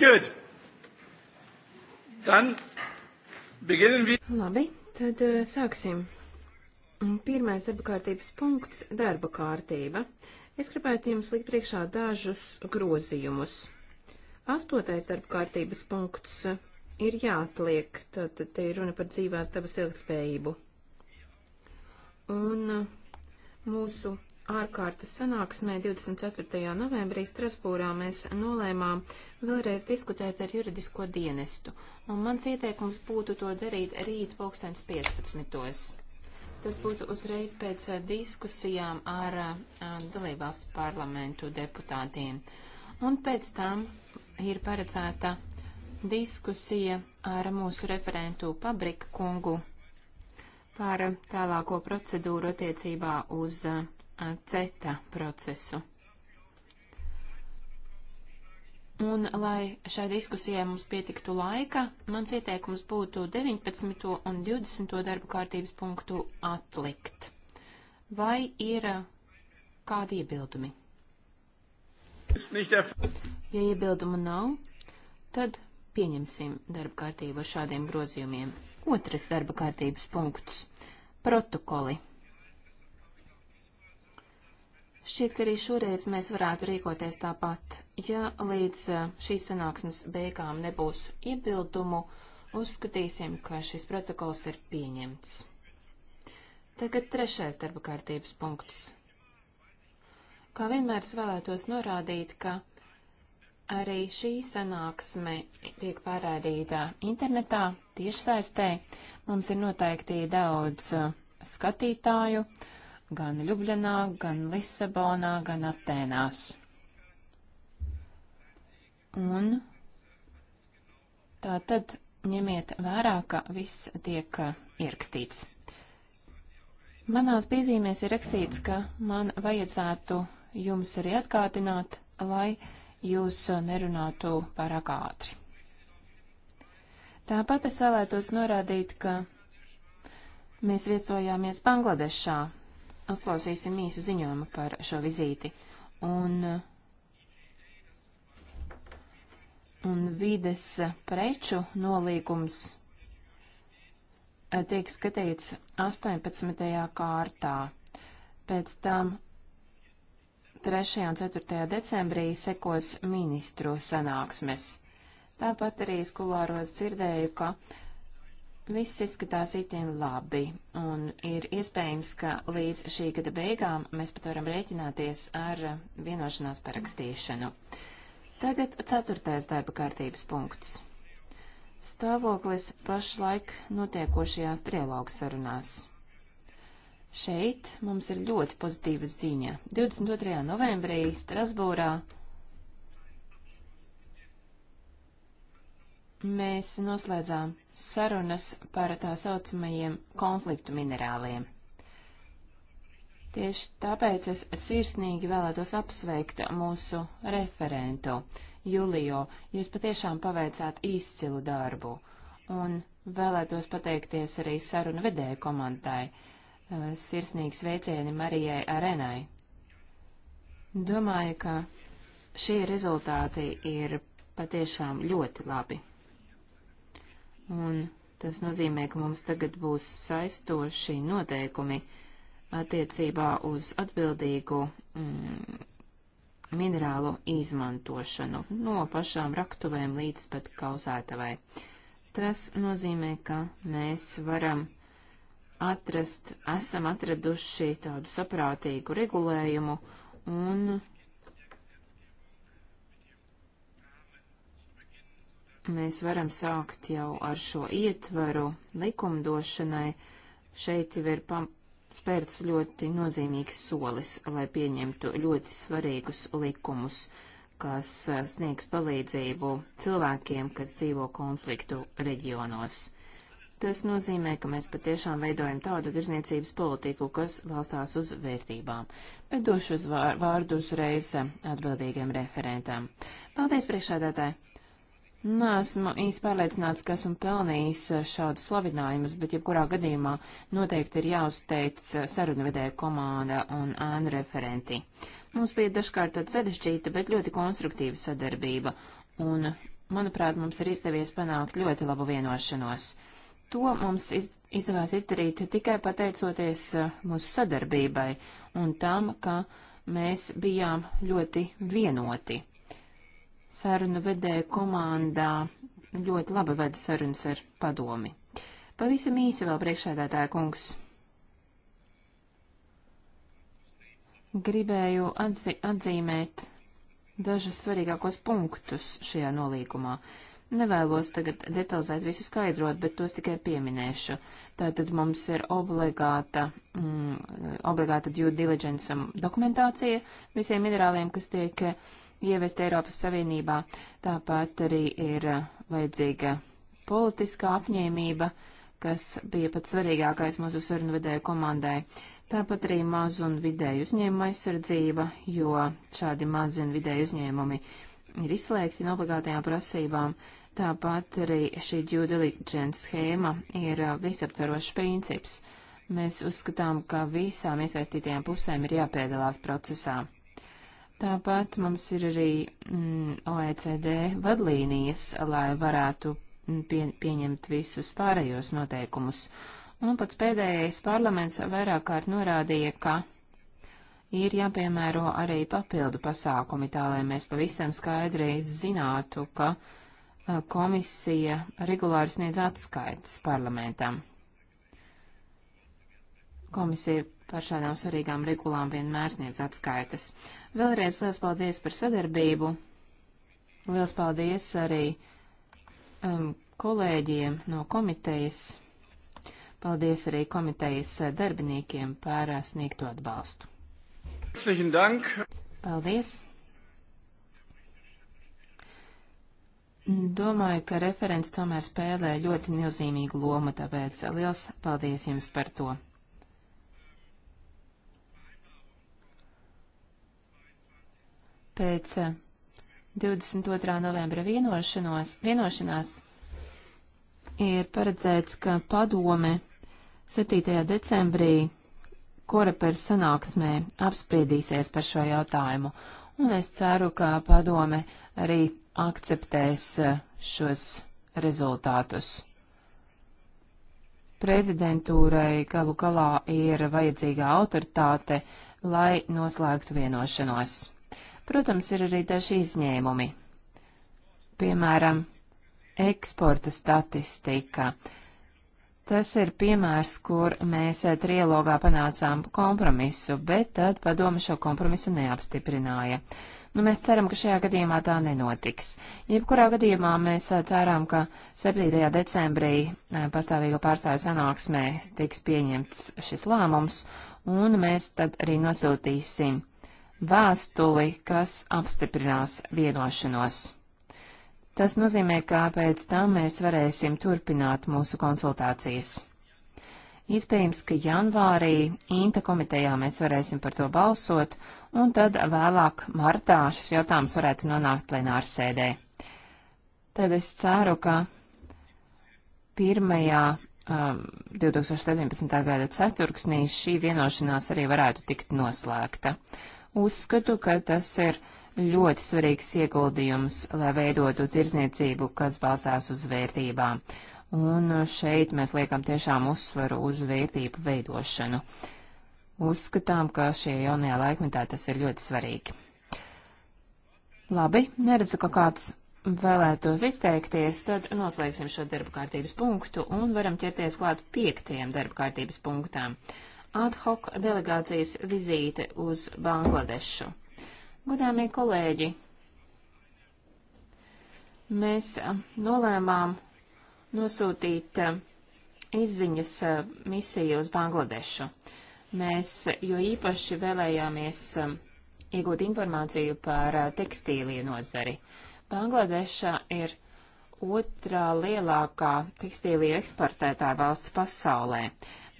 Good. Dann beginnen wir. Labi, tad eh, sāksim. Pirmais darba kārtības punkts - darba kārtība. Es gribētu jums likt priekšā dažus grozījumus. Astotais darba kārtības punkts ir jāatliek, tad te ir runa par dzīvās dabas ilgspējību. Un eh, mūsu ārkārtas sanāksmē 24. novembrī Strasbūrā mēs nolēmām vēlreiz diskutēt ar juridisko dienestu, un mans ieteikums būtu to darīt rīt 2015. Tas būtu uzreiz pēc eh, diskusijām ar eh, dalībvalstu parlamentu deputātiem. Un pēc tam ir paredzēta diskusija ar mūsu referentu Pabrika kungu par tālāko procedūru attiecībā uz uh, CETA procesu. Un, lai šai diskusijai mums pietiktu laika, mans ieteikums būtu 19. un 20. darbu kārtības punktu atlikt. Vai ir uh, kādi iebildumi? Ja iebildumu nav, tad pieņemsim darba kārtību ar šādiem grozījumiem. Otrais darba kārtības punkts - protokoli. Šķiet, ka arī šoreiz mēs varētu rīkoties tāpat. Ja līdz eh, šīs sanāksmes beigām nebūs iebildumu, uzskatīsim, ka šis protokols ir pieņemts. Tagad trešais darba kārtības punkts. Kā vienmēr es vēlētos norādīt, ka arī šī sanāksme tiek pārādīta internetā, tiešsaistē. Mums ir noteikti daudz eh, skatītāju. Uh, gan Ljubljanā, gan Lisabonā, gan Atēnās. Un tā tad ņemiet vērā, ka viss tiek uh, ierakstīts. Manās piezīmēs ir rakstīts, ka man vajadzētu jums arī atgādināt, lai jūs uh, nerunātu pārāk ātri. Tāpat es vēlētos norādīt, ka mēs viesojāmies Bangladešā uzklausīsim īsu ziņojumu par šo vizīti. Un, un vides preču nolīgums eh, tiek skatīts 18. kārtā. Pēc tam 3. un 4. decembrī sekos ministru sanāksmes. Tāpat arī skolāros dzirdēju, ka Viss izskatās itin labi, un ir iespējams, ka līdz šī gada beigām mēs pat varam rēķināties ar vienošanās parakstīšanu. Tagad ceturtais darba kārtības punkts. Stāvoklis pašlaik notiekošajās trialogu sarunās. Šeit mums ir ļoti pozitīva ziņa. 22. novembrī Strasbūrā mēs noslēdzām sarunas par tā saucamajiem konfliktu minerāliem. Tieši tāpēc es sirsnīgi vēlētos apsveikt mūsu referentu, Julio. Jūs patiešām paveicāt izcilu darbu. Un vēlētos pateikties arī sarunu vedēju komandai. Sirsnīgi sveicieni Marijai Arenai. Domāju, ka šie rezultāti ir patiešām ļoti labi un tas nozīmē, ka mums tagad būs saistoši noteikumi attiecībā uz atbildīgu mm, minerālu izmantošanu no pašām raktuvēm līdz pat kauzētavai. Tas nozīmē, ka mēs varam atrast, esam atraduši tādu saprātīgu regulējumu un mēs varam sākt jau ar šo ietvaru likumdošanai. Šeit jau ir spērts ļoti nozīmīgs solis, lai pieņemtu ļoti svarīgus likumus, kas sniegs palīdzību cilvēkiem, kas dzīvo konfliktu reģionos. Tas nozīmē, ka mēs patiešām veidojam tādu tirzniecības politiku, kas valstās uz vērtībām. Bet došu uz vārdu uzreiz atbildīgiem referentām. Paldies, priekšādātāji! Nesmu īsti pārliecināts, ka esmu pelnījis eh, šādu slavinājumus, bet jebkurā gadījumā noteikti ir jāuzteic eh, sarunvedēja komanda un ēnu referenti. Mums bija dažkārt tāda sarežģīta, bet ļoti konstruktīva sadarbība, un, manuprāt, mums ir izdevies panākt ļoti labu vienošanos. To mums iz, izdevās izdarīt tikai pateicoties eh, mūsu sadarbībai un tam, ka mēs bijām ļoti vienoti sarunu vedēja komandā ļoti labi veda sarunas ar padomi. Pavisam īsi vēl priekšsēdētāja kungs. Gribēju atzi atzīmēt dažus svarīgākos punktus šajā nolīgumā. Nevēlos tagad detalizēt visu skaidrot, bet tos tikai pieminēšu. Tātad mums ir obligāta, mm, obligāta due diligence dokumentācija visiem minerāliem, kas tiek uh, ieviest Eiropas Savienībā. Tāpat arī ir vajadzīga politiskā apņēmība, kas bija pats svarīgākais mūsu sarunvedēju komandai. Tāpat arī mazu un vidēju uzņēmumu aizsardzība, jo šādi mazi un vidēji uzņēmumi ir izslēgti no obligātajām prasībām. Tāpat arī šī due diligence schēma ir visaptvarošs princips. Mēs uzskatām, ka visām iesaistītajām pusēm ir jāpiedalās procesā. Tāpat mums ir arī mm, OECD vadlīnijas, lai varētu mm, pie, pieņemt visus pārējos noteikumus. Un pats pēdējais parlaments vairāk kārt norādīja, ka ir jāpiemēro arī papildu pasākumi, tā lai mēs pavisam skaidri zinātu, ka eh, komisija regulāri sniedz atskaitas parlamentam. Komisija par šādām svarīgām regulām vienmēr sniedz atskaitas. Uh, Vēlreiz liels paldies par sadarbību. Liels paldies arī um, kolēģiem no komitejas. Paldies arī komitejas eh, darbiniekiem par eh, sniegto atbalstu. Paldies! Domāju, ka referents tomēr spēlē ļoti nozīmīgu lomu, tāpēc liels paldies jums par to! pēc 22. Eh, novembra vienošanās ir paredzēts, ka padome 7. decembrī Koreper sanāksmē apspriedīsies par šo jautājumu, un es ceru, ka padome arī akceptēs eh, šos rezultātus. Prezidentūrai galu galā ir vajadzīga autoritāte, lai noslēgtu vienošanos. Protams, ir arī daži izņēmumi. Piemēram, eksporta statistika. Tas ir piemērs, kur mēs trilogā panācām kompromisu, bet tad padomu šo kompromisu neapstiprināja. Nu, mēs ceram, ka šajā gadījumā tā nenotiks. Jebkurā gadījumā mēs ceram, ka 7. decembrī eh, pastāvīgo pārstāvju sanāksmē tiks pieņemts šis lēmums, un mēs tad arī nosūtīsim vēstuli, kas apstiprinās vienošanos. Tas nozīmē, ka pēc tam mēs varēsim turpināt mūsu konsultācijas. Iespējams, ka janvārī Inta komitejā mēs varēsim par to balsot, un tad vēlāk martā šis jautājums varētu nonākt plenārsēdē. Tad es ceru, ka 1. Um, 2017. gada ceturksnī šī vienošanās arī varētu tikt noslēgta. Uzskatu, ka tas ir ļoti svarīgs ieguldījums, lai veidotu tirzniecību, kas balstās uz vērtībām. Un šeit mēs liekam tiešām uzsvaru uz vērtību veidošanu. Uzskatām, ka šie jaunajā laikmetā tas ir ļoti svarīgi. Labi, neredzu, ka kāds vēlētos izteikties, tad noslēgsim šo darba kārtības punktu un varam ķerties klāt piektiem darba kārtības punktām. Uh, ad hoc delegācijas vizīte uz Bangladešu. Godāmie kolēģi, mēs eh, nolēmām nosūtīt eh, izziņas eh, misiju uz Bangladešu. Mēs jo īpaši vēlējāmies iegūt informāciju par tekstīliju nozari. Bangladeša ir otrā lielākā tekstīliju eksportētāja valsts pasaulē.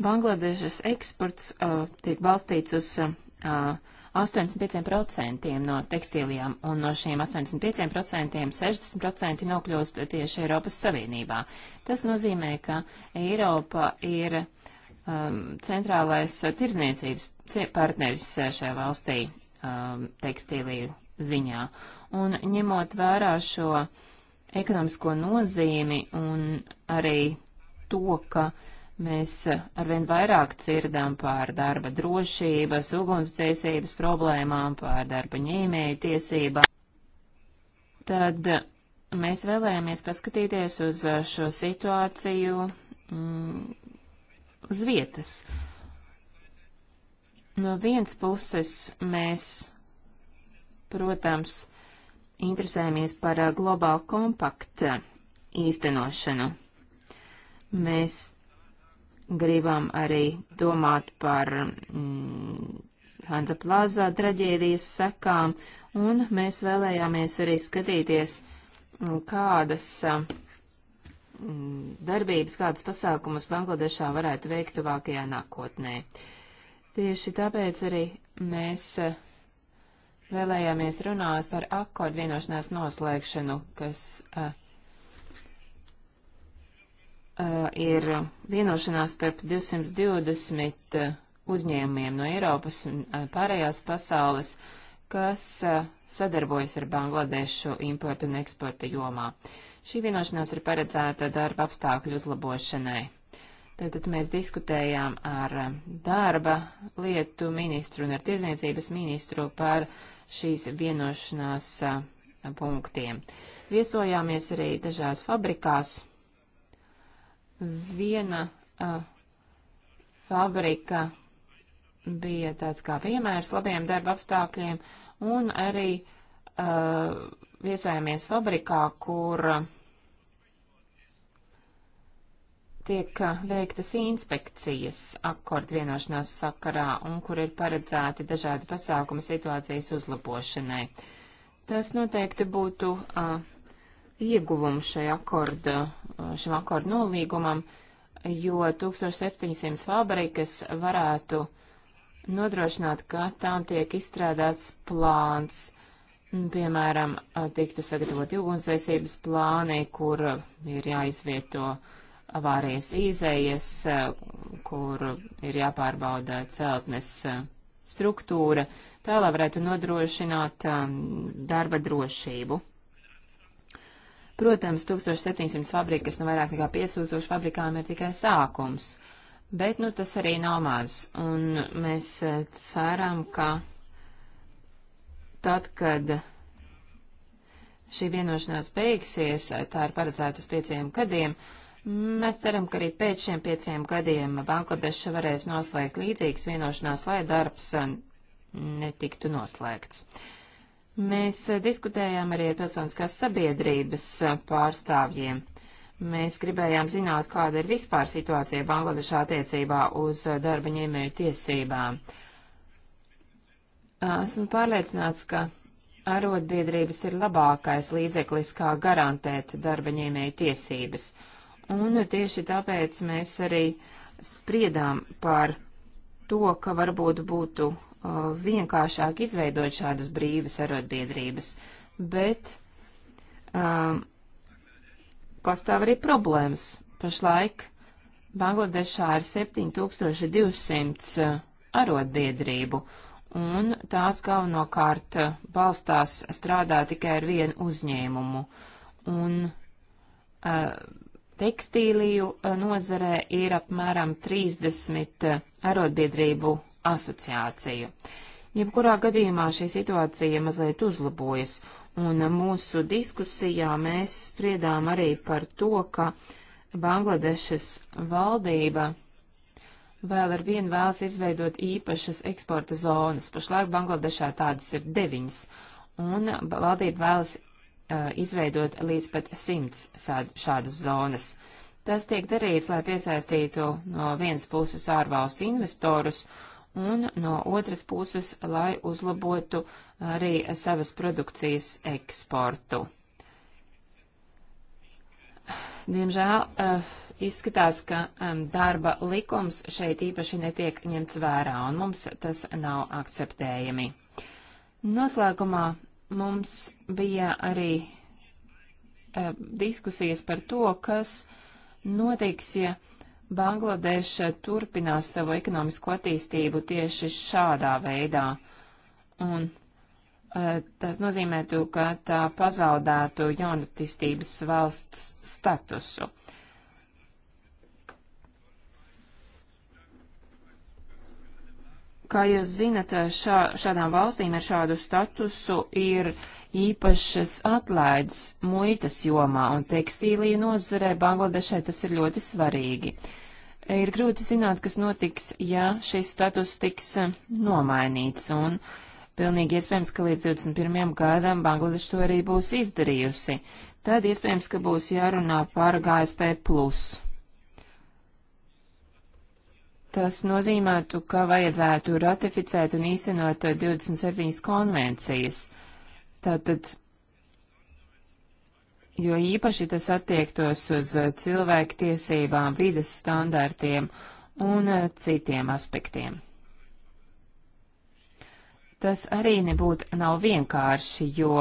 Bangladešas eksports uh, tiek balstīts uz uh, 85% no tekstīlijām, un no šiem 85% 60% nokļūst tieši Eiropas Savienībā. Tas nozīmē, ka Eiropa ir um, centrālais tirzniecības partneris šajā valstī um, tekstīliju ziņā. Un ņemot vērā šo ekonomisko nozīmi un arī to, ka uh, Mēs arvien vairāk dzirdam par darba drošības, ugunsdzēsības problēmām, par darba ņēmēju tiesībām. Tad mēs vēlējāmies paskatīties uz šo situāciju mm, uz vietas. No vienas puses mēs, protams, interesējamies par globālu kompaktu īstenošanu. Mēs gribam arī domāt par mm, Hanza plazā traģēdijas sekām, un mēs vēlējāmies arī skatīties, mm, kādas mm, darbības, kādas pasākumus Bangladešā varētu veikt tuvākajā nākotnē. Tieši tāpēc arī mēs eh, vēlējāmies runāt par akordu vienošanās noslēgšanu, kas uh, Eh, ir vienošanās starp 220 eh, uzņēmumiem no Eiropas un eh, pārējās pasaules, kas sadarbojas ar Bangladešu importu un eksporta jomā. Šī vienošanās ir paredzēta darba apstākļu uzlabošanai. Tātad mēs diskutējām ar darba lietu ministru un ar tirzniecības ministru par šīs vienošanās punktiem. Viesojāmies arī dažās fabrikās viena uh, fabrika bija tāds kā piemērs labiem darba apstākļiem, un arī uh, viesājāmies fabrikā, kur tiek veiktas inspekcijas akordu vienošanās sakarā un kur ir paredzēti dažādi pasākumi situācijas uzlabošanai. Tas noteikti būtu uh, ieguvumu šai akordu, šim akordu nolīgumam, jo 1700 fabrikas varētu nodrošināt, ka tām tiek izstrādāts plāns, piemēram, tiktu sagatavot ilgunsveisības plāni, kur ir jāizvieto avārijas izējas, kur ir jāpārbauda celtnes struktūra, tā lai varētu nodrošināt um, darba drošību. Protams, 1700 fabrikas no nu vairāk nekā 5000 fabrikām ir tikai sākums, bet nu, tas arī nav maz. Un mēs eh, ceram, ka tad, kad šī vienošanās beigsies, eh, tā ir paredzēta uz pieciem gadiem, mēs ceram, ka arī pēc šiem pieciem gadiem Bangladeša varēs noslēgt līdzīgas vienošanās, lai darbs eh, netiktu noslēgts. Uh, Mēs eh, diskutējām arī ar pilsoniskās sabiedrības eh, pārstāvjiem. Mēs gribējām zināt, kāda ir vispār situācija Bangladešā attiecībā uz eh, darba ņēmēju tiesībām. Esmu pārliecināts, ka arotbiedrības ir labākais līdzeklis, kā garantēt darba ņēmēju tiesības. Un tieši tāpēc mēs arī spriedām par to, ka varbūt būtu Uh, vienkāršāk izveidot šādas brīvas arotbiedrības, bet um, pastāv arī problēmas. Pašlaik Bangladešā ir 7200 uh, arotbiedrību, un tās galvenokārt uh, balstās strādā tikai ar vienu uzņēmumu. Un uh, tekstīliju nozarē ir apmēram 30 arotbiedrību asociāciju. Jebkurā gadījumā šī situācija mazliet uzlabojas, un mūsu diskusijā mēs spriedām arī par to, ka Bangladešas valdība vēl ar vienu vēlas izveidot īpašas eksporta zonas. Pašlaik Bangladešā tādas ir deviņas, un valdība vēlas uh, izveidot līdz pat simts šādas zonas. Tas tiek darīts, lai piesaistītu no vienas puses ārvalstu investorus un no otras puses, lai uzlabotu arī savas produkcijas eksportu. Diemžēl uh, izskatās, ka um, darba likums šeit īpaši netiek ņemts vērā, un mums tas nav akceptējami. Noslēgumā mums bija arī uh, diskusijas par to, kas notiks, ja uh, Bangladeša turpinās savu ekonomisko attīstību tieši šādā veidā. Un eh, tas nozīmētu, ka tā pazaudētu jaunatistības valsts statusu. Kā jūs zinat, šā, šādām valstīm ar šādu statusu ir uh, īpašas atlaides muitas jomā, un tekstīlija nozarē Bangladešai tas ir ļoti svarīgi. Ir grūti zināt, kas notiks, ja šis status tiks eh, nomainīts, un pilnīgi iespējams, ka līdz 21. gadam Bangladeša to arī būs izdarījusi. Tad iespējams, ka būs jārunā par GSP. Tas nozīmētu, ka vajadzētu ratificēt un īstenot 27 konvencijas. Tātad, jo īpaši tas attiektos uz eh, cilvēku tiesībām, vides standārtiem un eh, citiem aspektiem. Tas arī nebūtu nav vienkārši, jo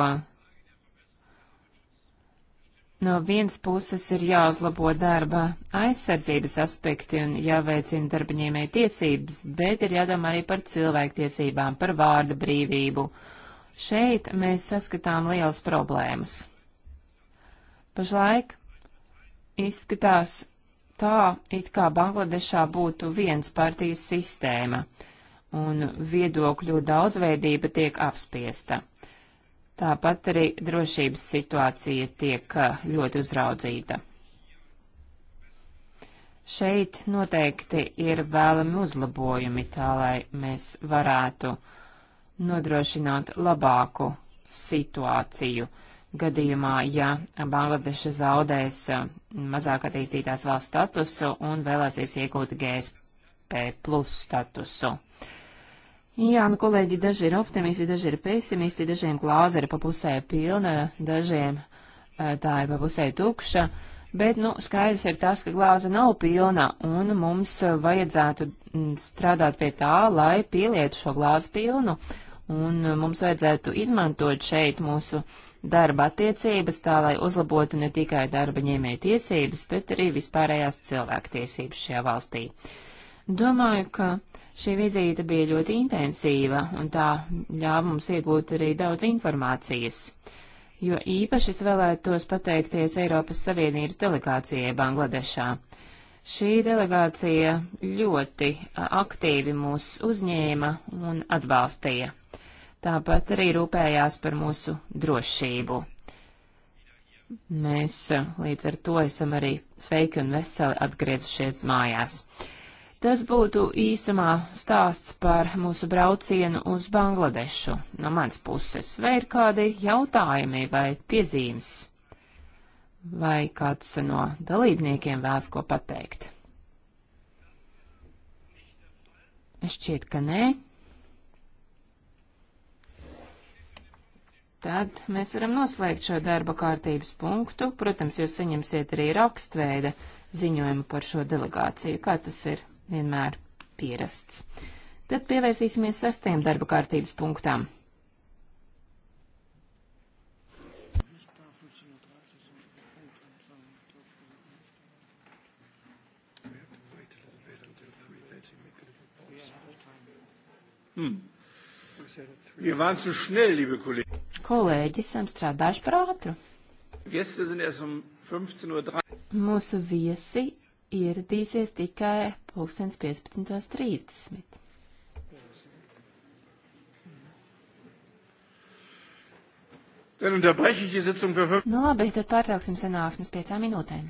no vienas puses ir jāuzlabo darba aizsardzības aspekti un jāveicina darbaņēmē tiesības, bet ir jādomā arī par cilvēktiesībām, par vārda brīvību. Uh, Šeit mēs saskatām lielas problēmas. Pašlaik izskatās tā, it kā Bangladešā būtu viens partijas sistēma, un viedokļu daudzveidība tiek apspiesta. Tāpat arī drošības situācija tiek eh, ļoti uzraudzīta. Šeit noteikti ir vēlami uzlabojumi tā, lai mēs varētu uh, nodrošināt labāku situāciju gadījumā, ja Bangladeša zaudēs eh, mazāk attīstītās valsts statusu un vēlēsies iegūt GSP plus statusu. Jā, nu, kolēģi, daži ir optimisti, daži ir pesimisti, dažiem glāze ir pa pusē pilna, dažiem eh, tā ir pa pusē tukša, bet, nu, skaidrs ir tas, ka glāze nav pilna, un mums vajadzētu mm, strādāt pie tā, lai pielietu šo glāzi pilnu Un uh, mums vajadzētu izmantot šeit mūsu darba attiecības tā, lai uzlabotu ne tikai darba ņēmēja tiesības, bet arī vispārējās cilvēktiesības šajā valstī. Domāju, ka šī vizīte bija ļoti intensīva, un tā ļāva mums iegūt arī daudz informācijas. Jo īpaši es vēlētos pateikties Eiropas Savienības delegācijai Bangladešā. Šī delegācija ļoti aktīvi mūs uzņēma un atbalstīja tāpat arī rūpējās par mūsu drošību. Mēs eh, līdz ar to esam arī sveiki un veseli atgriezušies mājās. Tas būtu īsumā stāsts par mūsu braucienu uz Bangladešu no mans puses. Vai ir kādi jautājumi vai piezīmes? Vai kāds no dalībniekiem vēlas ko pateikt? Šķiet, ka nē. Tad mēs varam noslēgt šo darba kārtības punktu. Protams, jūs saņemsiet arī rakstveida ziņojumu par šo delegāciju, kā tas ir vienmēr pierasts. Tad pievērsīsimies sastajam darba kārtības punktām. Hmm. Wir waren zu schnell, liebe Kollegen kolēģi esam strādājuši par ātru. Um Mūsu viesi ieradīsies tikai 15.30. Nu labi, tad pārtrauksim sanāksmes piecām minūtēm.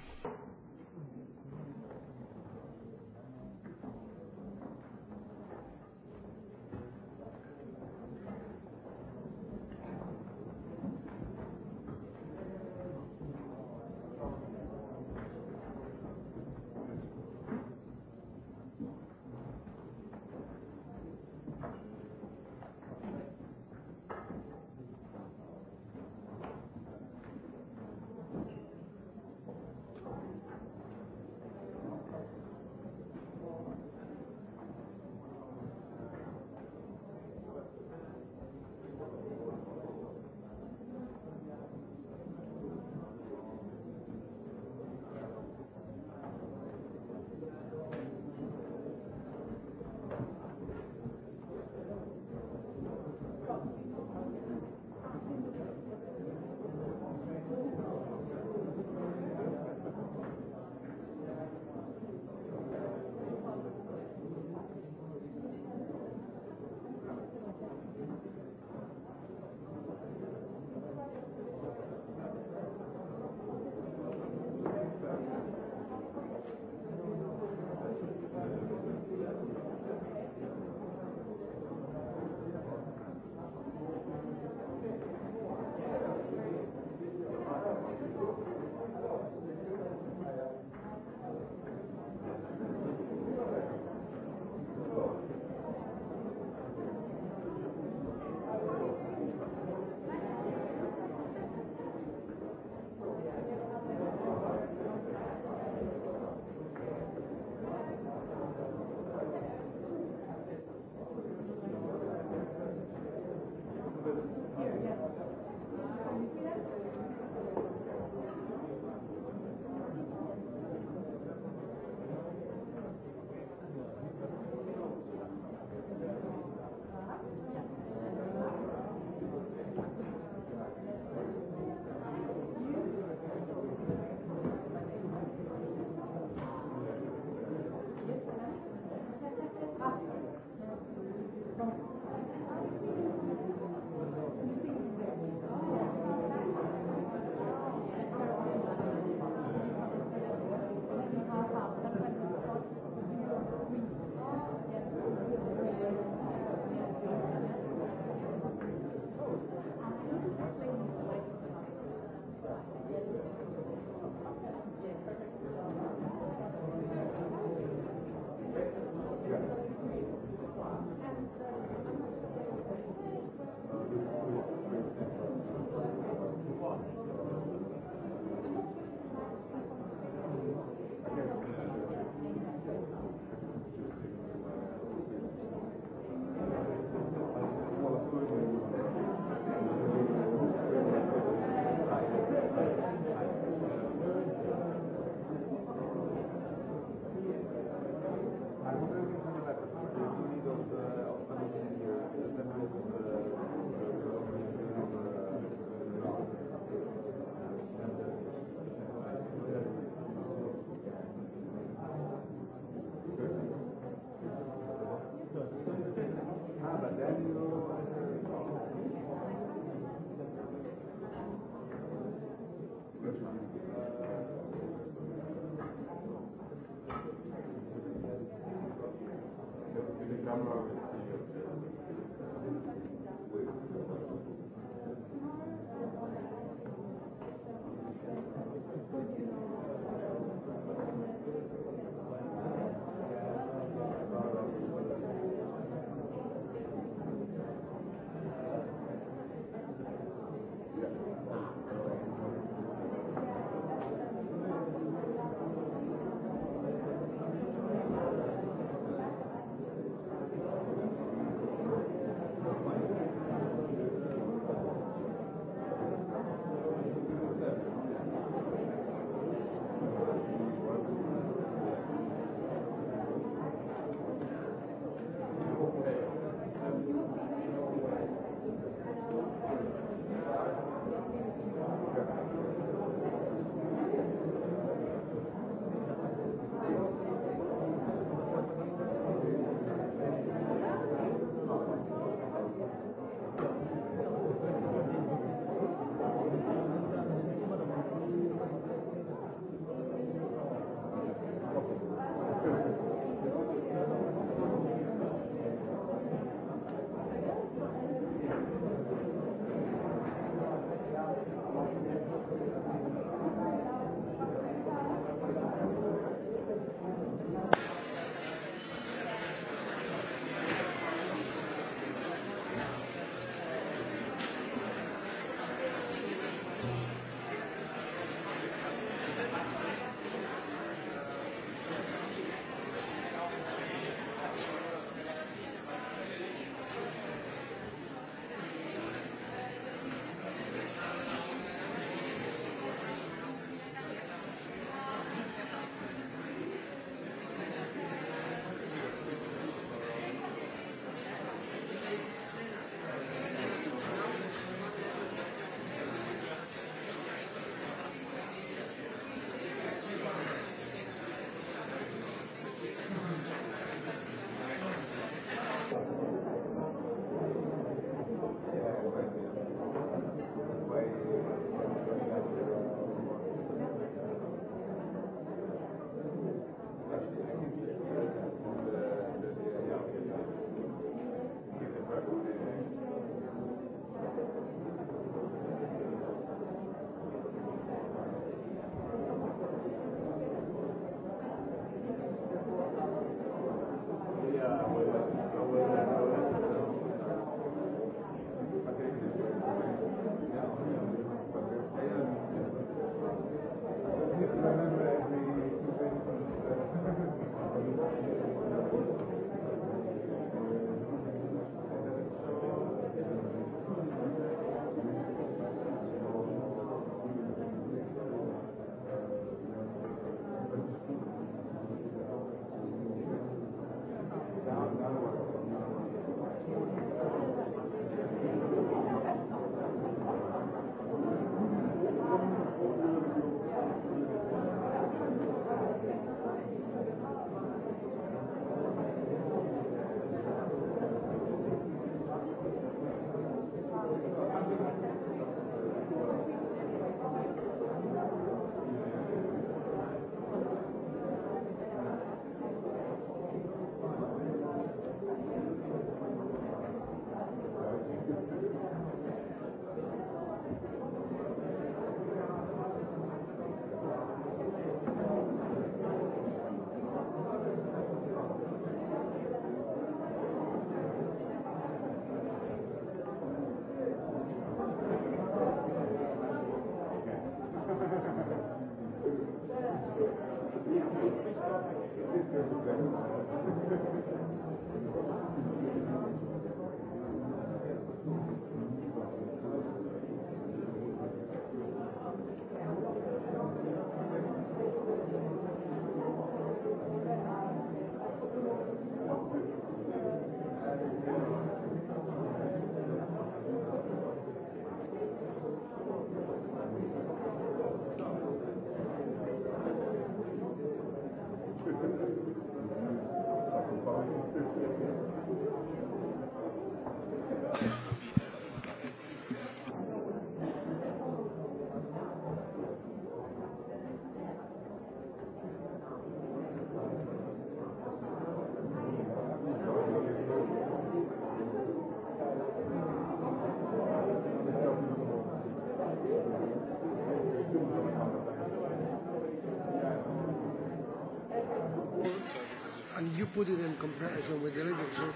put it in comparison with the living room.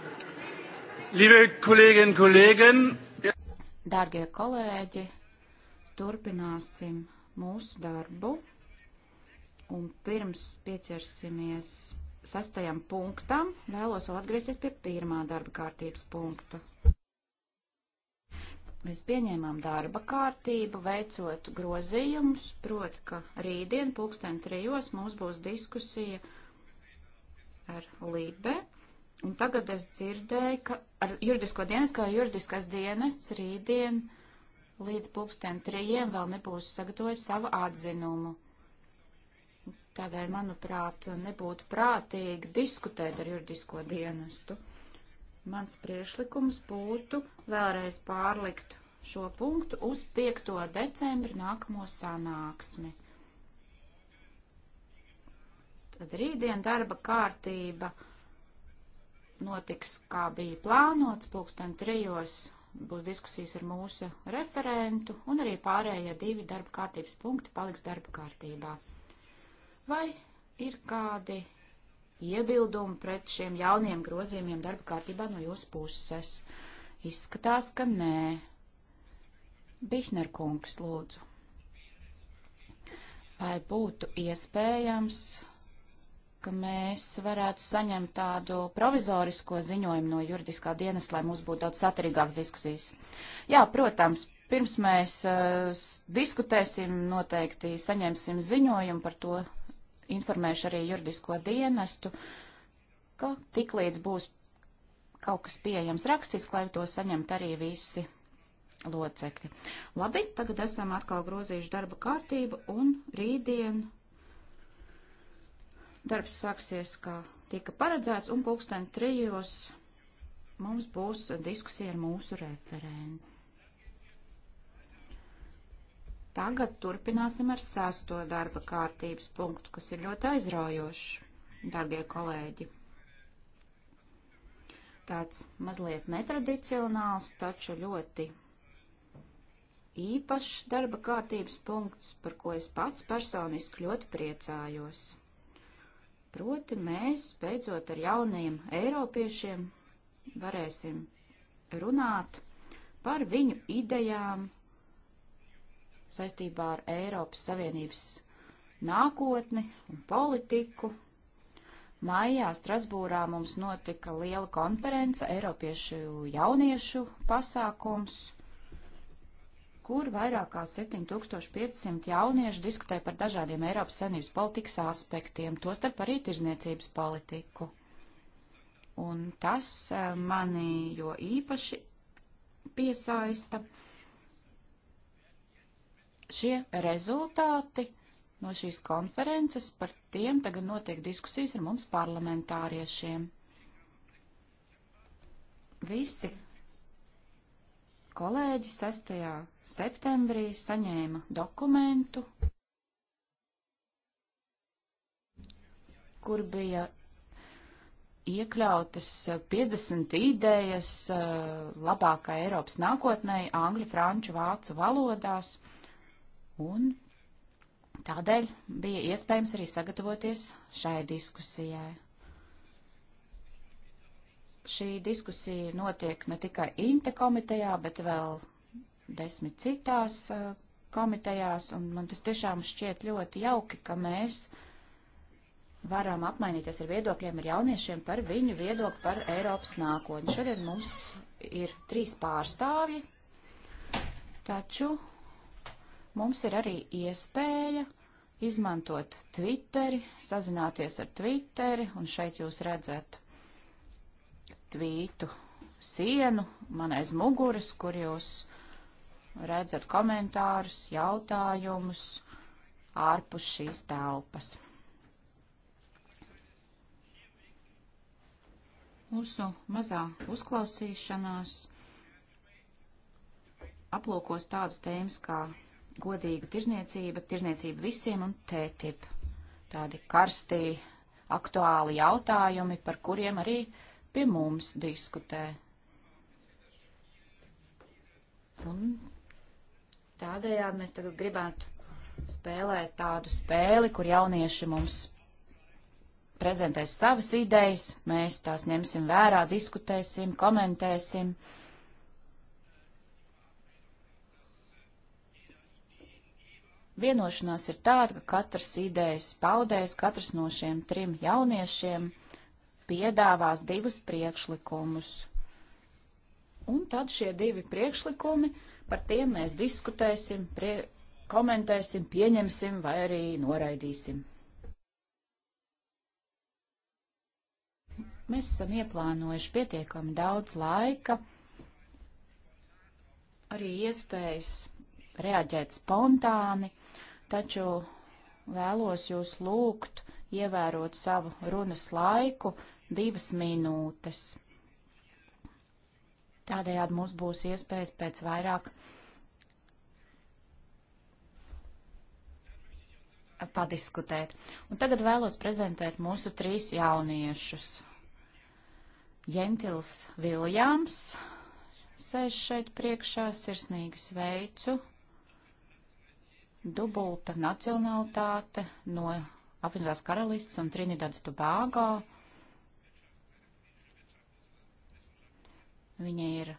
Liebe Kolleginnen und Kollegen, Darbie kolēģi, turpināsim mūsu darbu un pirms pieķersimies sastajam punktam, vēlos vēl atgriezties pie pirmā darba kārtības punkta. Mēs pieņēmām darba kārtību, veicot grozījumus, proti, ka rītdien pulksten trijos mums būs diskusija ar Libe. Un tagad es dzirdēju, ka ar juridisko dienestu, ka juridiskais dienests rītdien līdz pulksten trījiem vēl nebūs sagatavojis savu atzinumu. Tādēļ, manuprāt, nebūtu prātīgi diskutēt ar juridisko dienestu. Mans priešlikums būtu vēlreiz pārlikt šo punktu uz 5. decembri nākamo sanāksmi. Tad rītdien darba kārtība notiks, kā bija plānots, pulksten trijos būs diskusijas ar mūsu referentu, un arī pārējie divi darba kārtības punkti paliks darba kārtībā. Vai ir kādi iebildumi pret šiem jauniem grozījumiem darba kārtībā no jūsu puses? Izskatās, ka nē. Bihner kungs, lūdzu. Vai būtu iespējams ka mēs varētu saņemt tādu provizorisko ziņojumu no juridiskā dienas, lai mums būtu daudz saturīgāks diskusijas. Jā, protams, pirms mēs uh, diskutēsim, noteikti saņemsim ziņojumu par to, informēšu arī juridisko dienestu, ka tiklīdz būs kaut kas pieejams rakstiski, lai to saņemt arī visi locekļi. Labi, tagad esam atkal grozījuši darba kārtību un rītdien Darbs sāksies, kā tika paredzēts, un pulksten trijos mums būs diskusija ar mūsu referentu. Tagad turpināsim ar sesto darba kārtības punktu, kas ir ļoti aizraujošs, darbie kolēģi. Tāds mazliet netradicionāls, taču ļoti īpašs darba kārtības punkts, par ko es pats personiski ļoti priecājos. Proti mēs beidzot ar jaunajiem eiropiešiem varēsim runāt par viņu idejām saistībā ar Eiropas Savienības nākotni un politiku. Maijā Strasbūrā mums notika liela konference, Eiropiešu jauniešu pasākums – kur vairāk kā 7500 jauniešu diskutē par dažādiem Eiropas Savienības politikas aspektiem, tostarp arī tirzniecības politiku. Un tas eh, mani jo īpaši piesaista. Šie rezultāti no šīs konferences par tiem tagad notiek diskusijas ar mums parlamentāriešiem. Visi kolēģi 6. septembrī saņēma dokumentu, kur bija iekļautas 50 idejas eh, labākai Eiropas nākotnē, angļu, franču, vācu valodās, un tādēļ bija iespējams arī sagatavoties šai diskusijai. Šī diskusija notiek ne tikai INTE komitejā, bet vēl desmit citās eh, komitejās, un man tas tiešām šķiet ļoti jauki, ka mēs varam apmainīties ar viedokļiem ar jauniešiem par viņu viedokli par Eiropas nākotni. Šodien mums ir trīs pārstāvji, taču mums ir arī iespēja izmantot Twitteri, sazināties ar Twitteri, un šeit jūs redzat tvītu sienu man aiz muguras, kur jūs redzat komentārus, jautājumus ārpus šīs telpas. Mūsu mazā uzklausīšanās aplūkos tādas tēmas kā godīga tirzniecība, tirzniecība visiem un tētip. Tādi karstī, aktuāli jautājumi, par kuriem arī uh, pie mums diskutē. Un tādējādi mēs tagad gribētu spēlēt tādu spēli, kur jaunieši mums prezentēs savas idejas, mēs tās ņemsim vērā, diskutēsim, komentēsim. Vienošanās ir tāda, ka katrs idejas paudēs, katrs no šiem trim jauniešiem – piedāvās divus priekšlikumus. Un tad šie divi priekšlikumi, par tiem mēs diskutēsim, prie, komentēsim, pieņemsim vai arī noraidīsim. Mēs esam ieplānojuši pietiekami daudz laika, arī iespējas reaģēt spontāni, taču vēlos jūs lūgt ievērot savu runas laiku, divas minūtes. Tādējādi mums būs iespējas pēc vairāk padiskutēt. Un tagad vēlos prezentēt mūsu trīs jauniešus. Jentils Viljams sēž šeit priekšā, sirsnīgi sveicu. Dubulta nacionalitāte no apvienotās karalists un Trinidads Tubāgo Viņa ir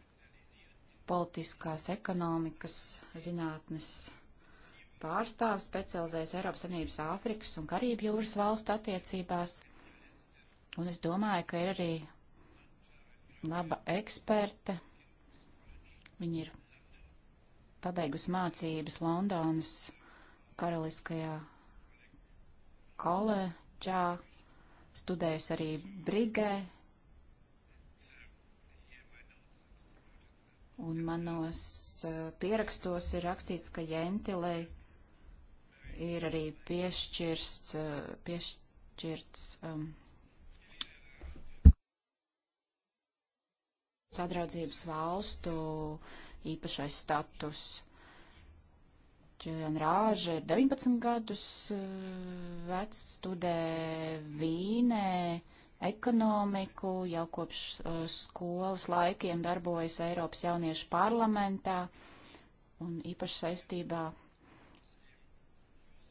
politiskās ekonomikas zinātnes pārstāvis, specializējas Eiropas Savienības, Āfrikas un Karību jūras valstu attiecībās. Un es domāju, ka ir arī laba eksperte. Viņa ir pabeigusi mācības Londonas Karaliskajā koledžā, studējusi arī Brigē, Un manos eh, pierakstos ir rakstīts, ka Jentilei ir arī piešķirts, eh, piešķirts um, sadraudzības valstu īpašais status. Čuljana Rāža ir 19 gadus eh, vecs, studē Vīnē. Uh, ekonomiku, jau kopš uh, skolas laikiem darbojas Eiropas jauniešu parlamentā un īpaši saistībā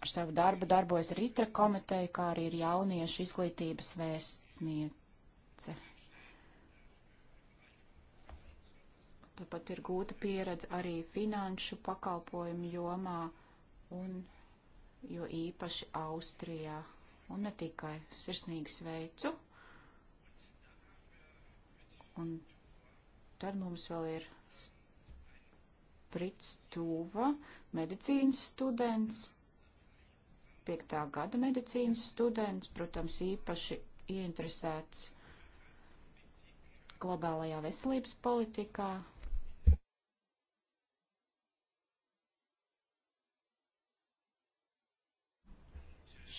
ar savu darbu darbojas Ritra komiteja, kā arī ir jauniešu izglītības vēstniece. Tāpat ir gūta pieredze arī finanšu pakalpojumu jomā un jo īpaši Austrijā. Un ne tikai sirsnīgi sveicu. Un tad mums vēl ir Brits Tūva, medicīnas students, piektā gada medicīnas students, protams, īpaši ieinteresēts globālajā veselības politikā.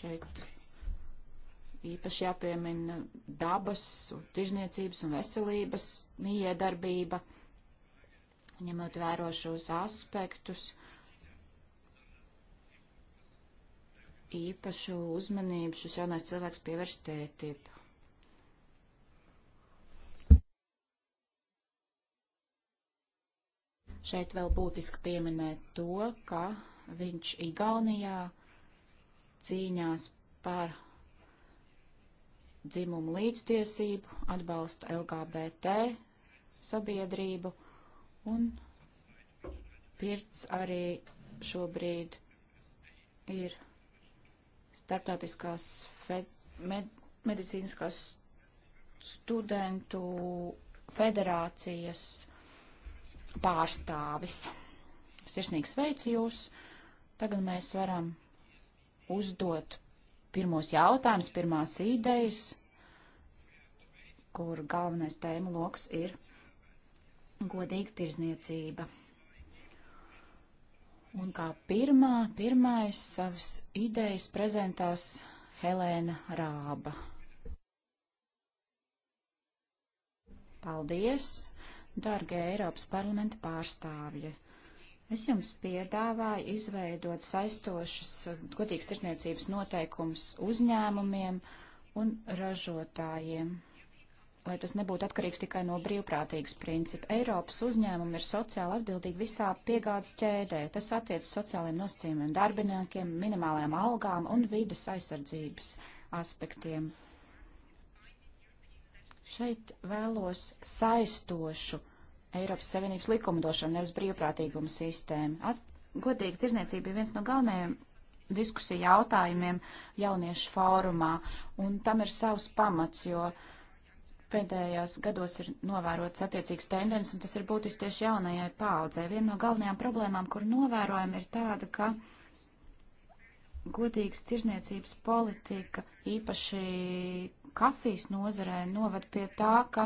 Šeit īpaši jāpiemina dabas, un tirzniecības un veselības miedarbība, ņemot vērā šos aspektus. Īpašu uzmanību šis jaunais cilvēks pievērš tētību. Šeit vēl būtiski pieminēt to, ka viņš Igaunijā cīņās par dzimumu līdztiesību, atbalsta LGBT sabiedrību un Pirts arī šobrīd ir starptautiskās fed, med, medicīniskās studentu federācijas pārstāvis. Sirsnīgi sveicu jūs! Tagad mēs varam uzdot pirmos jautājumus, pirmās idejas, kur galvenais tēma loks ir godīga tirzniecība. Un kā pirmā, pirmais savas idejas prezentās Helēna Rāba. Paldies, dārgie Eiropas parlamenta pārstāvji! Es jums piedāvāju izveidot saistošas godīgas tirsniecības noteikums uzņēmumiem un ražotājiem, lai tas nebūtu atkarīgs tikai no brīvprātīgas principa. Eiropas uzņēmumi ir sociāli atbildīgi visā piegādes ķēdē. Tas attiec sociāliem nosacījumiem darbiniekiem, minimālajām algām un vides aizsardzības aspektiem. Šeit vēlos saistošu Eiropas Savienības likumdošanu, nevis brīvprātīgumu sistēmu. At, godīga tirzniecība ir viens no galvenajiem diskusiju jautājumiem jauniešu fórumā, un tam ir savs pamats, jo pēdējos gados ir novērots attiecīgs tendence, un tas ir būtiski tieši jaunajai paaudzē. Viena no galvenajām problēmām, kur novērojam, ir tāda, ka godīgas tirzniecības politika īpaši kafijas nozarē novad pie tā, ka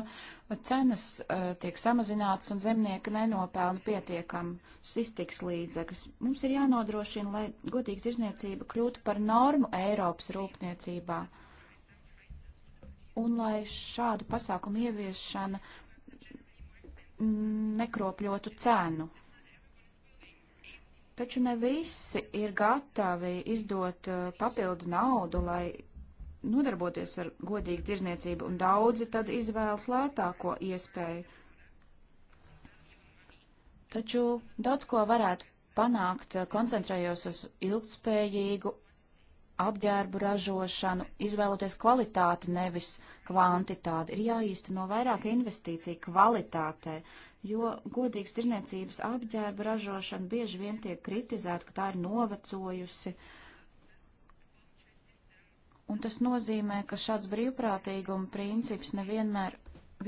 cenas uh, tiek samazinātas un zemnieki nenopelna pietiekams iztiks līdzekļus. Mums ir jānodrošina, lai godīga tirzniecība kļūtu par normu Eiropas rūpniecībā. Un lai šādu pasākumu ieviešana nekropļotu cenu. Taču ne visi ir gatavi izdot eh, papildu naudu, lai nodarboties ar godīgu tirzniecību, un daudzi tad izvēlas lētāko iespēju. Taču daudz ko varētu panākt, eh, koncentrējos uz ilgtspējīgu apģērbu ražošanu, izvēloties kvalitāti, nevis kvantitāti. Ir jāīsteno vairāk investīciju kvalitātē, jo godīgas tirzniecības apģērba ražošana bieži vien tiek kritizēta, ka tā ir novecojusi. Uh, Un tas nozīmē, ka šāds brīvprātīguma princips nevienmēr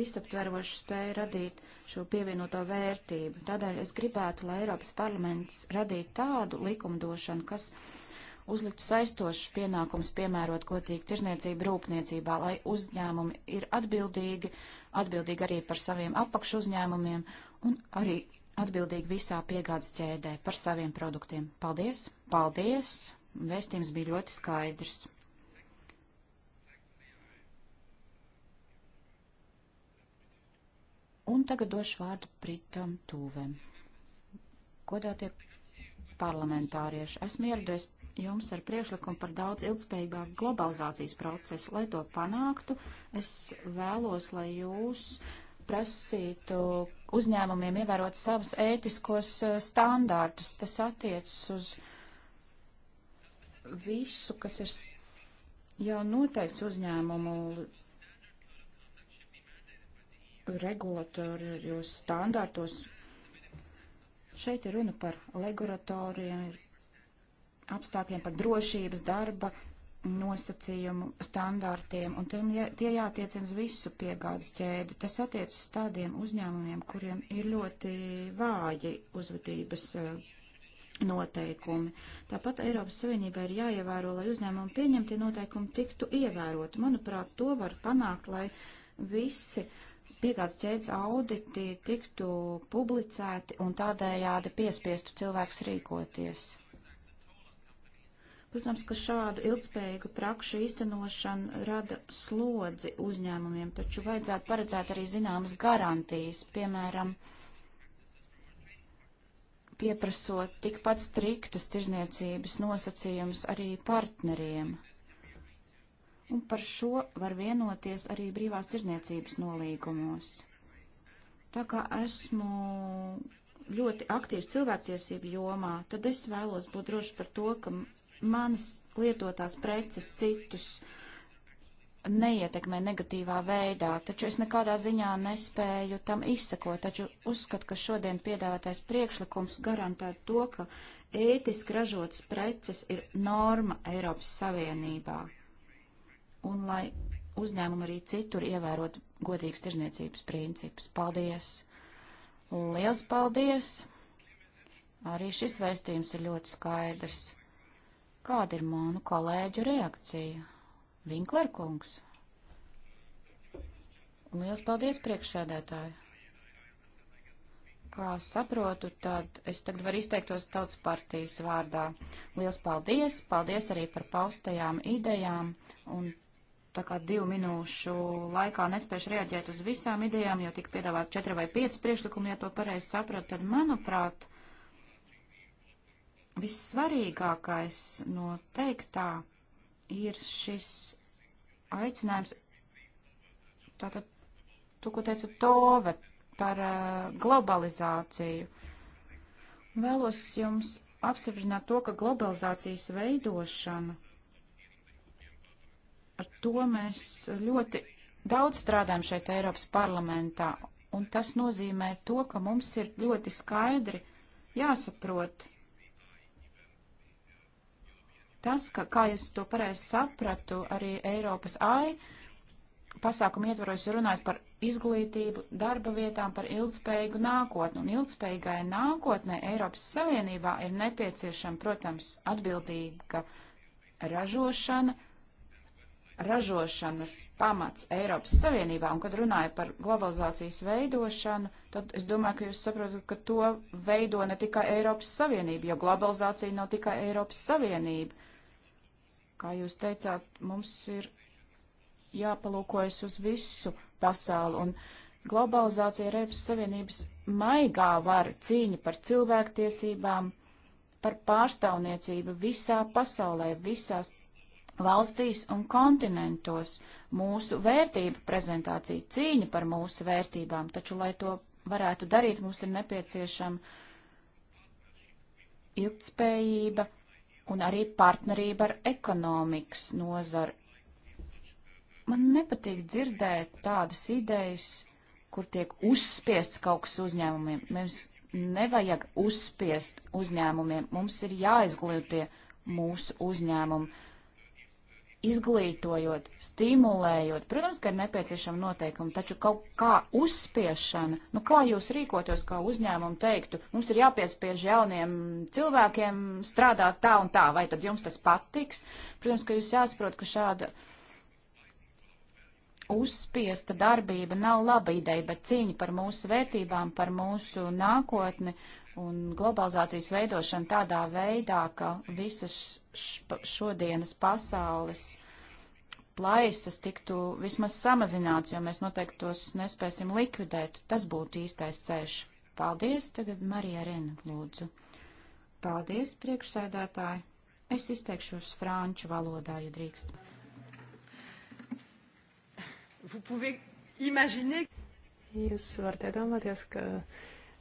visaptveroši spēja radīt šo pievienoto vērtību. Tādēļ es gribētu, lai Eiropas parlaments radītu tādu likumdošanu, kas uzlikt saistošus pienākums piemērot godīgu tirzniecību rūpniecībā, lai uzņēmumi ir atbildīgi, atbildīgi arī par saviem apakšu uzņēmumiem un arī atbildīgi visā piegādes ķēdē par saviem produktiem. Paldies! Paldies! Vēstījums bija ļoti skaidrs. Un tagad došu vārdu Pritam Tūvem. Godātie parlamentārieši, esmu ieradies jums ar priekšlikumu par daudz ilgspējīgāku globalizācijas procesu. Lai to panāktu, es vēlos, lai jūs prasītu uzņēmumiem ievērot savus ētiskos eh, standārtus. Tas attiecas uz visu, kas ir jau noteikts uzņēmumu regulatorjos standārtos. Šeit ir runa par regulatoriem, apstākļiem par drošības darba nosacījumu standārtiem, un tiem, jā, tie jātiecina uz visu piegādes ķēdi. Tas attiec uz tādiem uzņēmumiem, kuriem ir ļoti vāji uzvedības eh, noteikumi. Tāpat Eiropas Savienībai ir jāievēro, lai uzņēmumi pieņemtie noteikumi tiktu ievēroti. Manuprāt, to var panākt, lai visi uh, piegādes ķēdes auditi tiktu publicēti un tādējādi piespiestu cilvēks rīkoties. Protams, ka šādu ilgspējīgu prakšu īstenošanu rada slodzi uzņēmumiem, taču vajadzētu paredzēt arī zināmas garantijas, piemēram, pieprasot tikpat striktas tirzniecības nosacījumus arī partneriem un par šo var vienoties arī brīvās tirzniecības nolīgumos. Tā kā esmu ļoti aktīvs cilvēktiesību jomā, tad es vēlos būt drošs par to, ka manas lietotās preces citus neietekmē negatīvā veidā, taču es nekādā ziņā nespēju tam izsekot, taču uzskatu, ka šodien piedāvātais priekšlikums garantē to, ka ētiski ražotas preces ir norma Eiropas Savienībā un lai uzņēmumi arī citur ievērot godīgas tirzniecības principus. Paldies! Liels paldies! Arī šis vēstījums ir ļoti skaidrs. Kāda ir manu kolēģu reakcija? Vinkler kungs. Liels paldies, priekšsēdētāji. Kā saprotu, tad es tagad varu izteiktos tautas partijas vārdā. Liels paldies, paldies arī par paustajām idejām un tā kā divu minūšu laikā nespēšu reaģēt uz visām idejām, jo tika piedāvāt četri vai pieci priekšlikumi, ja to pareizi sapratu, tad, manuprāt, vissvarīgākais no teiktā ir šis aicinājums, tātad, tu, ko teica Tove par uh, globalizāciju. Vēlos jums apsiprināt to, ka globalizācijas veidošana – Ar to mēs ļoti daudz strādājam šeit Eiropas parlamentā, un tas nozīmē to, ka mums ir ļoti skaidri jāsaprot tas, ka, kā es to pareizi sapratu, arī Eiropas AI pasākumu ietvaros runāt par izglītību, darba vietām, par ilgspējīgu nākotni. Un ilgspējīgai nākotnē Eiropas Savienībā ir nepieciešama, protams, atbildīga ražošana, ražošanas pamats Eiropas Savienībā, un kad runāju par globalizācijas veidošanu, tad es domāju, ka jūs saprotat, ka to veido ne tikai Eiropas Savienība, jo globalizācija nav tikai Eiropas Savienība. Kā jūs teicāt, mums ir jāpalūkojas uz visu pasauli, un globalizācija ir Eiropas Savienības maigā var cīņa par cilvēktiesībām, par pārstāvniecību visā pasaulē, visās valstīs un kontinentos. Mūsu vērtība prezentācija, cīņa par mūsu vērtībām, taču, lai to varētu darīt, mums ir nepieciešama ilgtspējība un arī partnerība ar ekonomikas nozaru. Man nepatīk dzirdēt tādas idejas, kur tiek uzspiests kaut kas uzņēmumiem. Mums nevajag uzspiest uzņēmumiem, mums ir jāizglītie mūsu uzņēmumi izglītojot, stimulējot. Protams, ka ir nepieciešama noteikuma, taču kaut kā uzspiešana, nu kā jūs rīkotos, kā uzņēmumu teiktu, mums ir jāpiespiež jauniem cilvēkiem strādāt tā un tā, vai tad jums tas patiks? Protams, ka jūs jāsaprot, ka šāda uzspiesta darbība nav laba ideja, bet cīņa par mūsu vērtībām, par mūsu nākotni un globalizācijas veidošana tādā veidā, ka visas šodienas pasaules plaisas tiktu vismaz samazināts, jo mēs noteikti tos nespēsim likvidēt. Tas būtu īstais ceļš. Paldies, tagad Marija Rena, lūdzu. Paldies, priekšsēdētāji. Es izteikšos franču valodā, ja drīkst. Jūs varat iedomāties, ka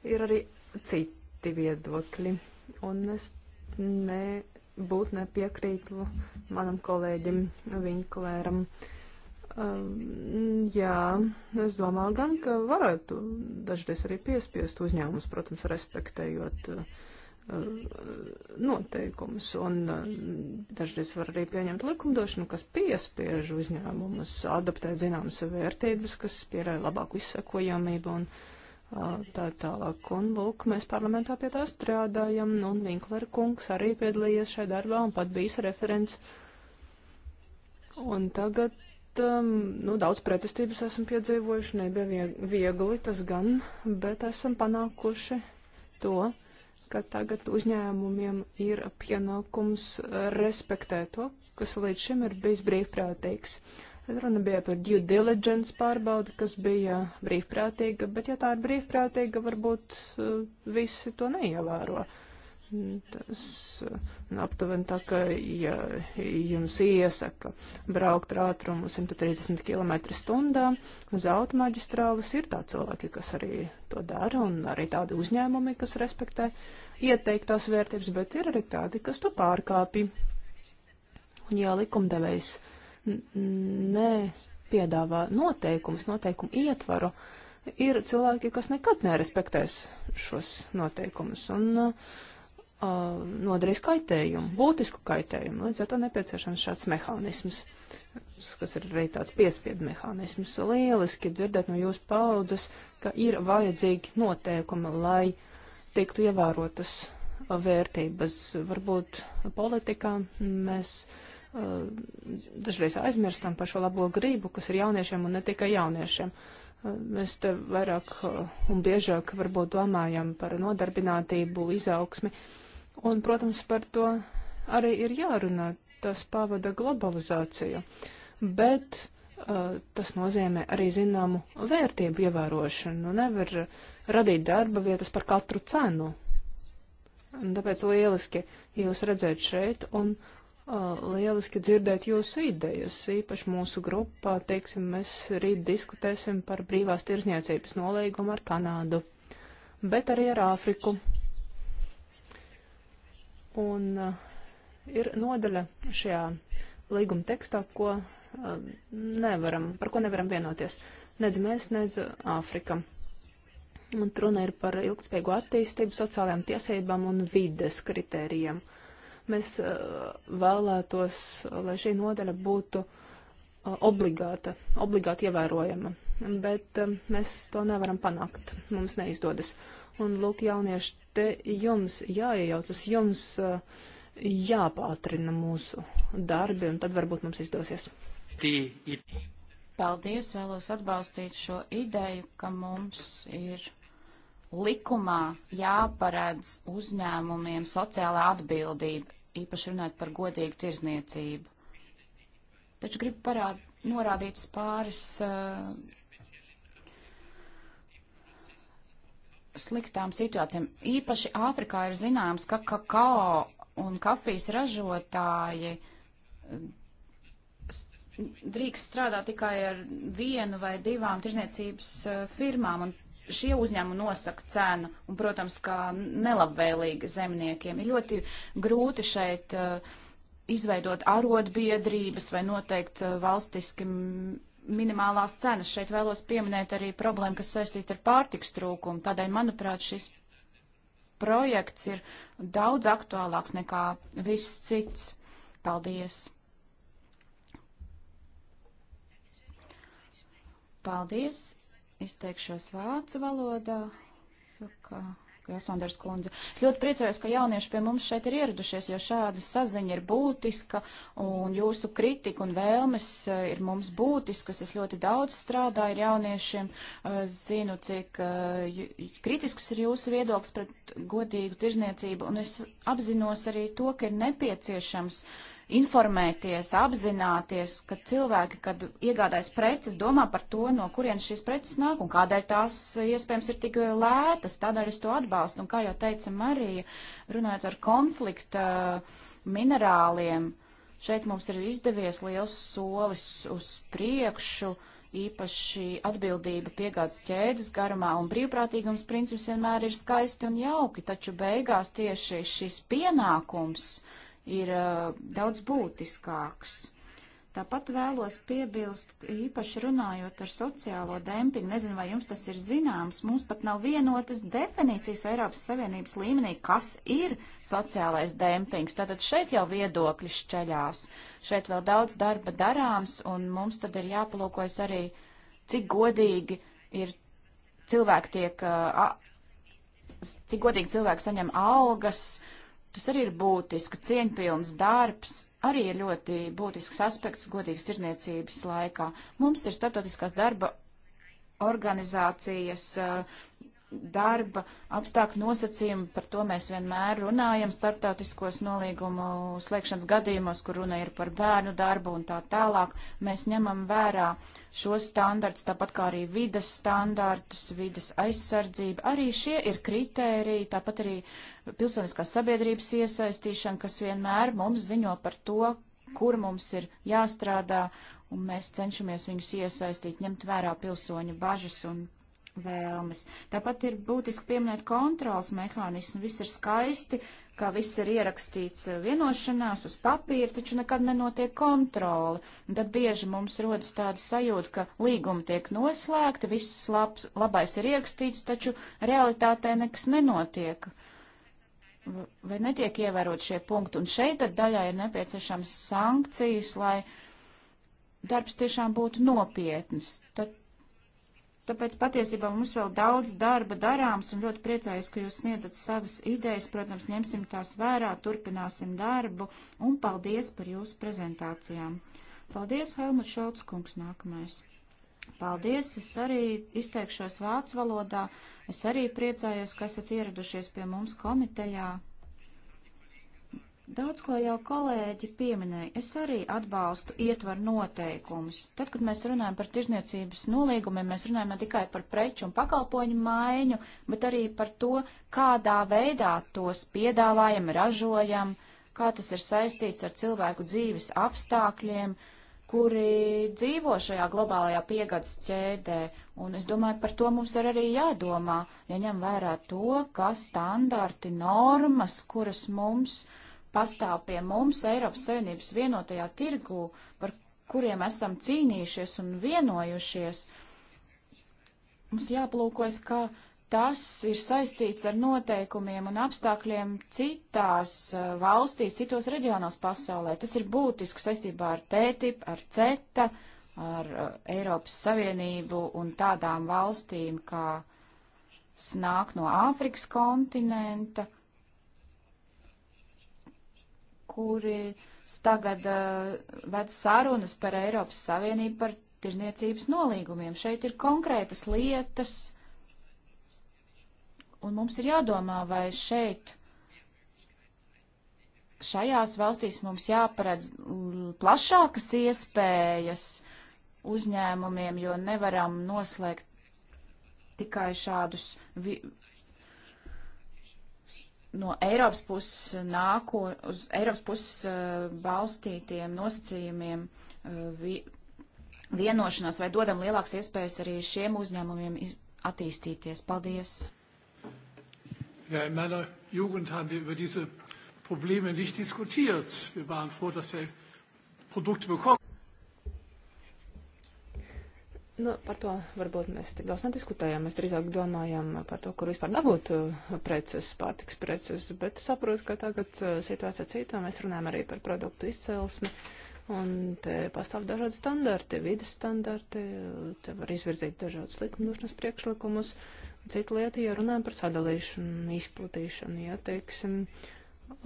ir arī citi citi viedokļi. Un es ne, būt nepiekrītu manam kolēģim Vinklēram. Um, jā, es domāju gan, ka varētu dažreiz arī piespiest uzņēmumus, protams, respektējot uh, noteikumus. Un uh, dažreiz var arī pieņemt likumdošanu, kas piespiež uzņēmumus adaptēt zināmas vērtības, kas pierāda labāku izsekojamību un uh, tā tālāk. Un, lūk, mēs parlamentā pie tā strādājam, nu, un Vinklera kungs arī piedalījies šajā darbā un pat bijis referents. Un tagad, um, nu, daudz pretestības esam piedzīvojuši, nebija viegli tas gan, bet esam panākuši to, ka tagad uzņēmumiem ir pienākums respektēt to, kas līdz šim ir bijis brīvprātīgs. Uh, Runa bija par due diligence pārbaudi, kas bija brīvprātīga, bet ja tā ir brīvprātīga, varbūt eh, visi to neievēro. Tas eh, nu, aptuveni tā, ka ja jums iesaka braukt ar ātrumu 130 km stundā uz automaģistrāles, ir tā cilvēki, kas arī to dara, un arī tādi uzņēmumi, kas respektē ieteiktās vērtības, bet ir arī tādi, kas to pārkāpi. Un ja likumdevējs. Ja nepiedāvā noteikumus, noteikumu ietvaru, ir cilvēki, kas nekad nerespektēs šos noteikumus un uh, nodarīs kaitējumu, būtisku kaitējumu. Līdz ar to nepieciešams šāds mehānisms, kas ir arī tāds piespiedu mehānisms. Lieliski dzirdēt no jūsu paudzes, ka ir vajadzīgi noteikumi, lai tiktu ievērotas vērtības. Varbūt politikā mēs. Uh, Eh, dažreiz aizmirstam par šo labo gribu, kas ir jauniešiem un ne tikai jauniešiem. Eh, mēs te vairāk eh, un biežāk varbūt domājam par nodarbinātību, izaugsmi, un, protams, par to arī ir jārunā. Tas pavada globalizāciju, bet uh, tas nozīmē arī zināmu vērtību ievērošanu. Nu, nevar radīt darba vietas par katru cenu. Un tāpēc lieliski jūs redzēt šeit, un uh, lieliski dzirdēt jūsu idejas, īpaši mūsu grupā. Teiksim, mēs rīt diskutēsim par brīvās tirzniecības nolīgumu ar Kanādu, bet arī ar Āfriku. Un uh, ir nodaļa šajā līguma tekstā, ko uh, nevaram, par ko nevaram vienoties. Nedz mēs, nedz Āfrika. Un runa ir par ilgspējīgu attīstību, sociālajām tiesībām un vides kritērijiem. Uh, Mēs uh, vēlētos, uh, lai šī nodaļa būtu uh, obligāta, obligāti ievērojama, bet um, mēs to nevaram panākt, mums neizdodas. Un, lūk, jaunieši, te jums jāiejaucas, jums jāpātrina mūsu darbi, un tad varbūt mums izdosies. Paldies, vēlos atbalstīt šo ideju, ka mums ir likumā jāparedz uzņēmumiem sociālā atbildība īpaši runājot par godīgu tirzniecību. Taču gribu parād, norādīt pāris uh, sliktām situācijām. Īpaši Āfrikā ir zināms, ka kakao un kafijas ražotāji eh, drīkst strādāt tikai ar vienu vai divām tirzniecības eh, firmām, un šie uzņēmumi nosaka cenu, un, protams, kā nelabvēlīgi zemniekiem ir ļoti grūti šeit uh, izveidot arotbiedrības vai noteikt uh, valstiski minimālās cenas. Šeit vēlos pieminēt arī problēmu, kas saistīta ar pārtiks trūkumu. Tādēļ, manuprāt, šis projekts ir daudz aktuālāks nekā viss cits. Paldies! Paldies! izteikšos vācu valodā. Saka, Jāsonders kundze. Es ļoti priecājos, ka jaunieši pie mums šeit ir ieradušies, jo šāda saziņa ir būtiska un jūsu kritika un vēlmes eh, ir mums būtiskas. Es ļoti daudz strādāju ar jauniešiem, eh, zinu, cik eh, kritisks ir jūsu viedoklis pret godīgu tirzniecību un es apzinos arī to, ka ir nepieciešams uh, informēties, apzināties, ka cilvēki, kad iegādājas preces, domā par to, no kurienes šīs preces nāk un kādēļ tās iespējams ir tik lētas. Tādēļ es to atbalstu. Un kā jau teica Marija, runājot ar konflikta minerāliem, šeit mums ir izdevies liels solis uz priekšu īpaši atbildība piegādes ķēdes garumā un brīvprātīgums princips vienmēr ir skaisti un jauki, taču beigās tieši šis pienākums ir daudz būtiskāks. Tāpat vēlos piebilst, īpaši runājot ar sociālo dempingu, nezinu, vai jums tas ir zināms, mums pat nav vienotas definīcijas Eiropas Savienības līmenī, kas ir sociālais dempings. Tātad šeit jau viedokļi šķeļās, šeit vēl daudz darba darāms, un mums tad ir jāpalūkojas arī, cik godīgi ir cilvēki tiek, a, cik godīgi cilvēki saņem algas, Tas arī ir būtiski, cieņpilns darbs, arī ir ļoti būtisks aspekts godīgas tirniecības laikā. Mums ir starptautiskās darba organizācijas eh, darba apstākļu nosacījumi, par to mēs vienmēr runājam starptautiskos nolīgumu slēgšanas gadījumos, kur runa ir par bērnu darbu un tā tālāk. Mēs ņemam vērā šos standartus, tāpat kā arī vidas standartus, vidas aizsardzību. Arī šie ir kritēriji, tāpat arī uh, pilsoniskās sabiedrības iesaistīšanu, kas vienmēr mums ziņo par to, kur mums ir jāstrādā, un mēs cenšamies viņus iesaistīt, ņemt vērā pilsoņu bažas un vēlmes. Tāpat ir būtiski pieminēt kontrols mehānismu. Viss ir skaisti, kā viss ir ierakstīts vienošanās uz papīra, taču nekad nenotiek kontroli. Un tad bieži mums rodas tāda sajūta, ka līgumi tiek noslēgti, viss labs, labais ir ierakstīts, taču realitātē nekas nenotiek. Uh, vai netiek ievērot šie punkti. Un šeit tad daļā ir nepieciešams sankcijas, lai darbs tiešām būtu nopietns. Tad, tāpēc patiesībā mums vēl daudz darba darāms un ļoti priecājos, ka jūs sniedzat savas idejas. Protams, ņemsim tās vērā, turpināsim darbu un paldies par jūsu prezentācijām. Paldies, Helmut Šalts kungs, nākamais. Paldies, es arī izteikšos vācu valodā. Es arī priecājos, ka esat ieradušies pie mums komitejā. Daudz ko jau kolēģi pieminēja, es arī atbalstu ietvaru noteikumus. Tad, kad mēs runājam par tirzniecības nolīgumiem, mēs runājam ne tikai par preču un pakalpoņu maiņu, bet arī par to, kādā veidā tos piedāvājam, ražojam, kā tas ir saistīts ar cilvēku dzīves apstākļiem, uh, kuri dzīvo šajā globālajā piegādes ķēdē, un es domāju, par to mums ir arī jādomā, ja ņem vērā to, ka standarti, normas, kuras mums pastāv pie mums Eiropas Savienības vienotajā tirgū, par kuriem esam cīnījušies un vienojušies, mums jāplūkojas, ka tas ir saistīts ar noteikumiem un apstākļiem citās eh, valstīs, citos reģionos pasaulē. Tas ir būtiski saistībā ar TTIP, ar CETA, ar eh, Eiropas Savienību un tādām valstīm, kā snāk no Āfrikas kontinenta, kuri tagad uh, ved sarunas par Eiropas Savienību par tirniecības nolīgumiem. Šeit ir konkrētas lietas, Un mums ir jādomā, vai šeit, šajās valstīs mums jāparedz plašākas iespējas uzņēmumiem, jo nevaram noslēgt tikai šādus vi no Eiropas puses nāko, uz Eiropas puses uh, balstītiem nosacījumiem uh, vi, vienošanās vai dodam lielākas iespējas arī šiem uzņēmumiem attīstīties. Paldies! Ja, in meiner Jugend haben wir über diese Probleme nicht diskutiert. Wir waren froh, dass wir produktu par ko. Nu, par to varbūt mēs tik daudz nediskutējām. Mēs drīzāk domājām par to, kur vispār dabūt uh, preces, pārtiks preces. Bet saprotu, ka tagad uh, situācija citā. Mēs runājam arī par produktu izcelsmi. Un te pastāv dažādi standarti, vidas standarti. Te var izvirzīt dažādas likumdošanas priekšlikumus. Uh, Cita lieta, ja runājam par sadalīšanu, izplatīšanu, ja teiksim,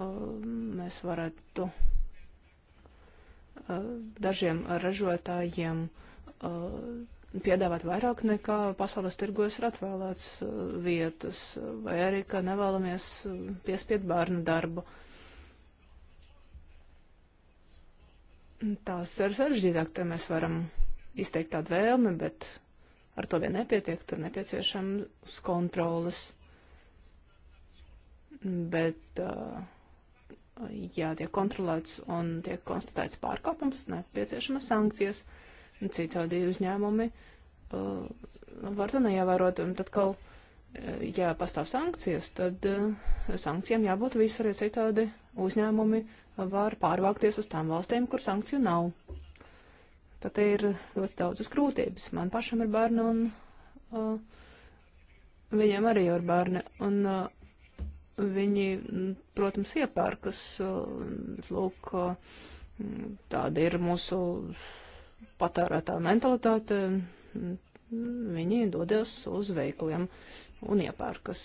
um, mēs varētu uh, dažiem ražotājiem uh, piedāvāt vairāk nekā pasaules tirgos ir atvēlēts uh, vietas, vai arī, ka nevēlamies piespied bērnu darbu. Tās ir sarežģītāk, te mēs varam izteikt tādu vēlmi, bet Ar to vien nepietiek, tur nepieciešams kontrolas. Bet, uh, ja tiek kontrolēts un tiek konstatēts pārkāpums, nepieciešamas sankcijas. Citādi uzņēmumi uh, var to neievērot. Un tad, kaut, uh, ja pastāv sankcijas, tad sankcijām jābūt visur, ja citādi uzņēmumi var pārvākties uz tām valstīm, kur sankciju nav. Tad ir ļoti daudzas grūtības. Man pašam ir bērni un uh, viņiem arī ir bērni. Un uh, viņi, mm, protams, iepērkas. Uh, lūk, uh, tāda ir mūsu patērētā mentalitāte. Viņi dodas uz veikaliem un iepērkas.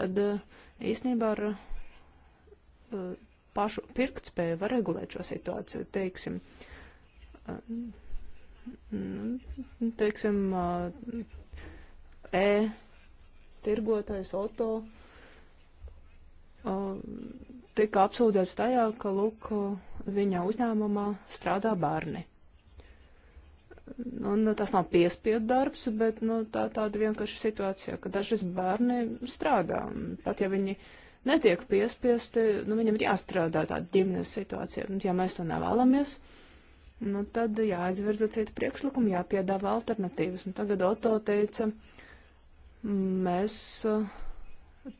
Tad uh, īstenībā ar uh, pašu pirktspēju var regulēt šo situāciju. Teiksim, uh, Nu, teiksim, e, tirgotājs Oto tika apsūdzēts tajā, ka, lūk, viņa uzņēmumā strādā bērni. Nu, nu, tas nav piespiedu darbs, bet nu, tā tāda vienkārši situācija, ka dažas bērni strādā. Pat ja viņi netiek piespiesti, nu, viņam ir jāstrādā tāda ģimenes situācija. Ja mēs to nevēlamies, uh, nu tad jāizvirza citi priekšlikumi, jāpiedāvā alternatīvas. Un tagad Oto teica, mēs uh,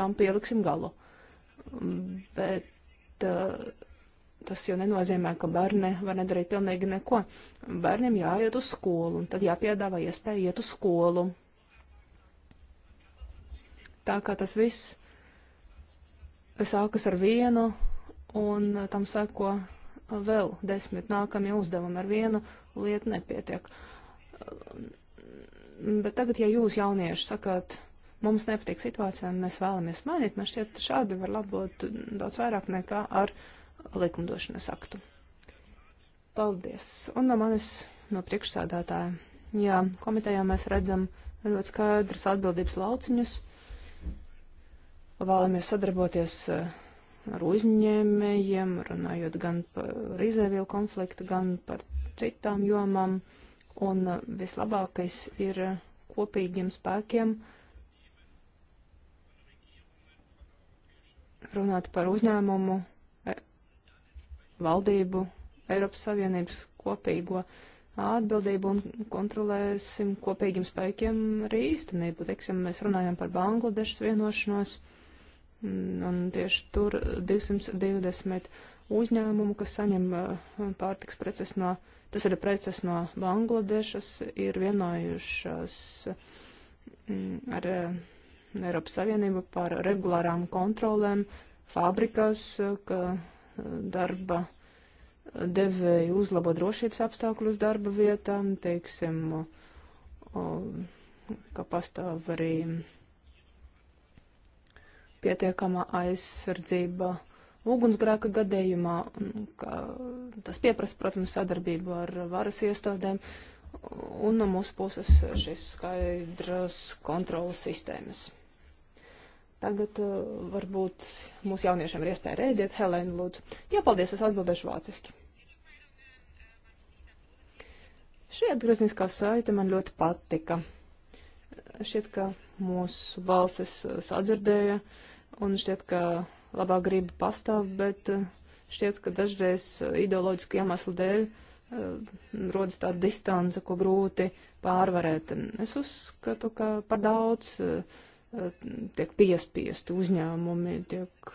tam pieliksim galu. Mm, bet uh, tas jau nenozīmē, ka bērni var nedarīt pilnīgi neko. Bērniem jāiet uz skolu, un tad jāpiedāvā iespēja iet uz skolu. Tā kā tas viss sākas ar vienu, un tam sēko vēl desmit nākamie uzdevumi ar vienu lietu nepietiek. Bet tagad, ja jūs jaunieši sakāt, mums nepatīk situācija un mēs vēlamies mainīt, man šķiet, šādi var labot daudz vairāk nekā ar likumdošanas aktu. Paldies. Un no manis, no priekšsādātāja. Jā, komitejā mēs redzam ļoti skaidrs atbildības lauciņus. Vēlamies sadarboties uh, ar uzņēmējiem, runājot gan par Rīzēvielu konfliktu, gan par citām jomām. Un uh, vislabākais ir uh, kopīgiem spēkiem runāt par uzņēmumu, e, valdību, Eiropas Savienības kopīgo atbildību un kontrolēsim kopīgiem spēkiem arī īstenību. Teiksim, mēs runājam par Bangladešas vienošanos. Un tieši tur 220 uzņēmumu, kas saņem uh, pārtiks preces no, tas ir preces no Bangladešas, ir vienojušas mm, ar uh, Eiropas Savienību par regulārām kontrolēm fabrikās, uh, ka darba devēju uzlabo drošības apstākļus darba vietām, teiksim, ka pastāv arī pietiekama aizsardzība ugunsgrēka gadījumā, un ka tas pieprasa, protams, sadarbību ar varas iestādēm, un no mūsu puses šīs skaidras kontrolas sistēmas. Tagad uh, varbūt mūsu jauniešiem ir iespēja rēģēt. Helēna, lūdzu. Jā, paldies, es atbildēšu vāciski. Šī atgriezniskā saite man ļoti patika. Šķiet, ka mūsu balsis uh, sadzirdēja. Uh, un šķiet, ka labā griba pastāv, bet eh, šķiet, ka dažreiz eh, ideoloģisku iemeslu dēļ eh, rodas tāda distance, ko grūti pārvarēt. Es uzskatu, ka par daudz tiek piespiesti uzņēmumi, tiek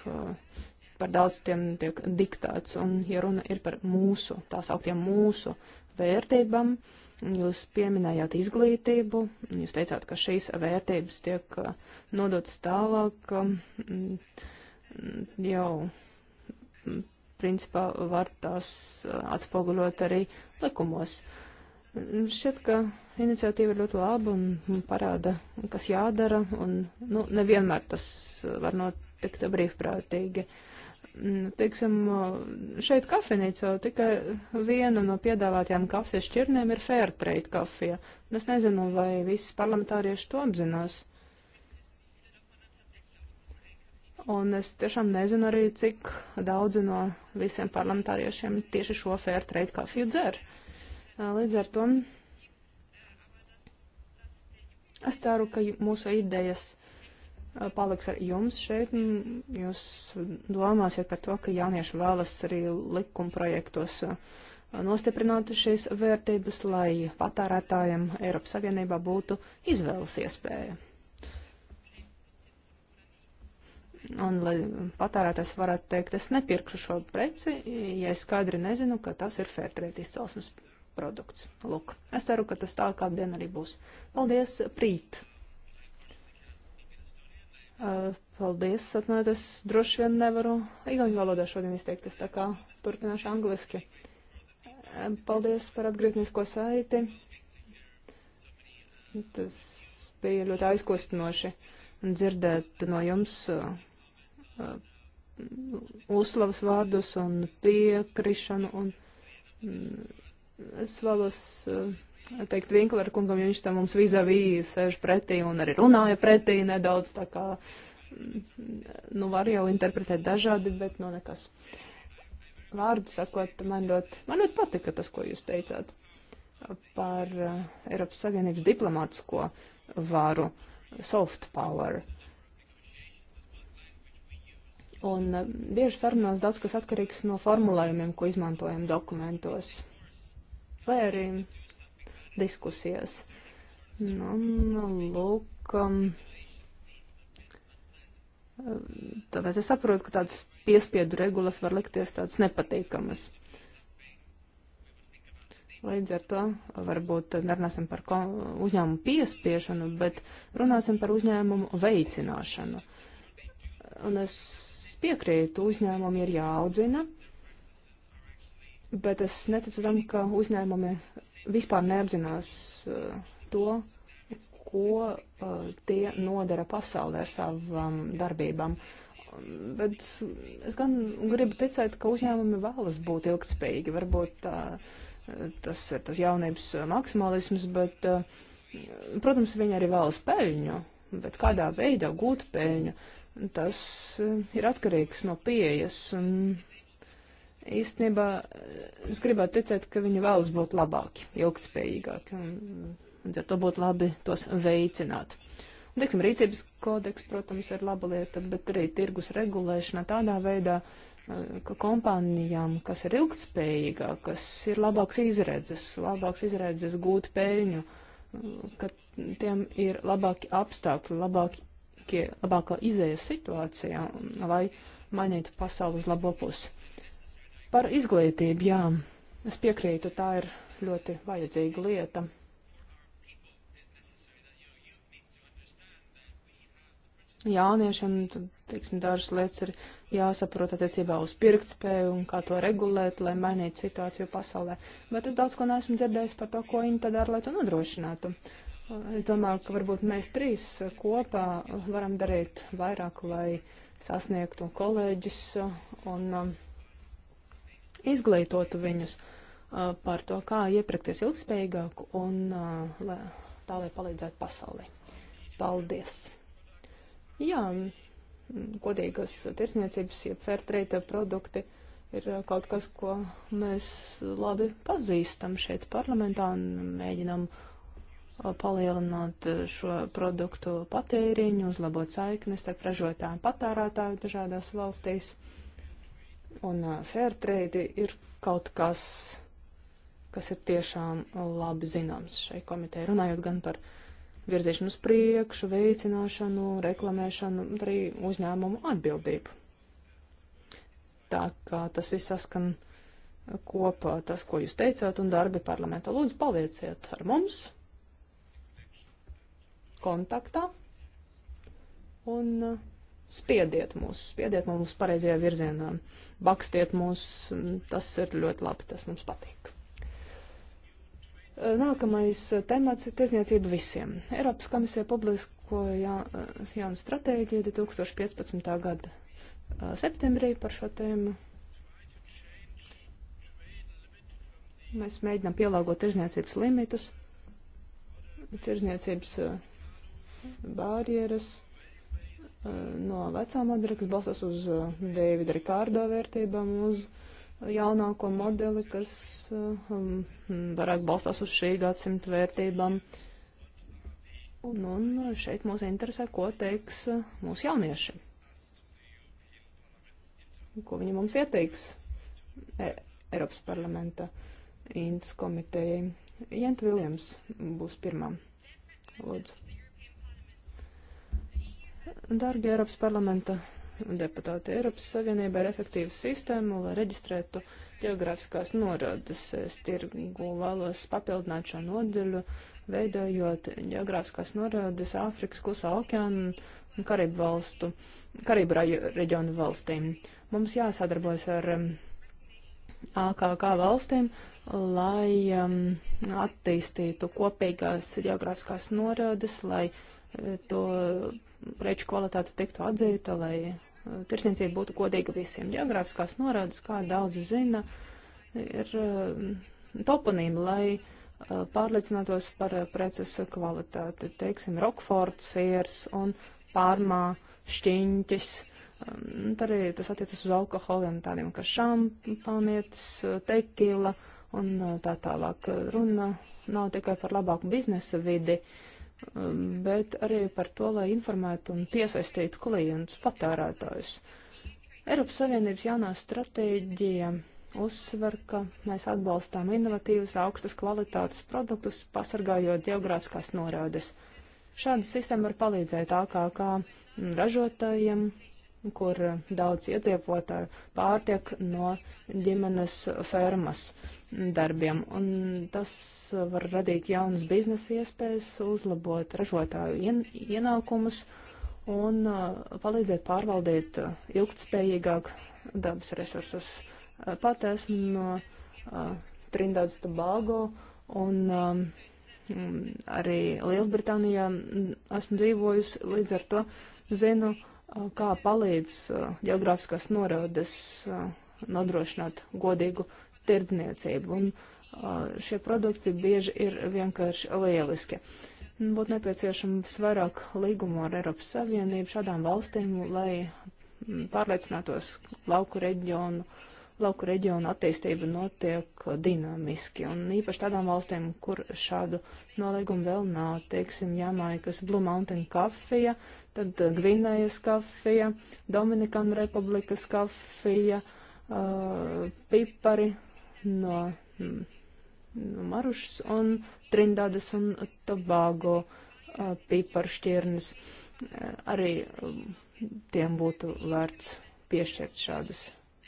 par daudz tiem tiek diktēts, un ja runa ir par mūsu, tās augtiem mūsu vērtībām, uh, Jūs pieminējāt izglītību, jūs teicāt, ka šīs vērtības tiek uh, nodotas tālāk, um, mm, jau mm, principā var tās uh, atspoguļot arī likumos. Mm, šķiet, ka iniciatīva ir ļoti laba un parāda, kas jādara, un nu, nevienmēr tas var notikt brīvprātīgi. Uh, Teiksim, šeit kafejnīcā tikai viena no piedāvātajām kafijas šķirnēm ir Fairtrade kafija. Es nezinu, vai visi parlamentārieši to apzinās. Un es tiešām nezinu arī, cik daudzi no visiem parlamentāriešiem tieši šo Fairtrade kafiju dzer. Līdz ar to es ceru, ka mūsu idejas paliks ar jums šeit. Jūs domāsiet par to, ka jaunieši vēlas arī likuma projektos uh, nostiprināt šīs vērtības, lai patērētājiem Eiropas Savienībā būtu izvēles iespēja. Un lai patērētājs varētu teikt, es nepirkšu šo preci, ja es skaidri nezinu, ka tas ir Fairtrade izcelsmes produkts. Lūk, es ceru, ka tas tā kādu dienu arī būs. Paldies, prīt! Paldies, atnāc, es droši vien nevaru igauņu valodā šodien izteikties, tā kā turpināšu angliski. Paldies par atgrieznisko saiti. Tas bija ļoti aizkustinoši dzirdēt no jums uzslavas vārdus un piekrišanu. Un es vēlos uh, teikt Vinklera kungam, jo viņš tam mums vizavī sēž pretī un arī runāja pretī nedaudz, tā kā, mm, nu, var jau interpretēt dažādi, bet nu nekas. Vārdu sakot, man ļoti, man ļoti patika tas, ko jūs teicāt par uh, Eiropas Savienības diplomātisko varu, soft power. Un uh, bieži sarunās daudz kas atkarīgs no formulējumiem, ko izmantojam dokumentos. Vai arī diskusijas. Nu, nu, lūk, um, tāpēc es saprotu, ka tādas piespiedu regulas var likties tādas nepatīkamas. Līdz ar to varbūt nerunāsim par uzņēmumu piespiešanu, bet runāsim par uzņēmumu veicināšanu. Un es piekrītu, uzņēmumi ir jāaudzina, bet es neticu tam, ka uzņēmumi vispār neapzinās eh, to, ko eh, tie nodara pasaulē ar savām darbībām. Bet es gan gribu ticēt, ka uzņēmumi vēlas būt ilgtspējīgi. Varbūt tā, eh, tas ir tas jaunības maksimālisms, bet, protams, viņi arī vēlas peļņu. Bet kādā veidā gūt peļņu, tas ir atkarīgs no pieejas. Un, īstenībā es gribētu ticēt, ka viņi vēlas būt labāki, ilgspējīgāki, un, un ar to būtu labi tos veicināt. Un, teiksim, rīcības kodeks, protams, ir laba lieta, bet arī tirgus regulēšana tādā veidā, ka kompānijām, kas ir ilgspējīgākas, ir labāks izredzes, labāks izredzes gūt peļņu, ka tiem ir labāki apstākļi, labākie, labākā izējas situācijā, lai mainītu pasaules labo pusi. Par izglītību, jā, es piekrītu, tā ir ļoti vajadzīga lieta. Jauniešiem, teiksim, dažas lietas ir jāsaprot attiecībā uz pirktspēju un kā to regulēt, lai mainītu situāciju pasaulē. Bet es daudz ko neesmu dzirdējis par to, ko viņi tad dara, lai to nodrošinātu. Es domāju, ka varbūt mēs trīs kopā varam darīt vairāk, lai sasniegtu kolēģis un. Um, izglītotu viņus par to, kā iepirkties ilgspējīgāk un tā, lai palīdzētu pasaulē. Paldies! Jā, godīgas tirsniecības, ja fairtrade produkti ir kaut kas, ko mēs labi pazīstam šeit parlamentā un mēģinam palielināt šo produktu patēriņu, uzlabot saiknes starp ražotāju un patērētāju dažādās valstīs. Un fair trade ir kaut kas, kas ir tiešām labi zināms šai komitē, runājot gan par virzīšanu uz priekšu, veicināšanu, reklamēšanu, arī uzņēmumu atbildību. Tā kā tas viss saskan kopā, tas, ko jūs teicāt, un darbi parlamentā. Lūdzu, palieciet ar mums kontaktā. Un uh, spiediet mūs, spiediet mums pareizajā virzienā, bakstiet mūs, tas ir ļoti labi, tas mums patīk. Nākamais temats ir tiesniecība visiem. Eiropas komisija publiskoja eh, jaunu stratēģiju 2015. gada eh, septembrī par šo tēmu. Mēs mēģinām pielāgot tirzniecības limitus, tirzniecības eh, barjeras no vecām modeļiem, kas balstās uz Deivida Rikārdo vērtībām, uz jaunāko modeli, kas um, vairāk balstās uz šī gadsimta vērtībām. Un, un šeit mūs interesē, ko teiks mūsu jaunieši. Ko viņi mums ieteiks e Eiropas parlamenta Intas komitejai. Jent Viljams būs pirmā. Lūdzu. Dargi Eiropas parlamenta deputāti, Eiropas Savienība ir efektīva sistēma, lai reģistrētu geogrāfiskās norādes tirgu. Vēlos papildināt šo nodeļu, veidojot geogrāfiskās norādes Āfrikas klusā okeāna un Karību valstu, Karību reģionu valstīm. Mums jāsadarbojas ar um, AKK valstīm, lai um, attīstītu kopīgās geogrāfiskās norādes, lai uh, to preču kvalitāte tiktu atzīta, lai uh, tirsniecība būtu godīga visiem. Geogrāfiskās norādes, kā daudz zina, ir uh, toponīmi, lai uh, pārliecinātos par preces kvalitāti. Teiksim, Rokfords, siers un pārmā šķiņķis. Un um, arī tas attiecas uz alkoholiem, tādiem kā šampanietis, tekila un tā tālāk. Runa nav tikai par labāku biznesa vidi. Uh, Um, bet arī par to, lai informētu un piesaistītu klientus, patērētājus. Eiropas Savienības jaunā stratēģija uzsver, ka mēs atbalstām innovatīvus, augstas kvalitātes produktus, pasargājot geogrāfiskās norādes. Šāda sistēma var palīdzēt AKK ražotājiem kur eh, daudz iedzīvotāju pārtiek no ģimenes fermas darbiem. Un tas eh, var radīt jaunas biznesa iespējas, uzlabot ražotāju ien ienākumus un eh, palīdzēt pārvaldīt ilgtspējīgāk dabas resursus. Pat esmu no uh, Trindads Tobago un um, arī Lielbritānijā mm, esmu dzīvojusi līdz ar to zinu, uh, kā palīdz geogrāfiskās noraudas nodrošināt godīgu tirdzniecību. Un šie produkti bieži ir vienkārši lieliski. Būtu nepieciešams vairāk līgumu ar Eiropas Savienību šādām valstīm, lai pārliecinātos lauku reģionu uh, lauku reģionu attīstība notiek dinamiski, un īpaši tādām valstīm, kur šādu nolīgumu vēl nav, teiksim, Jamaikas Blue Mountain kafija, tad eh, Gvinējas kafija, Dominikāna Republikas kafija, uh, pipari no, mm, no Marušas un Trindādas un Tobago uh, eh, piparšķirnes. Arī mm, tiem būtu vērts piešķirt šādas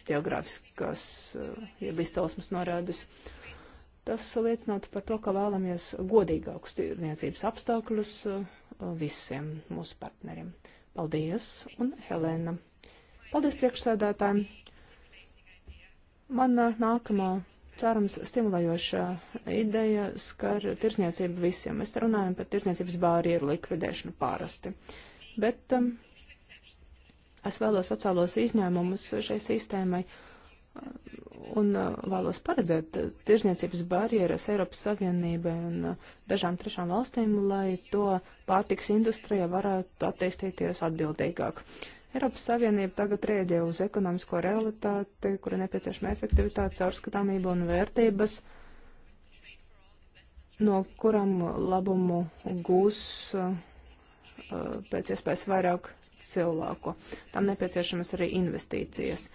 geogrāfiskās, eh, jeb izcelsmes norādes. Tas liecinātu par to, ka vēlamies godīgākus tirniecības apstākļus eh, visiem mūsu partneriem. Paldies un Helēna. Paldies priekšsēdētājiem. Mana eh, nākamā cerams stimulējošā ideja skar tirsniecību visiem. Mēs runājam par tirsniecības bārieru likvidēšanu pārasti. Bet um, Es vēlos sociālos izņēmumus šai sistēmai un uh, vēlos paredzēt uh, tirzniecības barjeras Eiropas Savienībai un uh, dažām trešām valstīm, lai to pārtiks industrija varētu attīstīties atbildīgāk. Eiropas Savienība tagad rēģē uz ekonomisko realitāti, kura nepieciešama efektivitāte, caurskatāmība un vērtības, no kuram labumu gūs pēc iespējas vairāk cilvēku. Tam nepieciešamas arī investīcijas.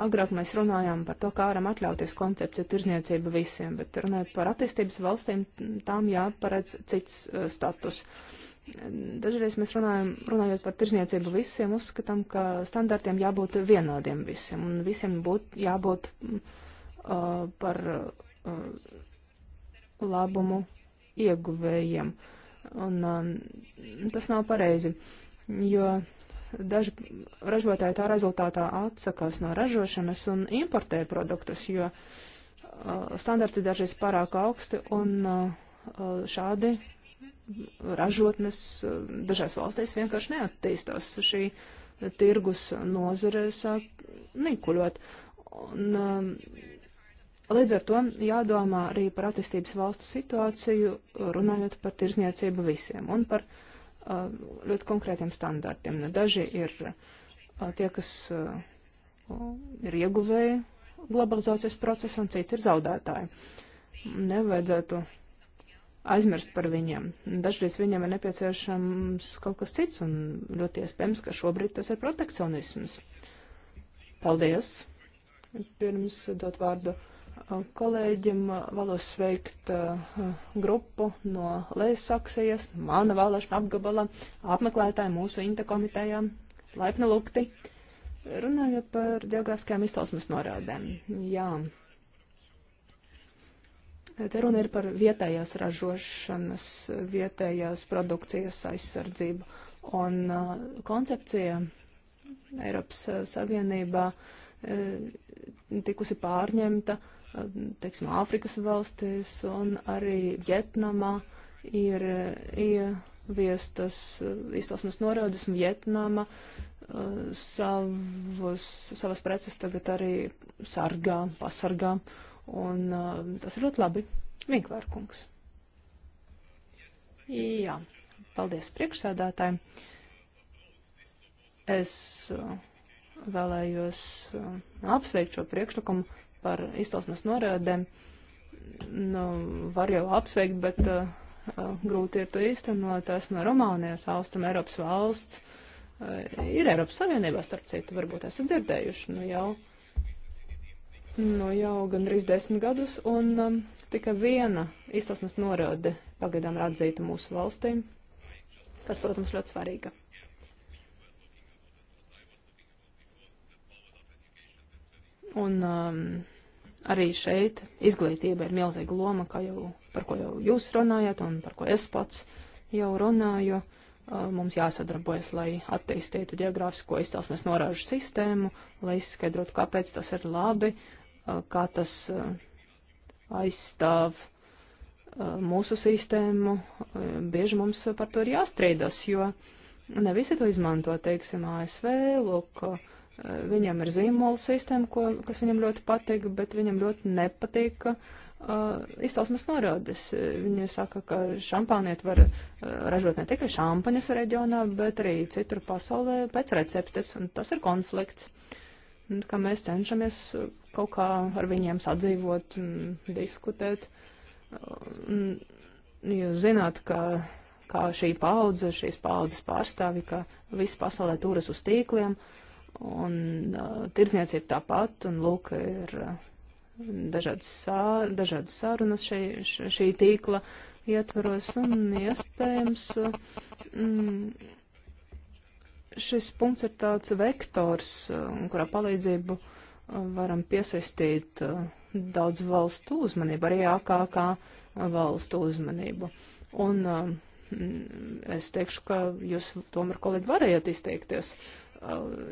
Agrāk mēs runājām par to, kā varam atļauties koncepciju tirzniecību visiem, bet runājot par attīstības valstīm, tām jāparedz cits uh, status. Dažreiz mēs runājam, runājot par tirzniecību visiem, uzskatām, ka standartiem jābūt vienādiem visiem, un visiem būt, jābūt uh, par uh, labumu ieguvējiem. Un, um, tas nav pareizi, jo daži ražotāji tā rezultātā atsakās no ražošanas un importē produktus, jo uh, standarti dažreiz pārāk augsti un uh, šādi ražotnes uh, dažās valstīs vienkārši neattīstās. Šī tirgus nozare sāk nikuļot. Un, līdz ar to jādomā arī par attīstības valstu situāciju, runājot par tirzniecību visiem un par uh, Uh, ļoti konkrētiem standartiem. Nu, daži ir uh, tie, kas uh, ir ieguvēji globalizācijas procesā, un citi ir zaudētāji. Nevajadzētu aizmirst par viņiem. Dažreiz viņiem ir nepieciešams kaut kas cits, un ļoti iespējams, ka šobrīd tas ir protekcionisms. Paldies! Pirms dot vārdu kolēģim uh, vēlos sveikt uh, grupu no Lēsaksijas, mana vēlēšana apgabala, apmeklētāji mūsu interkomitejā. Laipni lūgti! Runājot par geogrāfiskajām izcelsmes norādēm. Jā. Te runa ir par vietējās ražošanas, vietējās produkcijas aizsardzību. Un uh, koncepcija Eiropas Savienībā uh, tikusi pārņemta uh, teiksim, Āfrikas valstīs un arī Vietnamā ir eh, ieviestas eh, izcelsmes norādes un Vietnama eh, savus, savas preces tagad arī sargā, pasargā. Un tas ir ļoti labi. Vinklērkungs. Jā, paldies priekšsēdētājiem. Es vēlējos apsveikt šo priekšlikumu par izcelsmes norādēm, nu, var jau apsveikt, bet uh, uh grūti ir to īstenot. Esmu Rumānijas, Austrum Eiropas valsts, uh, ir Eiropas Savienībā, starp citu, varbūt esat dzirdējuši, nu jau, nu jau gandrīz desmit gadus, un um, tikai viena izcelsmes norāde pagaidām ir atzīta mūsu valstīm, kas, protams, ļoti svarīga. Un um, arī šeit izglītība ir milzīga loma, kā jau par ko jau jūs runājat un par ko es pats jau runāju. Uh, mums jāsadarbojas, lai attīstītu geogrāfisko izcelsmes norāžu sistēmu, lai izskaidrotu, kāpēc tas ir labi, uh, kā tas uh, aizstāv uh, mūsu sistēmu. Uh, bieži mums par to ir jāstrīdas, jo ne visi to izmanto, teiksim, ASV, lūk, Viņam ir zīmola sistēma, ko, kas viņam ļoti patīk, bet viņam ļoti nepatīk uh, izcelsmes norādes. Viņi saka, ka šampāniet var uh, ražot ne tikai šampaņas reģionā, bet arī citur pasaulē pēc receptes, un tas ir konflikts. Un, kā mēs cenšamies kaut kā ar viņiem sadzīvot un diskutēt. Un, jūs zināt, ka kā šī paudze, šīs paudzes pārstāvi, ka visi pasaulē turas uz tīkliem. Uh, Un uh, tirsniecība tāpat, un lūk, ir uh, dažādas, sār, dažādas sārunas šī, šī tīkla ietvaros, un iespējams uh, mm, šis punkts ir tāds vektors, uh, kurā palīdzību uh, varam piesaistīt uh, daudz valstu uzmanību, arī AKK valstu uzmanību. Un uh, mm, es teikšu, ka jūs tomēr, kolēģi, varējāt izteikties. Uh,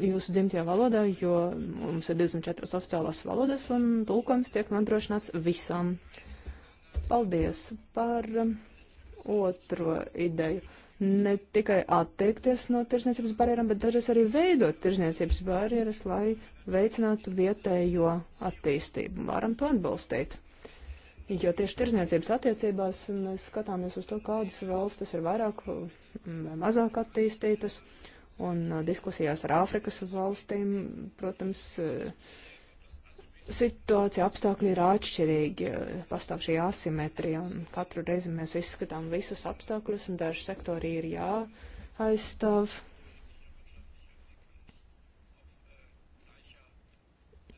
jūsu dzimtajā valodā, jo mums ir 24 oficiālās valodas un tulkojums tiek nodrošināts visām. Paldies par um, otro ideju. Ne tikai atteikties no tirsniecības barjerām, bet dažas arī veidot tirsniecības barjeras, lai veicinātu vietējo attīstību. Varam to atbalstīt. Jo tieši tirzniecības attiecībās mēs skatāmies uz to, kādas valstis ir vairāk vai mazāk attīstītas. Uh, Un uh, diskusijās ar Āfrikas valstīm, protams, uh, situācija apstākļi ir atšķirīgi. Uh, pastāv šī asimetrija, un katru reizi mēs izskatām visus apstākļus, un daži sektori ir jāaizstāv.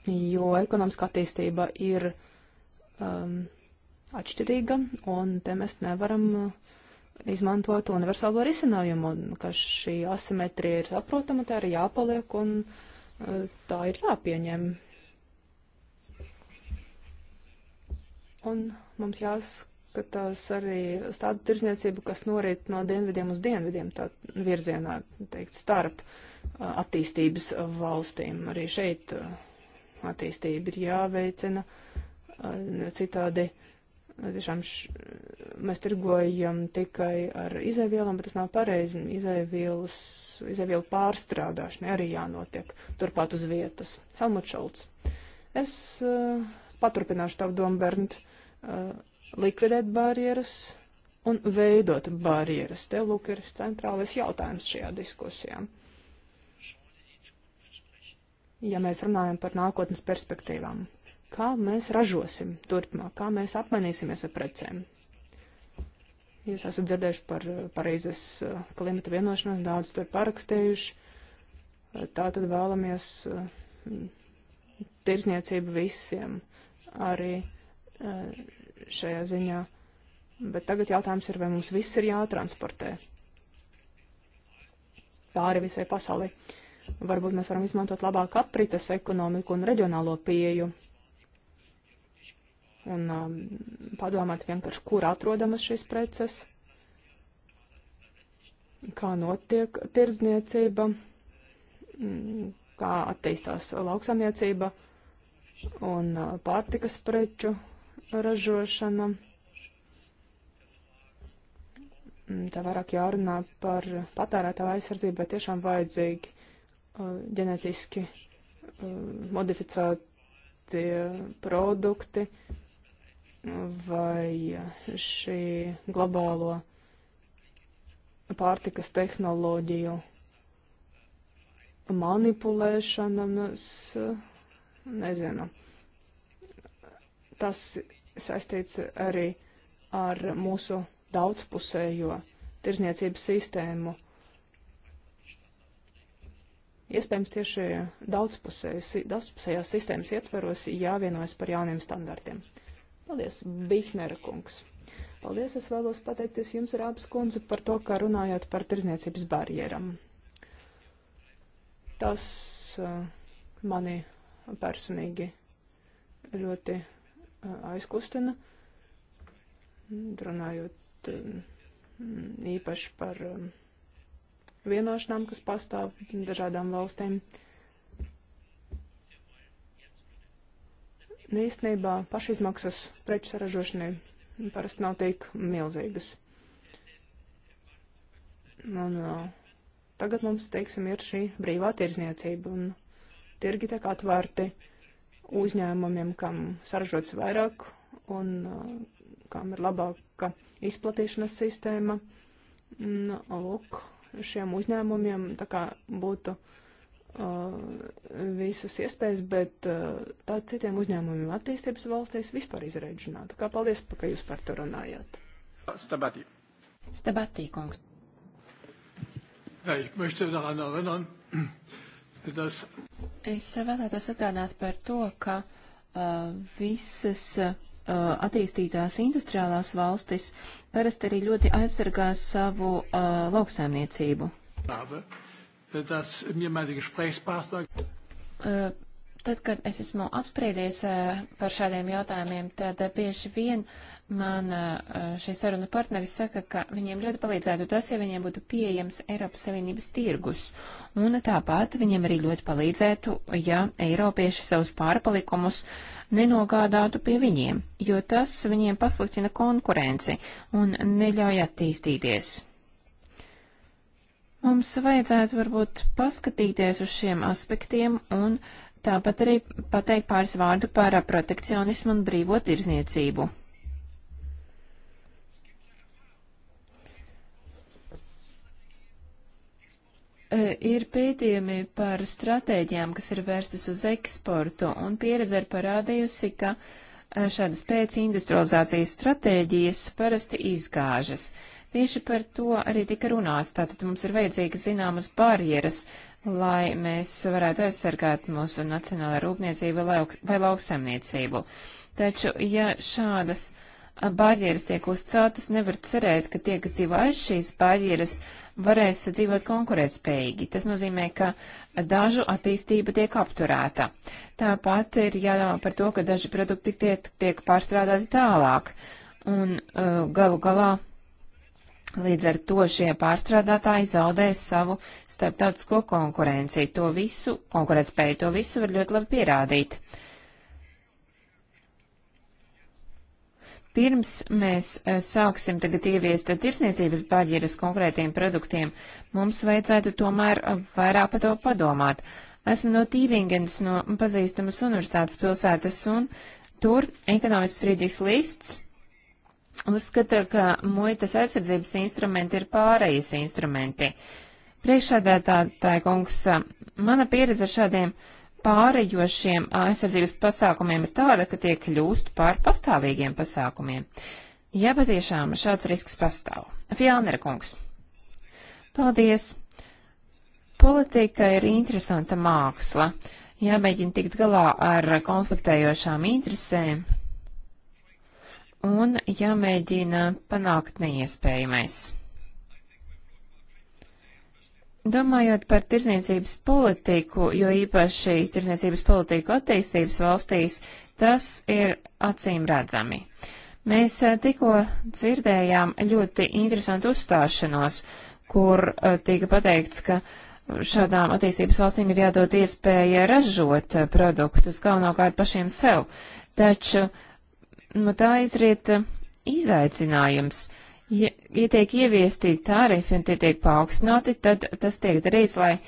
Jo ekonomiskā attīstība ir um, atšķirīga, un te mēs nevaram uh, izmantot universālo risinājumu, un ka šī asimetrija ir saprotama, tā ir jāpaliek, un eh, tā ir jāpieņem. Un mums jāskatās arī uz tādu tirzniecību, kas norit no dienvidiem uz dienvidiem, tā virzienā, teikt, starp eh, attīstības valstīm. Arī šeit eh, attīstība ir jāveicina citādi. Uh, Nu, tiešām š, mēs tirgojam tikai ar izēvielām, bet tas nav pareizi. Izēvielu pārstrādāšana arī jānotiek turpat uz vietas. Helmut Šolts. Es uh, paturpināšu tavu domu, Bernd, uh, likvidēt barjeras un veidot barjeras. Te lūk ir centrālais jautājums šajā diskusijā ja mēs runājam par nākotnes perspektīvām kā mēs ražosim turpmāk, kā mēs apmainīsimies ar precēm. Jūs esat dzirdējuši par eh, Parīzes eh, klimata vienošanos, daudz to ir parakstējuši. Eh, tā tad vēlamies tirzniecību visiem arī šajā ziņā. Bet tagad jautājums ir, vai mums viss ir jātransportē pāri visai pasaulē. Varbūt mēs varam izmantot labāk aprites ekonomiku un reģionālo pieju un um, padomāt vienkārši, kur atrodamas šīs preces, kā notiek tirdzniecība, mm, kā attīstās lauksamniecība un uh, pārtikas preču ražošana. Mm, Tā vairāk jārunā par patērētāju aizsardzību, bet tiešām vajadzīgi uh, ģenetiski uh, modificēti produkti, vai šī globālo pārtikas tehnoloģiju manipulēšana, es eh, nezinu. Tas saistīts arī ar mūsu daudzpusējo tirzniecības sistēmu. Iespējams, tieši daudzpusējās sistēmas ietveros jāvienojas par jauniem standartiem. Paldies, Bihnera kungs. Paldies, es vēlos pateikties jums, Rābas kundze, par to, kā runājāt par tirzniecības barjeram. Tas uh, mani personīgi ļoti uh, aizkustina, runājot uh, īpaši par uh, vienošanām, kas pastāv dažādām valstīm. Uh, Nu, īstenībā pašizmaksas preču saražošanai parasti nav tik milzīgas. Un, uh, tagad mums, teiksim, ir šī brīvā tirzniecība, un tirgi tiek atvērti uzņēmumiem, kam saražots vairāk un uh, kam ir labāka izplatīšanas sistēma. Un, lūk, šiem uzņēmumiem tā kā būtu uh, Uh, visas iespējas, bet uh, tā citiem uzņēmumiem attīstības valstīs vispār izreidžināta. Kā paldies, pa, ka jūs par to runājāt. Stabatī. Stabatī, kungs. Es vēlētos atgādināt par to, ka uh, visas uh, attīstītās industriālās valstis parasti arī ļoti aizsargās savu uh, lauksaimniecību. Labi dass eh, mir meine Gesprächspartner. Eh, tad, kad es esmu apspriedies eh, par šādiem jautājumiem, tad bieži vien man šie sarunu partneri saka, ka viņiem ļoti palīdzētu tas, ja viņiem būtu pieejams Eiropas Savienības tirgus. Un tāpat viņiem arī ļoti palīdzētu, ja Eiropieši savus pārpalikumus nenogādātu pie viņiem, jo tas viņiem pasliktina konkurenci un neļauj attīstīties. Mums vajadzētu varbūt paskatīties uz šiem aspektiem un tāpat arī pateikt pāris vārdu par protekcionismu un brīvo tirzniecību. E, ir pētījumi par stratēģijām, kas ir vērstas uz eksportu, un pieredze ir parādījusi, ka e, šādas pēc industrializācijas stratēģijas parasti izgāžas. Uh, Tieši par to arī tika runāts. Tātad mums ir vajadzīgas zināmas barjeras, lai mēs varētu aizsargāt mūsu nacionālo rūpniecību lauk, vai lauksaimniecību. Taču, ja šādas barjeras tiek uzceltas, nevar cerēt, ka tie, kas dzīvo aiz šīs barjeras, varēs dzīvot konkurētspējīgi. Tas nozīmē, ka dažu attīstība tiek apturēta. Tāpat ir jādomā par to, ka daži produkti tiek, tiek pārstrādāti tālāk. Un uh, galu galā Līdz ar to šie pārstrādātāji zaudēs savu starptautisko konkurenci. To visu, konkurētspēju, to visu var ļoti labi pierādīt. Pirms mēs eh, sāksim tagad ieviest tirsniecības barjeras konkrētiem produktiem, mums vajadzētu tomēr eh, vairāk par to padomāt. Esmu no Tīvingens, no pazīstamas universitātes pilsētas, un tur ekonomists Frīdīgs Lists uzskata, ka muitas aizsardzības instrumenti ir pārējais instrumenti. Priekšādētātāja kungs, mana pieredze ar šādiem pārējošiem aizsardzības pasākumiem ir tāda, ka tie kļūst par pastāvīgiem pasākumiem. Ja patiešām šāds risks pastāv. Fjānera kungs. Paldies. Politika ir interesanta māksla. Jāmēģina tikt galā ar konfliktējošām interesēm, un jāmēģina panākt neiespējamais. Domājot par tirzniecības politiku, jo īpaši tirzniecības politiku attīstības valstīs, tas ir acīm redzami. Mēs eh, tikko dzirdējām ļoti interesantu uzstāšanos, kur eh, tika pateikts, ka šādām attīstības valstīm ir jādod iespēja ražot eh, produktus galvenokārt pašiem sev, taču uh, no tā izriet eh, izaicinājums. Ja, ja tiek ieviesti tarifi un tie tiek paaugstināti, tad tas tiek darīts, lai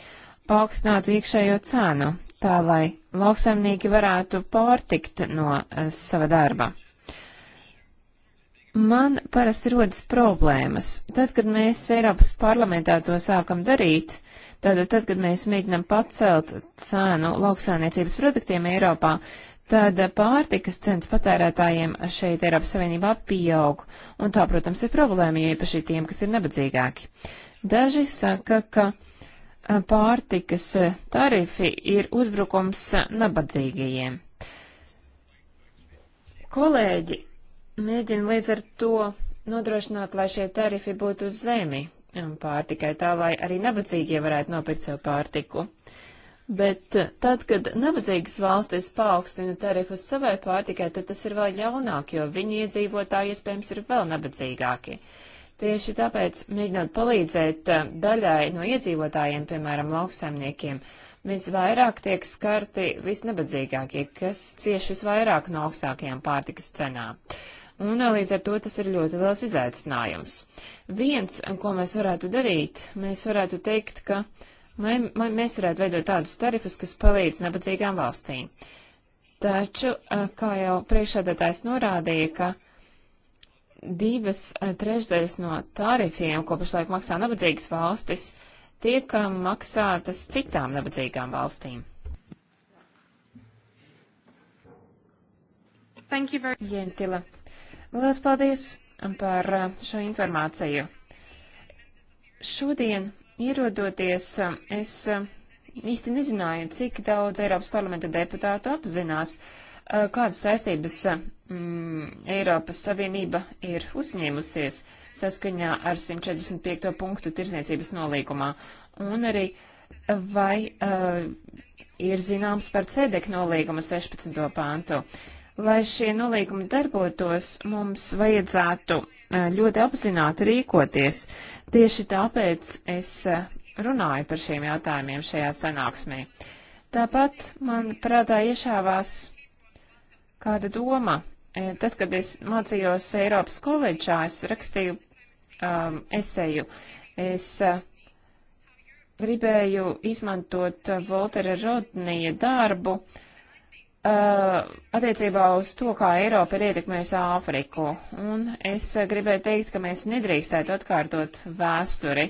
paaugstinātu iekšējo cenu, tā lai lauksaimnieki varētu pārtikt no uh, sava darba. Man parasti rodas problēmas. Tad, kad mēs Eiropas parlamentā to sākam darīt, tad, tad kad mēs mēģinam pacelt cenu lauksāniecības produktiem Eiropā, tad pārtikas cenas patērētājiem šeit Eiropas Savienībā pieaug, un tā, protams, ir problēma, jo īpaši tiem, kas ir nabadzīgāki. Daži saka, ka pārtikas tarifi ir uzbrukums nabadzīgajiem. Kolēģi mēģina līdz ar to nodrošināt, lai šie tarifi būtu uz zemi pārtikai tā, lai arī nabadzīgie varētu nopirkt sev pārtiku. Bet eh, tad, kad nabadzīgas valstis paaugstina tarifus savai pārtikai, tad tas ir vēl ļaunāk, jo viņu iedzīvotāji iespējams ir vēl nabadzīgāki. Tieši tāpēc, mēģinot palīdzēt eh, daļai no iedzīvotājiem, piemēram, lauksaimniekiem, visvairāk tiek skarti visnabadzīgākie, kas cieši visvairāk no augstākajām pārtikas cenām un eh, līdz ar to tas ir ļoti liels izaicinājums. Viens, ko mēs varētu darīt, mēs varētu teikt, ka lai, lai mēs varētu veidot tādus tarifus, kas palīdz nabadzīgām valstīm. Taču, kā jau priekšsēdētājs norādīja, ka divas trešdaļas no tarifiem, ko pašlaik maksā nabadzīgas valstis, tiek maksātas citām nabadzīgām valstīm. Jentila, liels paldies par šo informāciju. Šodien Ierodoties, es eh, īsti nezināju, cik daudz Eiropas parlamenta deputātu apzinās, eh, kādas saistības eh, mm, Eiropas Savienība ir uzņēmusies saskaņā ar 145. punktu tirzniecības nolīgumā, un arī vai uh, ir zināms par CEDEK nolīguma 16. pāntu. Lai šie nolīgumi darbotos, mums vajadzētu Eh, ļoti apzināti rīkoties. Tieši tāpēc es eh, runāju par šiem jautājumiem šajā sanāksmē. Tāpat man prātā iešāvās kāda doma. Eh, tad, kad es mācījos Eiropas koledžā, es rakstīju um, esēju. Es uh, gribēju izmantot Voltera Rodnija darbu uh, Uh, attiecībā uz to, kā Eiropa ir ietekmējusi Āfriku. Un es uh, gribēju teikt, ka mēs nedrīkstētu atkārtot vēsturi.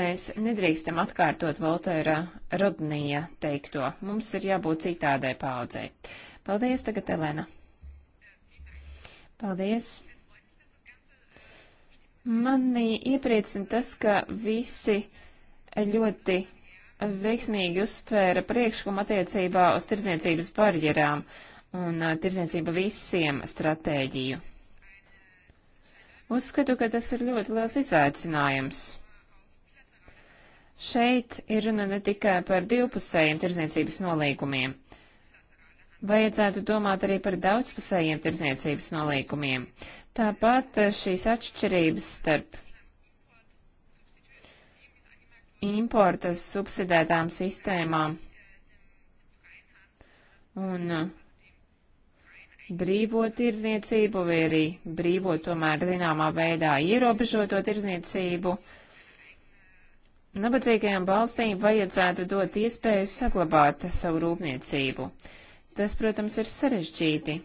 Mēs nedrīkstam atkārtot Voltera Rodnija teikto. Mums ir jābūt citādai paudzei. Paldies tagad, Elena. Paldies. Mani iepriecina tas, ka visi ļoti veiksmīgi uztvēra priekšlikumu attiecībā uz tirdzniecības barjerām un tirdzniecība visiem stratēģiju. Uzskatu, ka tas ir ļoti liels izaicinājums. Šeit ir runa ne tikai par divpusējiem tirdzniecības nolīgumiem. Vajadzētu domāt arī par daudzpusējiem tirdzniecības nolīgumiem. Tāpat šīs atšķirības starp importas subsidētām sistēmām un uh, brīvo tirzniecību vai arī brīvo tomēr zināmā veidā ierobežoto tirzniecību, nabadzīgajām valstīm vajadzētu dot iespēju saglabāt savu rūpniecību. Tas, protams, ir sarežģīti.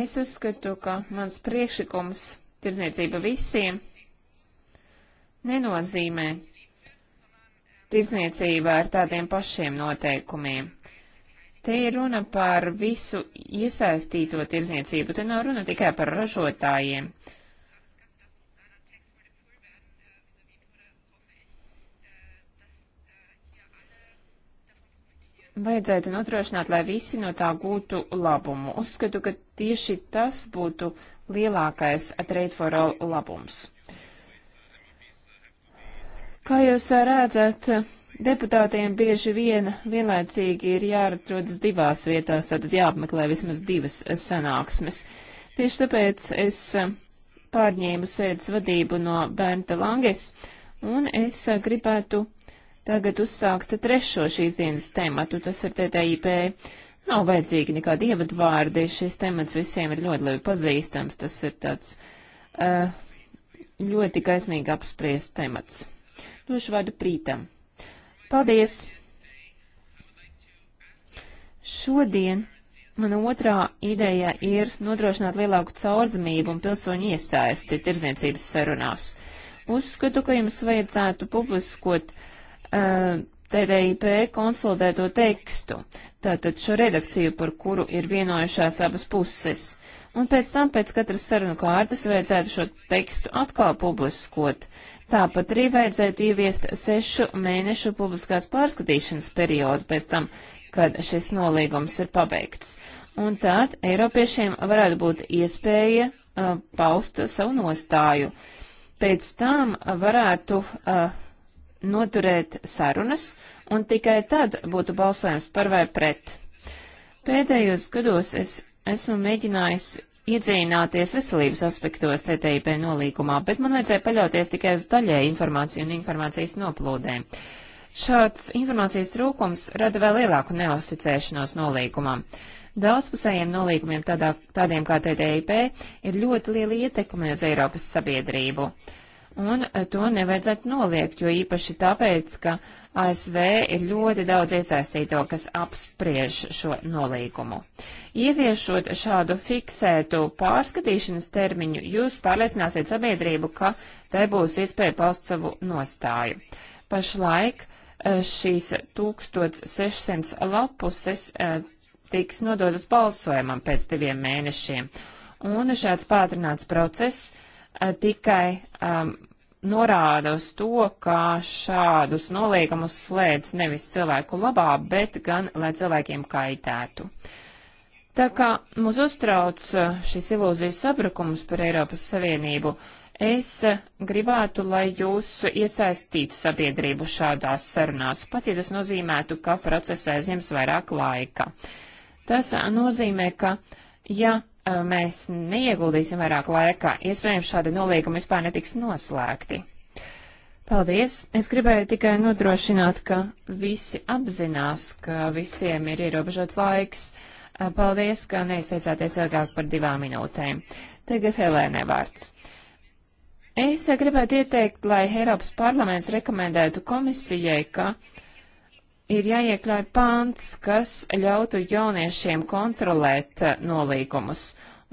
Es uzskatu, ka mans priekšlikums tirdzniecība visiem nenozīmē tirdzniecība ar tādiem pašiem noteikumiem. Te ir runa par visu iesaistīto tirdzniecību, te nav runa tikai par ražotājiem. Vajadzētu nodrošināt, lai visi no tā gūtu labumu. Uzskatu, ka tieši tas būtu lielākais trade for all labums. Kā jūs redzat, deputātiem bieži vien vienlaicīgi ir jāatrodas divās vietās, tātad jāapmeklē vismaz divas sanāksmes. Tieši tāpēc es pārņēmu sēdes vadību no Bernta Langes, un es gribētu tagad uzsākt trešo šīs dienas tēmatu, tas ir TTIP. Nav vajadzīgi nekādi ievadvārdi, šis temats visiem ir ļoti labi pazīstams, tas ir tāds uh, ļoti gaismīgi apspriests temats. Došu vārdu prītam. Paldies! Šodien mana otrā ideja ir nodrošināt lielāku caurzmību un pilsoņu iesaisti tirzniecības sarunās. Uzskatu, ka jums vajadzētu publiskot uh, TDIP konsolidēto tekstu, tātad šo redakciju, par kuru ir vienojušās abas puses. Un pēc tam, pēc katras sarunu kārtas, vajadzētu šo tekstu atkal publiskot. Tāpat arī vajadzētu ieviest sešu mēnešu publiskās pārskatīšanas periodu pēc tam, kad šis nolīgums ir pabeigts. Un tad Eiropiešiem varētu būt iespēja uh, paust savu nostāju. Pēc tam varētu uh, noturēt sarunas, un tikai tad būtu balsojums par vai pret. Pēdējos gados es esmu mēģinājis iedzināties veselības aspektos TTIP nolīgumā, bet man vajadzēja paļauties tikai uz daļēju informāciju un informācijas noplūdēm. Šāds informācijas trūkums rada vēl lielāku neusticēšanos nolīgumam. Daudzpusējiem nolīgumiem tādā, tādiem kā TTIP ir ļoti liela ietekme uz Eiropas sabiedrību. Un to nevajadzētu noliegt, jo īpaši tāpēc, ka ASV ir ļoti daudz iesaistīto, kas apspriež šo nolīgumu. Ieviešot šādu fiksētu pārskatīšanas termiņu, jūs pārliecināsiet sabiedrību, ka tai būs iespēja paust savu nostāju. Pašlaik eh, šīs 1600 lapuses eh, tiks nodotas balsojumam pēc diviem mēnešiem. Un šāds pātrināts process eh, tikai um, norāda uz to, ka šādus noliegumus slēdz nevis cilvēku labā, bet gan, lai cilvēkiem kaitētu. Tā kā mūs uztrauc uh, šis ilūzijas sabrukums par Eiropas Savienību, es uh, gribētu, lai jūs iesaistītu sabiedrību šādās sarunās, pat ja tas nozīmētu, ka process aizņems vairāk laika. Tas uh, nozīmē, ka, ja Eh, mēs neieguldīsim vairāk laikā. Iespējams, šādi nolīgumi vispār netiks noslēgti. Paldies! Es gribēju tikai nodrošināt, ka visi apzinās, ka visiem ir ierobežots laiks. Eh, paldies, ka neizteicāties ilgāk par divām minūtēm. Tagad Helēnē vārds. Es gribētu ieteikt, lai Eiropas parlaments rekomendētu komisijai, ka uh, ir jāiekļauj pants, kas ļautu jauniešiem kontrolēt eh, nolīgumus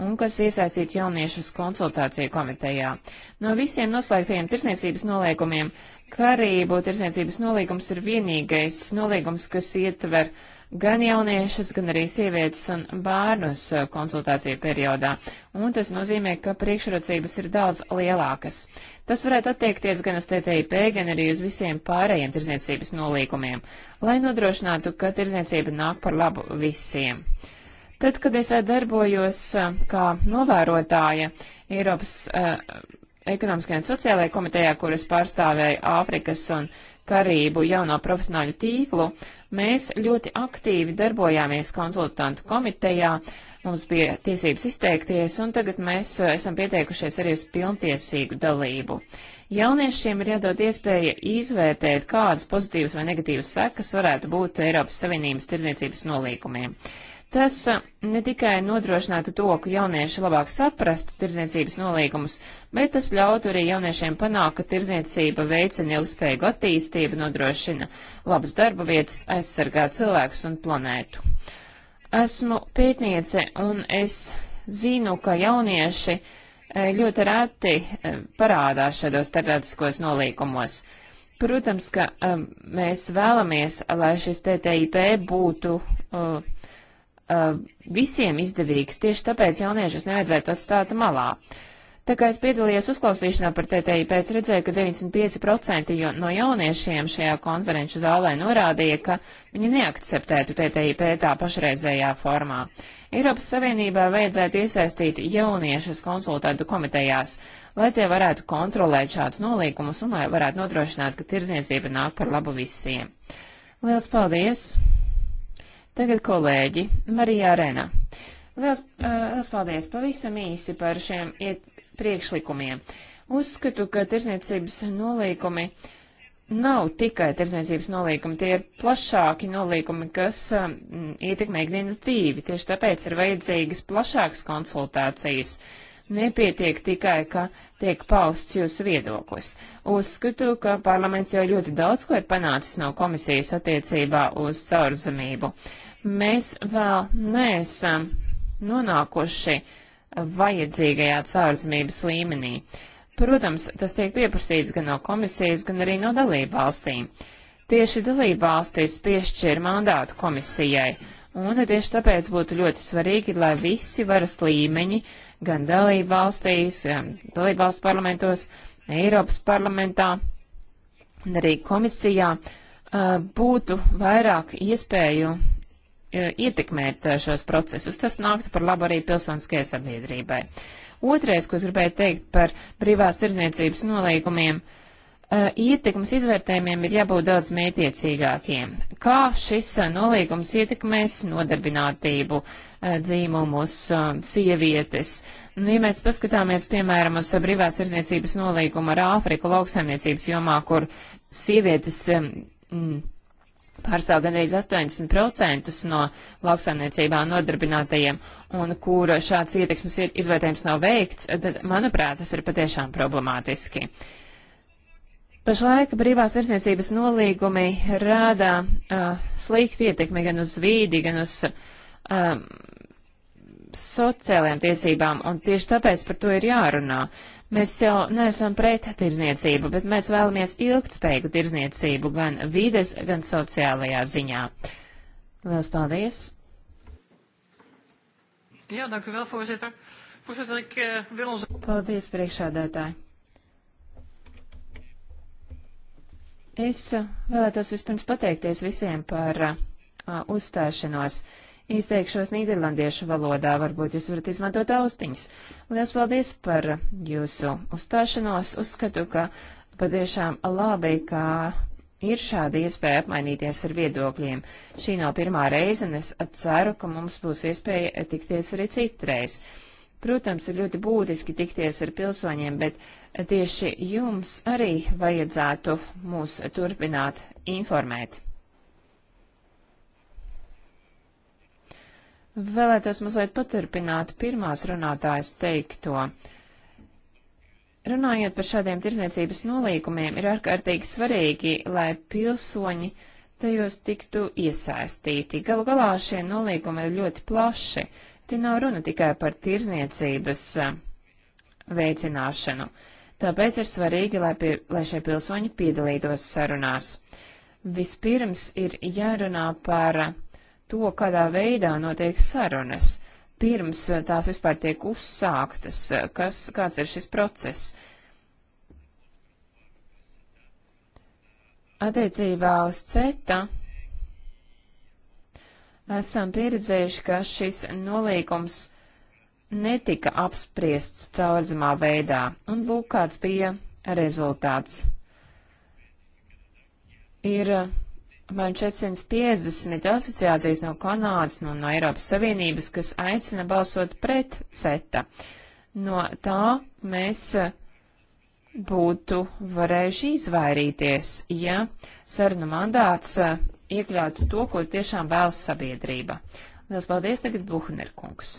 un kas iesaistītu jauniešus konsultāciju komitejā. No visiem noslēgtajiem tirsniecības nolīgumiem Karību tirsniecības nolīgums ir vienīgais nolīgums, kas ietver uh, gan jauniešus, gan arī sievietes un bērnus uh, konsultāciju periodā, un tas nozīmē, ka priekšrocības ir daudz lielākas. Tas varētu attiekties gan uz TTIP, gan arī uz visiem pārējiem tirdzniecības nolīkumiem, lai nodrošinātu, ka tirdzniecība nāk par labu visiem. Tad, kad es uh, darbojos uh, kā novērotāja Eiropas eh, ekonomiskajā un sociālajā komitejā, kuras pārstāvēja Āfrikas un Karību jauno profesionāļu tīklu, Mēs ļoti aktīvi darbojāmies konsultantu komitejā, mums bija tiesības izteikties, un tagad mēs eh, esam pieteikušies arī uz pilntiesīgu dalību. Jauniešiem ir jādod iespēja izvērtēt, kādas pozitīvas vai negatīvas sekas varētu būt Eiropas Savienības tirdzniecības nolīkumiem. Tas eh, ne tikai nodrošinātu to, ka jaunieši labāk saprastu tirdzniecības nolīgumus, bet tas ļautu arī jauniešiem panākt, ka tirdzniecība veicina ilgspējīgu attīstību, nodrošina labas darba vietas, aizsargā cilvēkus un planētu. Esmu pētniece un es zinu, ka jaunieši eh, ļoti reti eh, parādās šādos starptautiskos nolīgumos. Protams, ka um, mēs vēlamies, lai šis TTIP būtu uh, uh, visiem izdevīgs, tieši tāpēc jauniešus nevajadzētu atstāt malā. Tā kā es piedalījos uzklausīšanā par TTIP, es redzēju, ka 95% no jauniešiem šajā konferenču zālē norādīja, ka viņi neakceptētu TTIP tā pašreizējā formā. Eiropas Savienībā vajadzētu iesaistīt jauniešus konsultantu komitejās, lai tie varētu kontrolēt šādus nolīkumus un lai varētu nodrošināt, ka tirzniecība nāk par labu visiem. Liels paldies! Tagad kolēģi, Marijā Rena. Liels, eh, liels paldies pavisam īsi par šiem priekšlikumiem. Uzskatu, ka tirzniecības nolīkumi nav tikai tirzniecības nolīkumi, tie ir plašāki nolīkumi, kas um, ietekmē ikdienas dzīvi. Tieši tāpēc ir vajadzīgas plašākas konsultācijas. Nepietiek tikai, ka tiek pausts jūsu viedoklis. Uzskatu, ka parlaments jau ļoti daudz ko ir panācis no komisijas attiecībā uz caurzemību. Uh, mēs vēl neesam nonākuši vajadzīgajā caurzemības līmenī. Protams, tas tiek pieprasīts gan no komisijas, gan arī no dalību valstīm. Tieši dalību valstīs piešķir mandātu komisijai, un tieši tāpēc būtu ļoti svarīgi, lai visi varas līmeņi, gan dalību valstīs, dalību valstu parlamentos, Eiropas parlamentā un arī komisijā būtu vairāk iespēju E, ietekmēt e, šos procesus. Tas nāktu par labu arī pilsoniskajai sabiedrībai. Otrais, ko es gribēju teikt par privās tirdzniecības nolīgumiem, e, ietekmes izvērtējumiem ir jābūt daudz mētiecīgākiem. Kā šis nolīgums ietekmēs nodarbinātību, dzīmumus, sievietes? Un, nu, ja mēs paskatāmies, piemēram, uz brīvās tirdzniecības nolīgumu ar Āfriku lauksaimniecības jomā, kur sievietes mm, pārstāv gandrīz 80% no lauksaimniecībā nodarbinātajiem, un kur šāds ietekmes izvērtējums nav veikts, tad, manuprāt, tas ir patiešām problemātiski. Pašlaik brīvās tirsniecības nolīgumi rāda uh, sliktu ietekmi gan uz vīdi, gan uz uh, sociālajām tiesībām, un tieši tāpēc par to ir jārunā. Uh, Mēs jau neesam pret tirzniecību, bet mēs vēlamies ilgtspējīgu tirzniecību gan vides, gan sociālajā ziņā. Lielas paldies! Jā, dank u wel, voorzitter. Voorzitter, ik uh, wil ons... Paldies, priekšsādātāji. Es eh, vēlētos vispirms pateikties visiem par uh, uzstāšanos. Uh, izteikšos nīderlandiešu valodā, varbūt jūs varat izmantot austiņas. Lielas paldies par jūsu uzstāšanos. Uzskatu, ka patiešām labi, ka ir šāda iespēja apmainīties ar viedokļiem. Šī nav pirmā reize, un es ceru, ka mums būs iespēja tikties arī citreiz. Protams, ir ļoti būtiski tikties ar pilsoņiem, bet tieši jums arī vajadzētu mūs turpināt informēt. Vēlētos mazliet paturpināt pirmās runātājas teikto. Runājot par šādiem tirzniecības nolīkumiem, ir ārkārtīgi svarīgi, lai pilsoņi tajos tiktu iesaistīti. Galu galā šie nolīkumi ir ļoti plaši. Te nav runa tikai par tirzniecības eh, veicināšanu. Tāpēc ir svarīgi, lai, pie, lai šie pilsoņi piedalītos sarunās. Vispirms ir jārunā par to, kādā veidā notiek sarunas, pirms eh, tās vispār tiek uzsāktas, eh, kas, kāds ir šis process. Attiecībā uz CETA esam pieredzējuši, ka šis nolīgums netika apspriests caurzemā veidā, un lūk, kāds bija rezultāts. Ir eh, apmēram 450 asociācijas no Kanādas, no, no Eiropas Savienības, kas aicina balsot pret CETA. No tā mēs eh, būtu varējuši izvairīties, ja sarunu mandāts eh, iekļautu to, ko tiešām vēlas sabiedrība. Lielas paldies tagad Buhner kungs.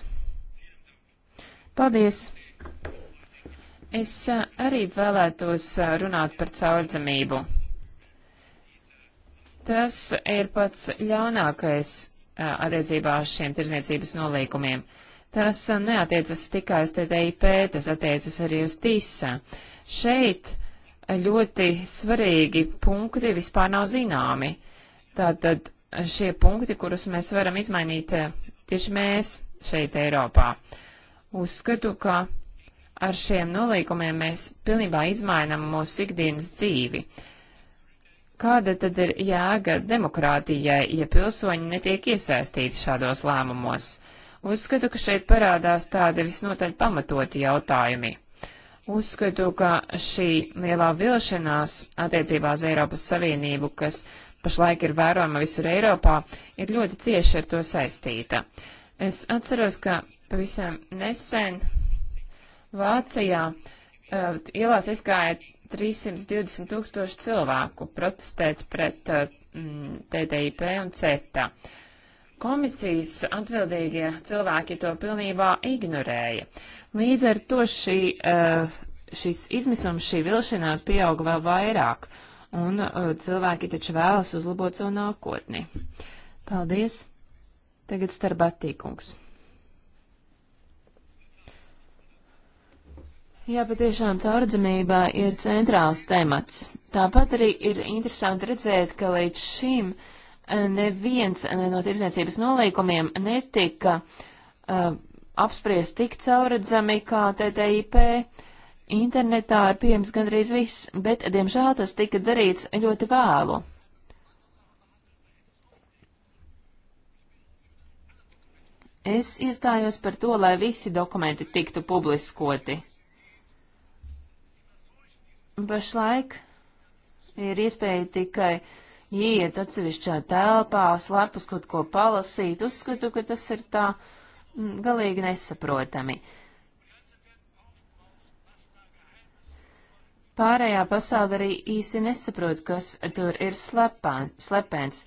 Paldies! Es eh, arī vēlētos runāt par caurdzamību. Tas ir pats ļaunākais attiecībā uz šiem tirzniecības nolīkumiem. Tas neatiecas tikai uz TTIP, tas attiecas arī uz TISA. Šeit ļoti svarīgi punkti vispār nav zināmi. Tātad šie punkti, kurus mēs varam izmainīt tieši mēs šeit Eiropā. Uzskatu, ka ar šiem nolīkumiem mēs pilnībā izmainam mūsu ikdienas dzīvi. Kāda tad ir jēga demokrātijai, ja pilsoņi netiek iesaistīti šādos lēmumos? Uzskatu, ka šeit parādās tādi visnotaļ pamatoti jautājumi. Uzskatu, ka šī lielā vilšanās attiecībā uz Eiropas Savienību, kas pašlaik ir vērojama visur Eiropā, ir ļoti cieši ar to saistīta. Es atceros, ka pavisam nesen Vācijā uh, ielās izgāja 320 tūkstoši cilvēku protestēt pret uh, mm, TTIP un CETA. Komisijas atbildīgie cilvēki to pilnībā ignorēja. Līdz ar to šī, uh, šis izmisums, šī vilšanās pieauga vēl vairāk, un uh, cilvēki taču vēlas uzlabot savu nākotni. Paldies! Tagad starp attīkums. Jā, patiešām caurdzamība ir centrāls temats. Tāpat arī ir interesanti redzēt, ka līdz šim eh, neviens eh, no tirdzniecības nolīkumiem netika uh, apspriest tik caurdzami kā TTIP. Internetā ir pieejams gandrīz viss, bet, diemžēl, tas tika darīts ļoti vēlu. Es iestājos par to, lai visi dokumenti tiktu publiskoti. Pašlaik ir iespēja tikai iet atsevišķā telpā, slepus kaut ko palasīt. Uzskatu, ka tas ir tā mm, galīgi nesaprotami. Pārējā pasaule arī īsti nesaprot, kas tur ir slepā, slepens.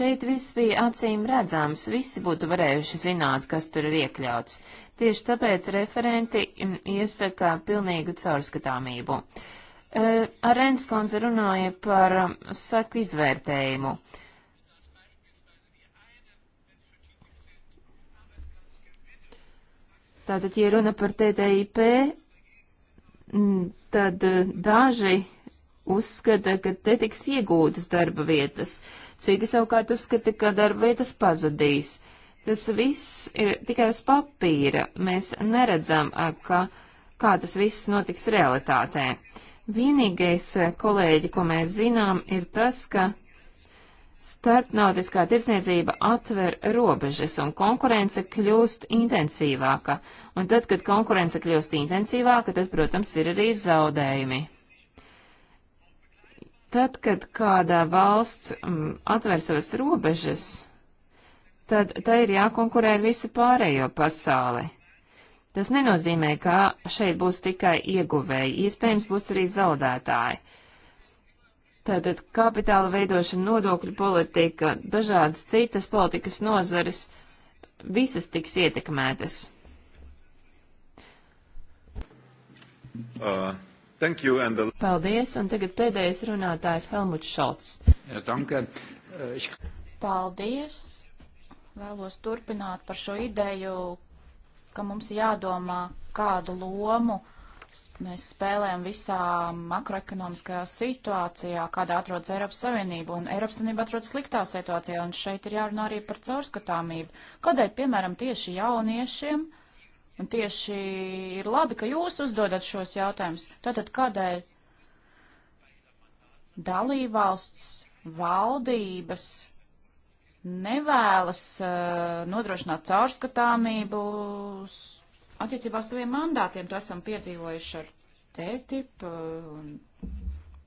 Šeit viss bija acīm redzams, visi būtu varējuši zināt, kas tur ir iekļauts. Tieši tāpēc referenti iesaka pilnīgu caurskatāmību. Uh, Arēns kundze runāja par um, saku izvērtējumu. Tātad, ja runa par TTIP, tad daži uzskata, ka te tiks iegūtas darba vietas, citi savukārt uzskata, ka darba vietas pazudīs. Tas viss ir tikai uz papīra. Mēs neredzam, ka, kā tas viss notiks realitātē. Uh, Vienīgais, eh, kolēģi, ko mēs zinām, ir tas, ka starpnautiskā tirsniecība atver robežas un konkurence kļūst intensīvāka. Un tad, kad konkurence kļūst intensīvāka, tad, protams, ir arī zaudējumi. Tad, kad kādā valsts m, mm, atver savas robežas, tad tai ir jākonkurē ar visu pārējo pasauli. Tas nenozīmē, ka šeit būs tikai ieguvēji, iespējams būs arī zaudētāji. Tātad kapitāla veidošana, nodokļu politika, dažādas citas politikas nozares, visas tiks ietekmētas. Uh, the... Paldies, un tagad pēdējais runātājs Helmuts Šalts. Ja, danke. Uh, ich... Paldies. Vēlos turpināt par šo ideju, ka mums jādomā, kādu lomu mēs spēlējam visā makroekonomiskajā situācijā, kādā atrodas Eiropas Savienība, un Eiropas Savienība atrodas sliktā situācijā, un šeit ir jārunā arī par caurskatāmību. Kādēļ, piemēram, tieši jauniešiem, un tieši ir labi, ka jūs uzdodat šos jautājumus, tātad kādēļ dalībvalsts valdības nevēlas uh, nodrošināt caurskatāmību attiecībā uz saviem mandātiem. To esam piedzīvojuši ar TTIP eh, un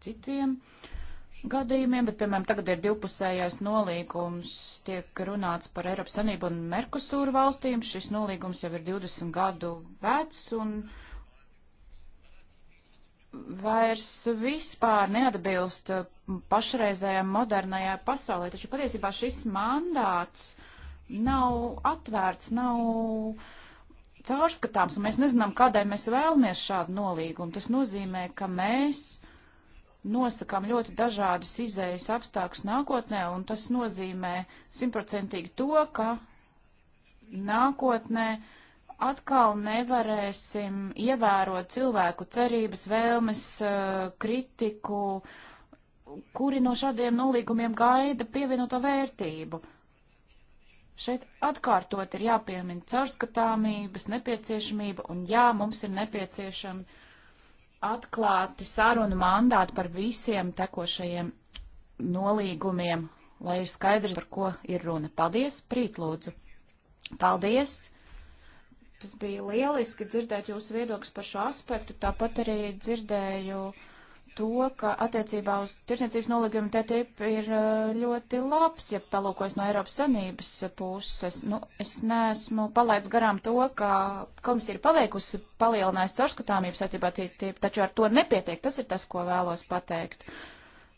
citiem gadījumiem, bet, piemēram, tagad ir divpusējais nolīgums, tiek runāts par Eiropas Sanību un Merkusūru valstīm. Šis nolīgums jau ir 20 gadu vecs un uh, vairs vispār neatbilst uh, pašreizējām modernajā pasaulē, taču patiesībā šis mandāts nav atvērts, nav caurskatāms, un mēs nezinām, kādai mēs vēlamies šādu nolīgumu. Tas nozīmē, ka mēs nosakām ļoti dažādus izējas apstākļus nākotnē, un tas nozīmē simtprocentīgi to, ka nākotnē uh, atkal nevarēsim ievērot cilvēku cerības, vēlmes, eh, kritiku, kuri no šādiem nolīgumiem gaida pievienoto vērtību. Šeit atkārtot ir jāpiemina caurskatāmības nepieciešamība, un jā, mums ir nepieciešami atklāti sarunu mandāti par visiem tekošajiem nolīgumiem, lai ir skaidrs, par ko ir runa. Paldies, prīt lūdzu! Paldies! Tas bija lieliski dzirdēt jūsu viedoklis par šo aspektu. Tāpat arī dzirdēju to, ka attiecībā uz tirsniecības nolīgumu TTIP ir uh, ļoti labs, ja palūkojas no Eiropas Sanības puses. Nu, es neesmu palaidis garām to, ka komisija ir paveikusi palielinājis caurskatāmības attiecībā TTIP, taču ar to nepietiek. Tas ir tas, ko vēlos pateikt. Uh,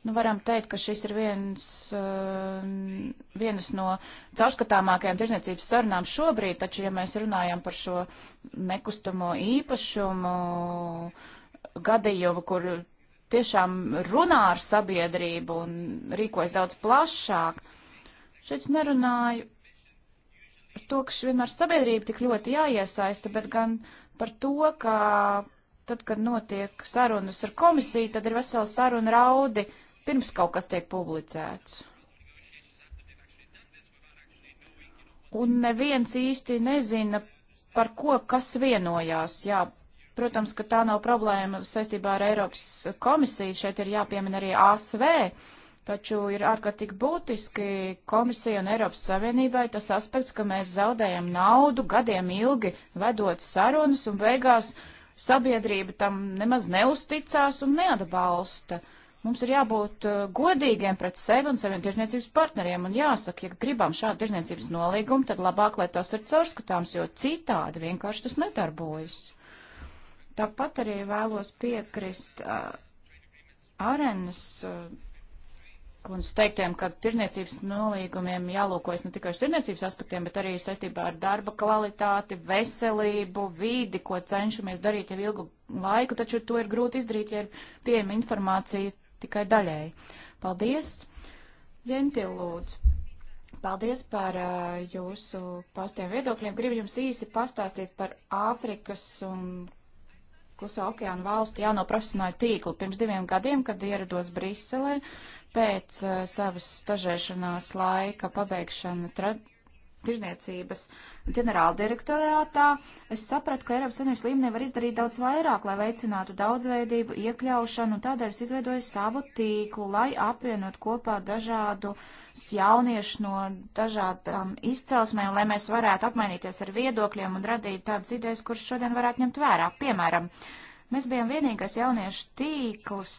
Nu, varam teikt, ka šis ir viens, uh, vienas no caurskatāmākajām tirdzniecības sarunām šobrīd, taču, ja mēs runājam par šo nekustamo īpašumu gadījumu, kur tiešām runā ar sabiedrību un rīkojas daudz plašāk, šeit nerunāju par to, ka vienmēr sabiedrība tik ļoti jāiesaista, bet gan par to, ka tad, kad notiek sarunas ar komisiju, tad ir vesela saruna raudi pirms kaut kas tiek publicēts. Un neviens īsti nezina, par ko kas vienojās. Jā, protams, ka tā nav problēma saistībā ar Eiropas komisiju. Šeit ir jāpiemina arī ASV. Taču ir ārkārtīgi būtiski komisija un Eiropas Savienībai tas aspekts, ka mēs zaudējam naudu gadiem ilgi vedot sarunas un beigās sabiedrība tam nemaz neusticās un neatbalsta. Uh, Mums ir jābūt uh, godīgiem pret sevi un saviem tirzniecības partneriem un jāsaka, ja gribam šādu tirzniecības nolīgumu, tad labāk, lai tas ir caurskatāms, jo citādi vienkārši tas nedarbojas. Tāpat arī vēlos piekrist uh, Arenas uh, kundze teiktiem, ka tirzniecības nolīgumiem jālūkojas ne tikai uz tirzniecības aspektiem, bet arī saistībā ar darba kvalitāti, veselību, vīdi, ko cenšamies darīt jau ilgu laiku, taču to ir grūti izdarīt, ja ir pieejama informācija tikai daļēji. Paldies! Gentil lūdzu! Paldies par uh, jūsu paustiem viedokļiem. Gribu jums īsi pastāstīt par Āfrikas un Klusā okeāna valstu jauno profesionāļu tīklu. Pirms diviem gadiem, kad ierados Briselē, pēc uh, savas stažēšanās laika pabeigšana trad tirzniecības ģenerāldirektorātā, es sapratu, ka Eiropas Savienības līmenī var izdarīt daudz vairāk, lai veicinātu daudzveidību, iekļaušanu, un tādēļ es izveidoju savu tīklu, lai apvienot kopā dažādus jauniešus no dažādām izcelsmēm, lai mēs varētu apmainīties ar viedokļiem un radīt tādas idejas, kuras šodien varētu ņemt vērā. Piemēram, mēs bijām vienīgais jauniešu tīkls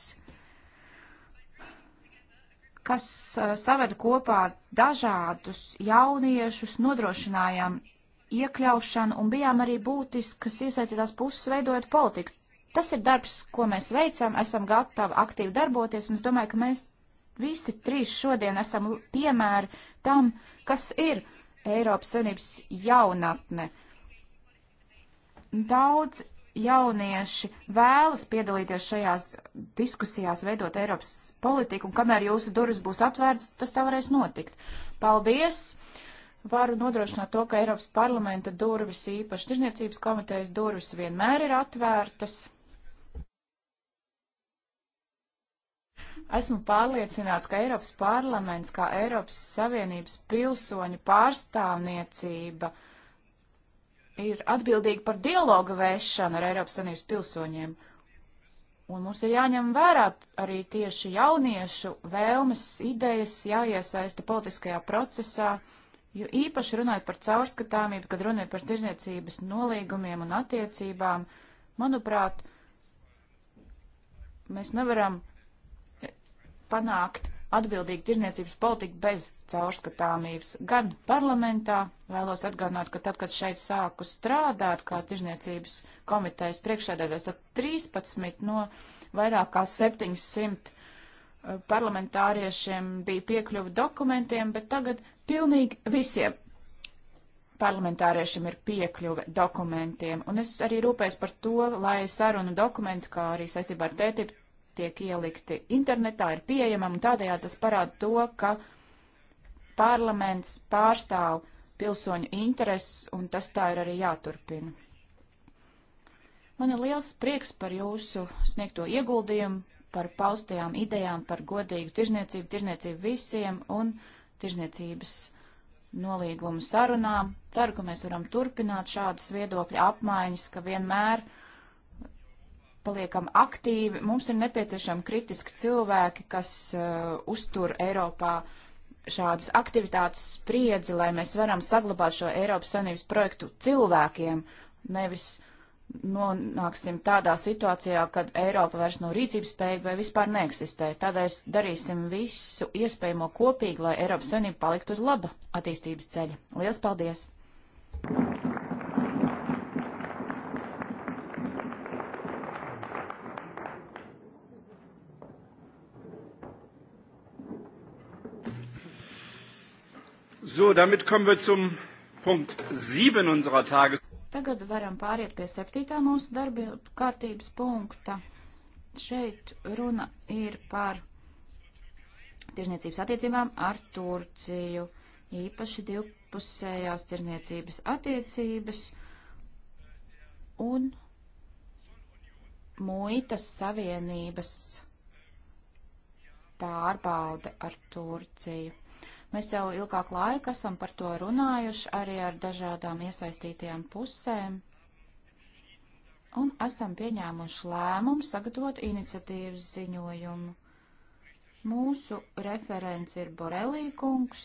kas eh, saveda kopā dažādus jauniešus, nodrošinājām iekļaušanu un bijām arī būtiskas iesaistītās puses veidojot politiku. Tas ir darbs, ko mēs veicam, esam gatavi aktīvi darboties, un es domāju, ka mēs visi trīs šodien esam piemēri tam, kas ir Eiropas Savienības jaunatne. Daudz jaunieši vēlas piedalīties šajās diskusijās, veidot Eiropas politiku, un kamēr jūsu durvis būs atvērts, tas tā varēs notikt. Paldies! Varu nodrošināt to, ka Eiropas parlamenta durvis, īpaši tirzniecības komitejas durvis, vienmēr ir atvērtas. Esmu pārliecināts, ka Eiropas parlaments, kā Eiropas Savienības pilsoņu pārstāvniecība, uh, ir atbildīgi par dialogu vēršanu ar Eiropas Savienības pilsoņiem. Un mums ir jāņem vērā arī tieši jauniešu vēlmes, idejas jāiesaista politiskajā procesā, jo īpaši runājot par caurskatāmību, kad runājot par tirzniecības nolīgumiem un attiecībām, manuprāt, mēs nevaram panākt atbildīga tirniecības politika bez caurskatāmības. Gan parlamentā vēlos atgādināt, ka tad, kad šeit sāku strādāt kā tirniecības komitejas priekšsēdētājs, tad 13 no vairāk kā 700 eh, parlamentāriešiem bija piekļuva dokumentiem, bet tagad pilnīgi visiem parlamentāriešiem ir piekļuve dokumentiem. Un es arī rūpējos par to, lai sarunu dokumentu, kā arī saistībā ar tētību, tiek ielikti internetā, ir pieejama, un tādējādi tas parāda to, ka parlaments pārstāv pilsoņu intereses, un tas tā ir arī jāturpina. Man ir liels prieks par jūsu sniegto ieguldījumu, par paustajām idejām par godīgu tirzniecību, tirzniecību visiem un tirzniecības nolīgumu sarunām. Ceru, ka mēs varam turpināt šādas viedokļa apmaiņas, ka vienmēr paliekam aktīvi, mums ir nepieciešami kritiski cilvēki, kas uh, uztur Eiropā šādas aktivitātes spriedzi, lai mēs varam saglabāt šo Eiropas Savienības projektu cilvēkiem, nevis nonāksim tādā situācijā, kad Eiropa vairs nav no rīcības spējīga vai vispār neeksistē. Tādēļ darīsim visu iespējamo kopīgi, lai Eiropas Savienība paliktu uz laba attīstības ceļa. Lielas paldies! Thank you. So, damit kommen wir zum Punkt 7 unserer Tages. Tagad varam pāriet pie septītā mūsu darba kārtības punkta. Šeit runa ir par tirniecības attiecībām ar Turciju, īpaši divpusējās tirniecības attiecības un muitas savienības pārbaude ar Turciju. Mēs jau ilgāk laika esam par to runājuši arī ar dažādām iesaistītajām pusēm un esam pieņēmuši lēmumu sagatavot iniciatīvas ziņojumu. Mūsu referents ir Borelī kungs,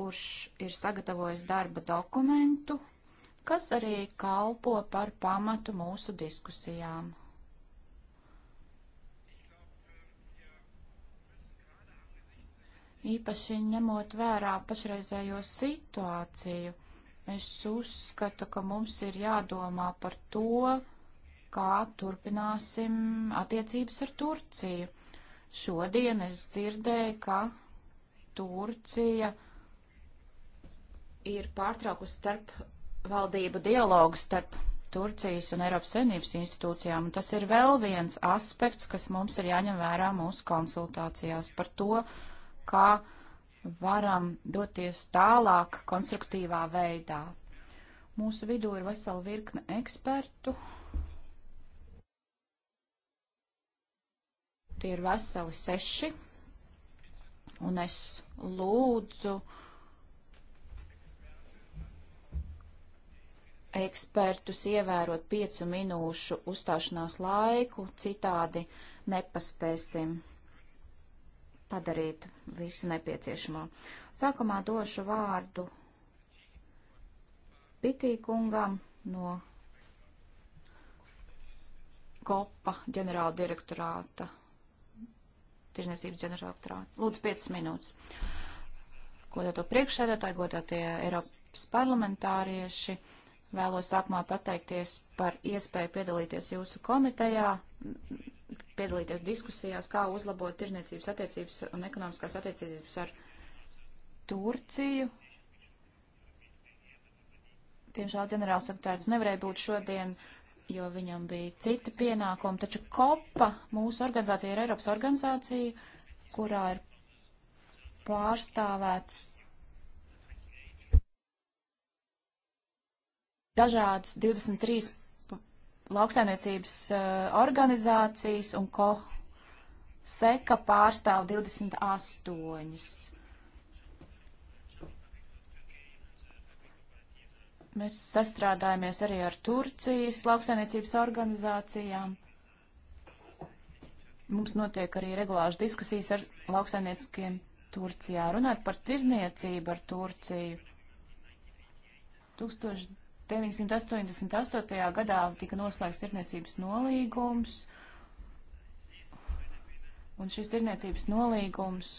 kurš ir sagatavojis darba dokumentu, kas arī kalpo par pamatu mūsu diskusijām. īpaši ņemot vērā pašreizējo situāciju. Es uzskatu, ka mums ir jādomā par to, kā turpināsim attiecības ar Turciju. Šodien es dzirdēju, ka Turcija ir pārtraukusi starp valdību dialogu starp Turcijas un Eiropas Savienības institūcijām, un tas ir vēl viens aspekts, kas mums ir jāņem vērā mūsu konsultācijās par to, uh, kā varam doties tālāk konstruktīvā veidā. Mūsu vidū ir vesela virkne ekspertu. Tie ir veseli seši, un es lūdzu ekspertus ievērot piecu minūšu uzstāšanās laiku, citādi nepaspēsim padarīt visu nepieciešamo. Sākumā došu vārdu Pitīkungam no kopa ģenerāla direktorāta, tirzniecības ģenerāla direktorāta. Lūdzu, 5 minūtes. Godāto priekšsēdētāju, godātie Eiropas parlamentārieši, vēlos sākumā pateikties par iespēju piedalīties jūsu komitejā piedalīties diskusijās, kā uzlabot tirniecības attiecības un ekonomiskās attiecības ar Turciju. Tiemžēl ģenerālsekretārs nevarēja būt šodien, jo viņam bija cita pienākuma, taču COPA, mūsu organizācija, ir Eiropas organizācija, kurā ir pārstāvēts dažādas 23 lauksainiecības eh, organizācijas un ko seka pārstāv 28. Mēs sastrādājamies arī ar Turcijas lauksainiecības organizācijām. Mums notiek arī regulāras diskusijas ar lauksainieciskiem Turcijā. Runāt par tirniecību ar Turciju. 1000 988. gadā tika noslēgts tirniecības nolīgums, un šis tirniecības nolīgums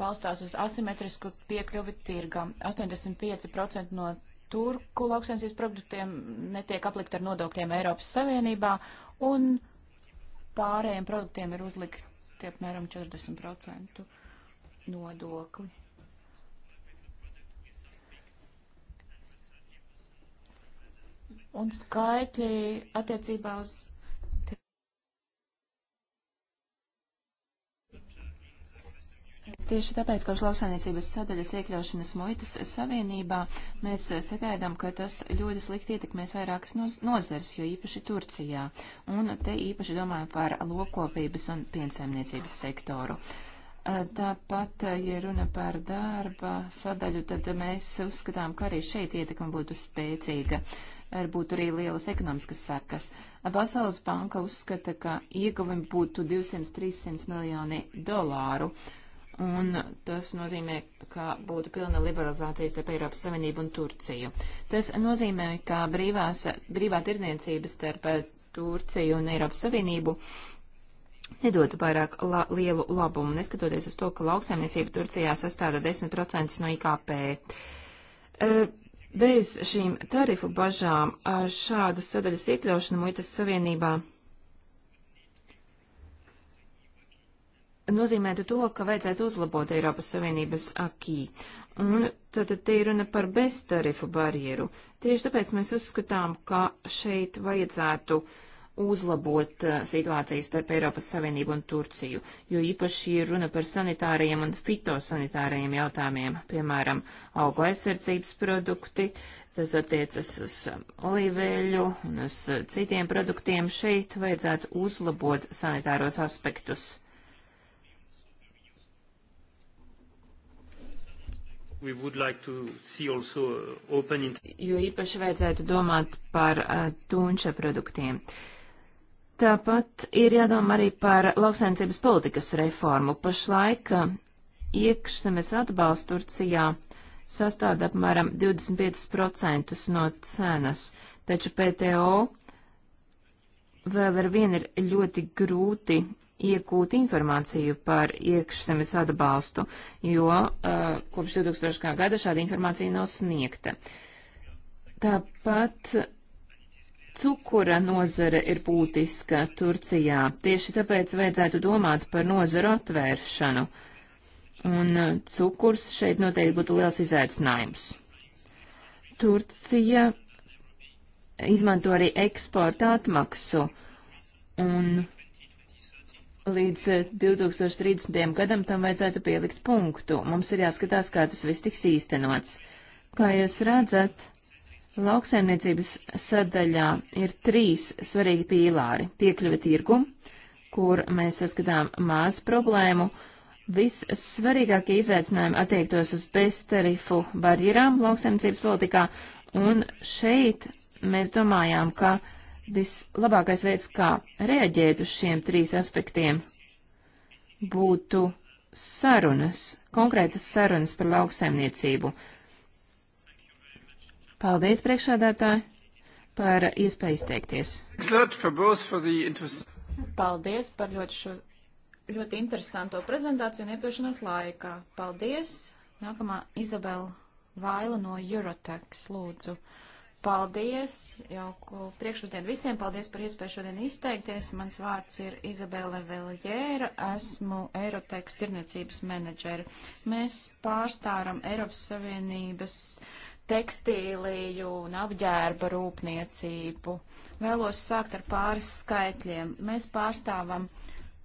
balstās uz asimetrisku piekļuvi tirgam. 85% no turku lauksensības produktiem netiek aplikt ar nodokļiem Eiropas Savienībā, un pārējiem produktiem ir uzlikti apmēram 40% nodokli. un skaitļi attiecībā uz. Tieši tāpēc, ka uz lauksainiecības sadaļas iekļaušanas muitas savienībā mēs sagaidām, ka tas ļoti slikti ietekmēs vairākas nozares, jo īpaši Turcijā. Un te īpaši domāju par lokopības un piensaimniecības sektoru. Tāpat, ja runa par darba sadaļu, tad mēs uzskatām, ka arī šeit ietekme būtu spēcīga ar būtu arī lielas ekonomiskas sekas. Pasaules banka uzskata, ka ieguvumi būtu 200-300 miljoni dolāru. Un tas nozīmē, ka būtu pilna liberalizācija starp Eiropas Savienību un Turciju. Tas nozīmē, ka brīvās, brīvā tirdzniecība starp Turciju un Eiropas Savienību nedotu pārāk la lielu labumu, neskatoties uz to, ka lauksaimniecība Turcijā sastāda 10% no IKP. Uh, eh, Bez šīm tarifu bažām šādas sadaļas iekļaušana muitas savienībā nozīmētu to, ka vajadzētu uzlabot Eiropas Savienības akī. Un tad te ir runa par beztarifu barjeru. Tieši tāpēc mēs uzskatām, ka šeit vajadzētu uh, uzlabot eh, situāciju starp Eiropas Savienību un Turciju, jo īpaši ir runa par sanitāriem un fitosanitāriem jautājumiem, piemēram, augu aizsardzības produkti, tas attiecas uz eh, olīveļu un uz eh, citiem produktiem. Šeit vajadzētu uzlabot sanitāros aspektus. Like uh, open... Jo īpaši vajadzētu domāt par uh, tunča produktiem. Uh, Tāpat ir jādomā arī par lauksaimniecības politikas reformu. Pašlaik uh, iekšzemes atbalsts Turcijā sastāv apmēram 25% no cenas, taču PTO vēl ar vienu ir ļoti grūti iegūt informāciju par iekšzemes atbalstu, jo uh, kopš 2000. gada šāda informācija nav sniegta. Tāpat Cukura nozare ir būtiska Turcijā, tieši tāpēc vajadzētu domāt par nozaru atvēršanu, un uh, cukurs šeit noteikti būtu liels izaicinājums. Turcija izmanto arī eksporta atmaksu, un līdz 2030. Uh, gadam tam vajadzētu pielikt punktu. Mums ir jāskatās, kā tas viss tiks īstenots. Kā jūs redzat, Lauksaimniecības sadaļā ir trīs svarīgi pīlāri - piekļuve tirgum, kur mēs saskatām maz problēmu. Vissvarīgākie izaicinājumi attiektos uz beztarifu barjerām lauksaimniecības politikā, un šeit mēs domājām, ka vislabākais veids, kā reaģēt uz šiem trīs aspektiem, būtu sarunas, konkrētas sarunas par lauksaimniecību, Paldies, priekšsēdētāji, par iespēju izteikties. Paldies par ļoti, šo, ļoti interesanto prezentāciju un ietošanos laikā. Paldies! Nākamā Izabela Vaila no Eurotex, lūdzu. Paldies, jauku priekšpusdienu visiem, paldies par iespēju šodien izteikties. Mans vārds ir Izabela Veljēra, esmu Eirotex tirniecības menedžera. Mēs pārstāram Eiropas Savienības uh, tekstīliju un apģērba rūpniecību. Vēlos sākt ar pāris skaitļiem. Mēs pārstāvam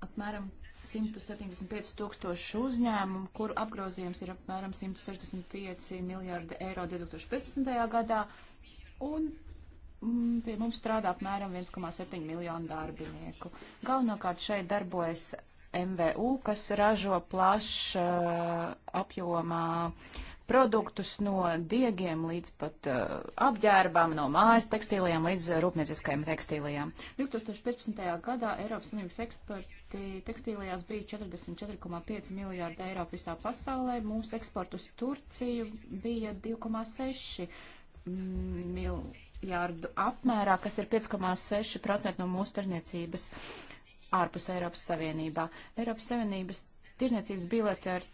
apmēram 175 tūkstošu uzņēmumu, kuru apgrozījums ir apmēram 165 miljārdi eiro 2015. gadā, un mm, pie mums strādā apmēram 1,7 miljonu darbinieku. Galvenokārt šeit darbojas MVU, kas ražo plaša eh, apjomā uh, produktus no diegiem līdz pat uh, apģērbām, no mājas tekstīlijām līdz rūpnieciskajām tekstīlijām. 2015. gadā Eiropas Savienības eksporti tekstīlijās bija 44,5 miljārdi eiro visā pasaulē, mūsu eksportu uz Turciju bija 2,6 mm, miljārdu apmērā, kas ir 5,6% no mūsu tirniecības ārpus Eiropas Savienībā. Eiropas Savienības tirniecības bilete ar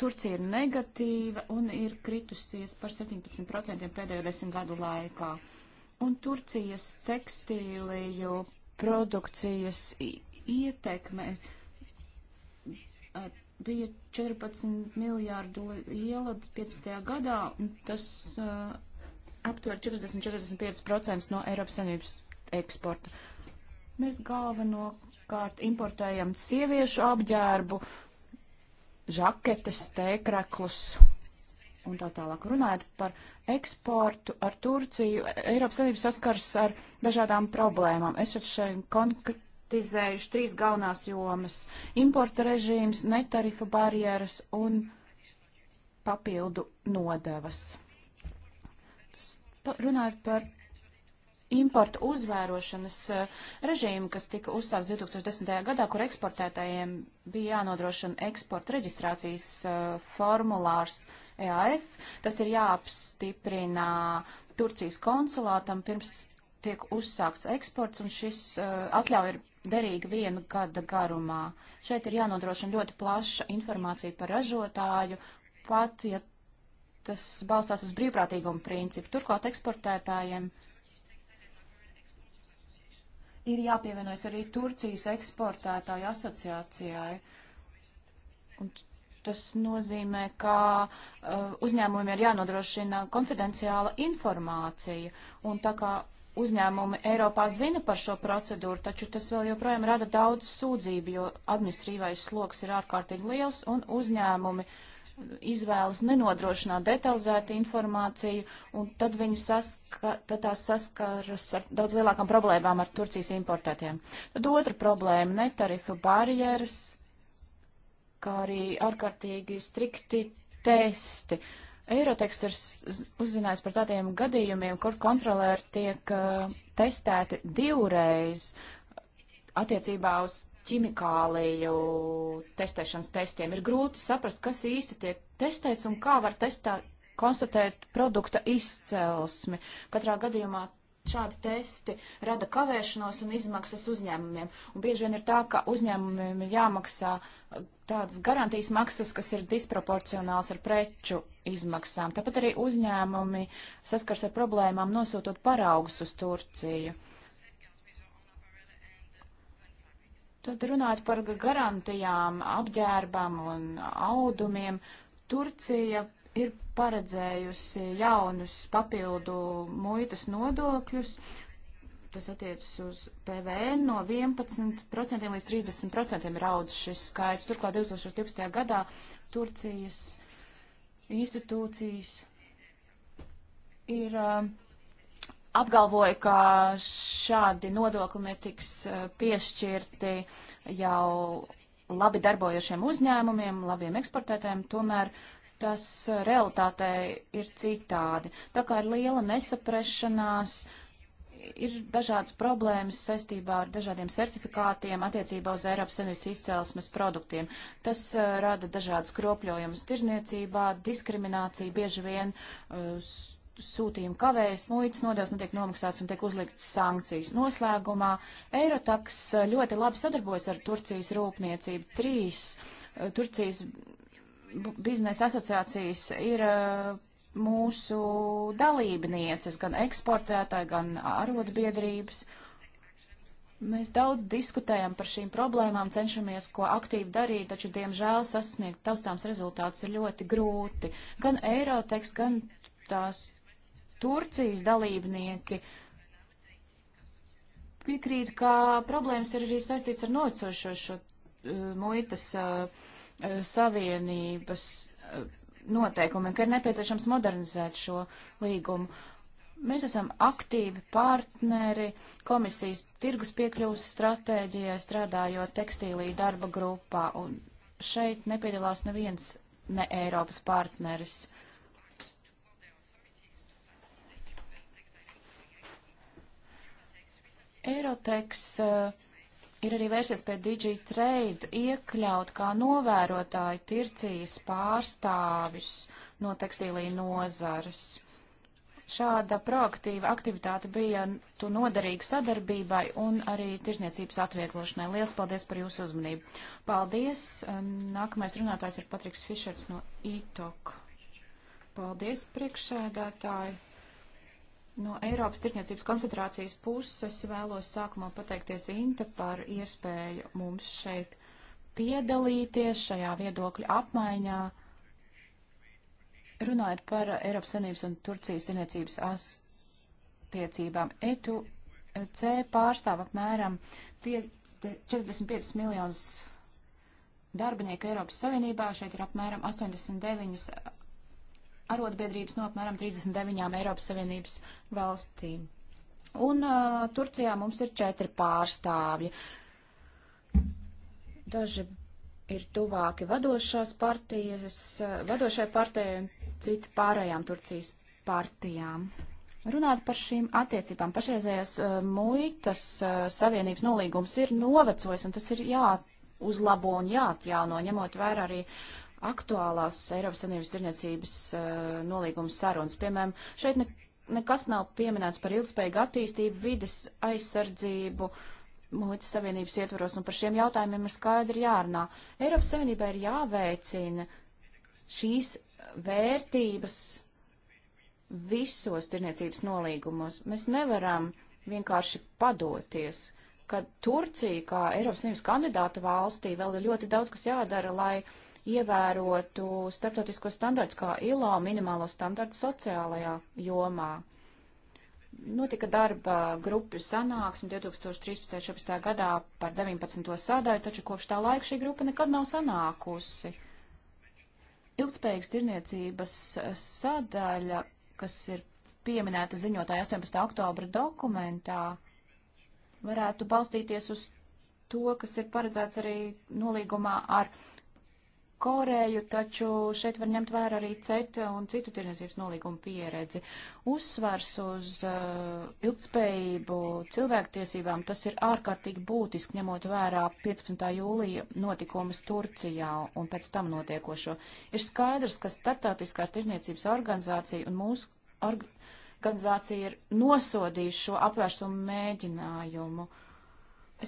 Turcija ir negatīva un ir kritusies par 17% pēdējo desmit gadu laikā. Un Turcijas tekstīliju produkcijas ietekme bija 14 miljārdu liela 15. gadā, un tas uh, aptver 40-45% no Eiropas Savienības eksporta. Mēs galvenokārt importējam sieviešu apģērbu, uh, žaketes, tēkraklus un tā tālāk. Runājot par eksportu ar Turciju, Eiropas Savienība saskars ar dažādām problēmām. Es šeit konkretizējuši trīs galvenās jomas - importa režīms, netarifa barjeras un papildu nodevas. Runājot par importu uzvērošanas eh, režīmu, kas tika uzsākts 2010. gadā, kur eksportētājiem bija jānodrošina eksporta reģistrācijas uh, formulārs EAF. Tas ir jāapstiprina Turcijas konsulātam pirms tiek uzsākts eksports, un šis uh, atļauja ir derīga viena gada garumā. Šeit ir jānodrošina ļoti plaša informācija par ražotāju, pat ja tas balstās uz brīvprātīgumu principu. Turklāt eksportētājiem uh, ir jāpievienojas arī Turcijas eksportētāju asociācijai. Un tas nozīmē, ka uh, uzņēmumiem ir jānodrošina konfidenciāla informācija. Un tā kā uzņēmumi Eiropā zina par šo procedūru, taču tas vēl joprojām rada daudz sūdzību, jo administrīvais sloks ir ārkārtīgi liels un uzņēmumi uh, izvēlas nenodrošināt detalizētu informāciju, un tad viņi saska, tad tās saskaras ar daudz lielākām problēmām ar Turcijas importētiem. Tad otra problēma - netarifu barjeras, kā arī ārkārtīgi strikti testi. Eiroteksts ir uzzinājis par tādiem gadījumiem, kur kontrolēri tiek uh, testēti divreiz attiecībā uz ķimikāliju testēšanas testiem. Ir grūti saprast, kas īsti tiek testēts un kā var testā, konstatēt produkta izcelsmi. Katrā gadījumā šādi testi rada kavēšanos un izmaksas uzņēmumiem. Un bieži vien ir tā, ka uzņēmumiem ir jāmaksā uh, tādas garantijas maksas, kas ir disproporcionāls ar preču izmaksām. Tāpat arī uzņēmumi saskars ar problēmām nosūtot paraugus uz Turciju. Uh, Tad runāt par garantijām, apģērbam un audumiem. Turcija ir paredzējusi jaunus papildu muitas nodokļus. Tas attiecas uz PVN no 11% līdz 30% ir audz šis skaits. Turklāt 2012. gadā Turcijas institūcijas ir uh, apgalvoja, ka šādi nodokli netiks eh, piešķirti jau labi darbojošiem uzņēmumiem, labiem eksportētājiem, tomēr tas eh, realitātē ir citādi. Tā kā ir liela nesaprašanās, ir dažādas problēmas saistībā ar dažādiem certifikātiem attiecībā uz Eiropas Savienības izcelsmes produktiem. Tas uh, rada dažādas kropļojumus tirzniecībā, diskriminācija bieži vien uh, sūtījumu kavējas, muitas nodevs netiek nomaksāts un tiek uzlikts sankcijas. Noslēgumā Eirotaks eh, ļoti labi sadarbojas ar Turcijas rūpniecību. Trīs eh, Turcijas biznesa asociācijas ir eh, mūsu dalībnieces, gan eksportētāji, gan arotbiedrības. Mēs daudz diskutējam par šīm problēmām, cenšamies ko aktīvi darīt, taču, diemžēl, sasniegt taustāms rezultāts ir ļoti grūti. Gan Eirotex, gan tās Turcijas dalībnieki piekrīt, ka problēmas ir arī saistīts ar nocošo šo uh, muitas uh, uh, savienības uh, noteikumiem, ka ir nepieciešams modernizēt šo līgumu. Mēs esam aktīvi partneri komisijas tirgus piekļuvas stratēģijai, strādājot tekstīlī darba grupā, un šeit nepiedalās neviens ne Eiropas partneris. Eiroteks eh, ir arī vērsies pie DigiTrade iekļaut kā novērotāju tircijas pārstāvis no tekstīlī nozares. Šāda proaktīva aktivitāte bija tu noderīga sadarbībai un arī tirzniecības atvieglošanai. Lielas paldies par jūsu uzmanību. Paldies. Eh, nākamais runātājs ir Patriks Fišers no ITOK. Paldies, priekšsēdētāji. No Eiropas Tirkniecības konfederācijas puses vēlos sākumā pateikties Inta par iespēju mums šeit piedalīties šajā viedokļa apmaiņā. Runājot par Eiropas Savienības un Turcijas tirniecības attiecībām, ETU C pārstāv apmēram 45 miljonus darbinieku Eiropas Savienībā. Šeit ir apmēram 89 arotbiedrības no apmēram 39 Eiropas Savienības valstīm. Un uh, Turcijā mums ir četri pārstāvji. Daži ir tuvāki vadošās partijas, uh, vadošai partijai un citi pārējām Turcijas partijām. Runāt par šīm attiecībām. Pašreizējās uh, muitas uh, savienības nolīgums ir novecojis, un tas ir jāuzlabo un jāatjauno, ņemot vērā arī uh, aktuālās Eiropas Savienības tirniecības uh, eh, nolīgums sarunas. Piemēram, šeit ne, nekas nav pieminēts par ilgspējīgu attīstību, vides aizsardzību, muitas savienības ietvaros, un par šiem jautājumiem ir skaidri jārunā. Eiropas Savienībā ir jāveicina šīs vērtības visos tirniecības nolīgumos. Mēs nevaram vienkārši padoties ka Turcija, kā Eiropas Savienības kandidāta valstī, vēl ir ļoti daudz, kas jādara, lai uh, ievērotu starptautisko standartu, kā ILO minimālo standartu sociālajā jomā. Notika darba grupu sanāksme 2013.14. gadā par 19. sādāju, taču kopš tā laika šī grupa nekad nav sanākusi. Ilgspējīgas tirniecības sadaļa, kas ir pieminēta ziņotāja 18. oktobra dokumentā, varētu balstīties uz to, kas ir paredzēts arī nolīgumā ar Koreju, taču šeit var ņemt vērā arī CETA un citu tirdzniecības nolīgumu pieredzi. Uzsvars uz uh, ilgspējību cilvēktiesībām tas ir ārkārtīgi būtiski, ņemot vērā 15. jūlija notikumus Turcijā un pēc tam notiekošo. Ir skaidrs, ka Startautiskā tirdzniecības organizācija un mūsu organizācija ir nosodījuši šo apvērsumu mēģinājumu.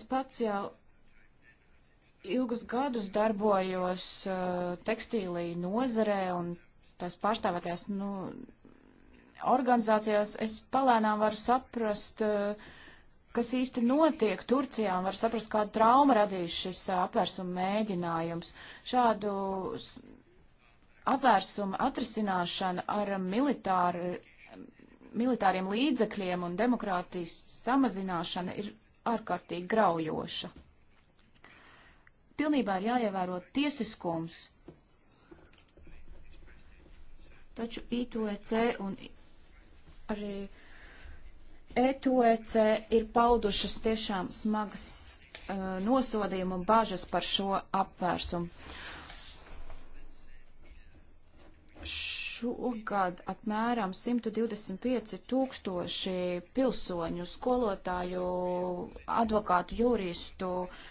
Es pats jau ilgus gadus darbojos uh, tekstīlī nozarē un tās pārstāvētajās nu, organizācijās, es palēnām varu saprast, uh, kas īsti notiek Turcijā un var saprast, kāda trauma radīs šis apvērsuma mēģinājums. Šādu apvērsumu atrisināšana ar militāru, militāriem līdzekļiem un demokrātijas samazināšana ir ārkārtīgi graujoša pilnībā ir jāievēro tiesiskums. Taču I2EC un arī E2EC ir paudušas tiešām smagas uh, nosodījumu un bažas par šo apvērsumu. Šogad apmēram 125 tūkstoši pilsoņu, skolotāju, advokātu, juristu uh,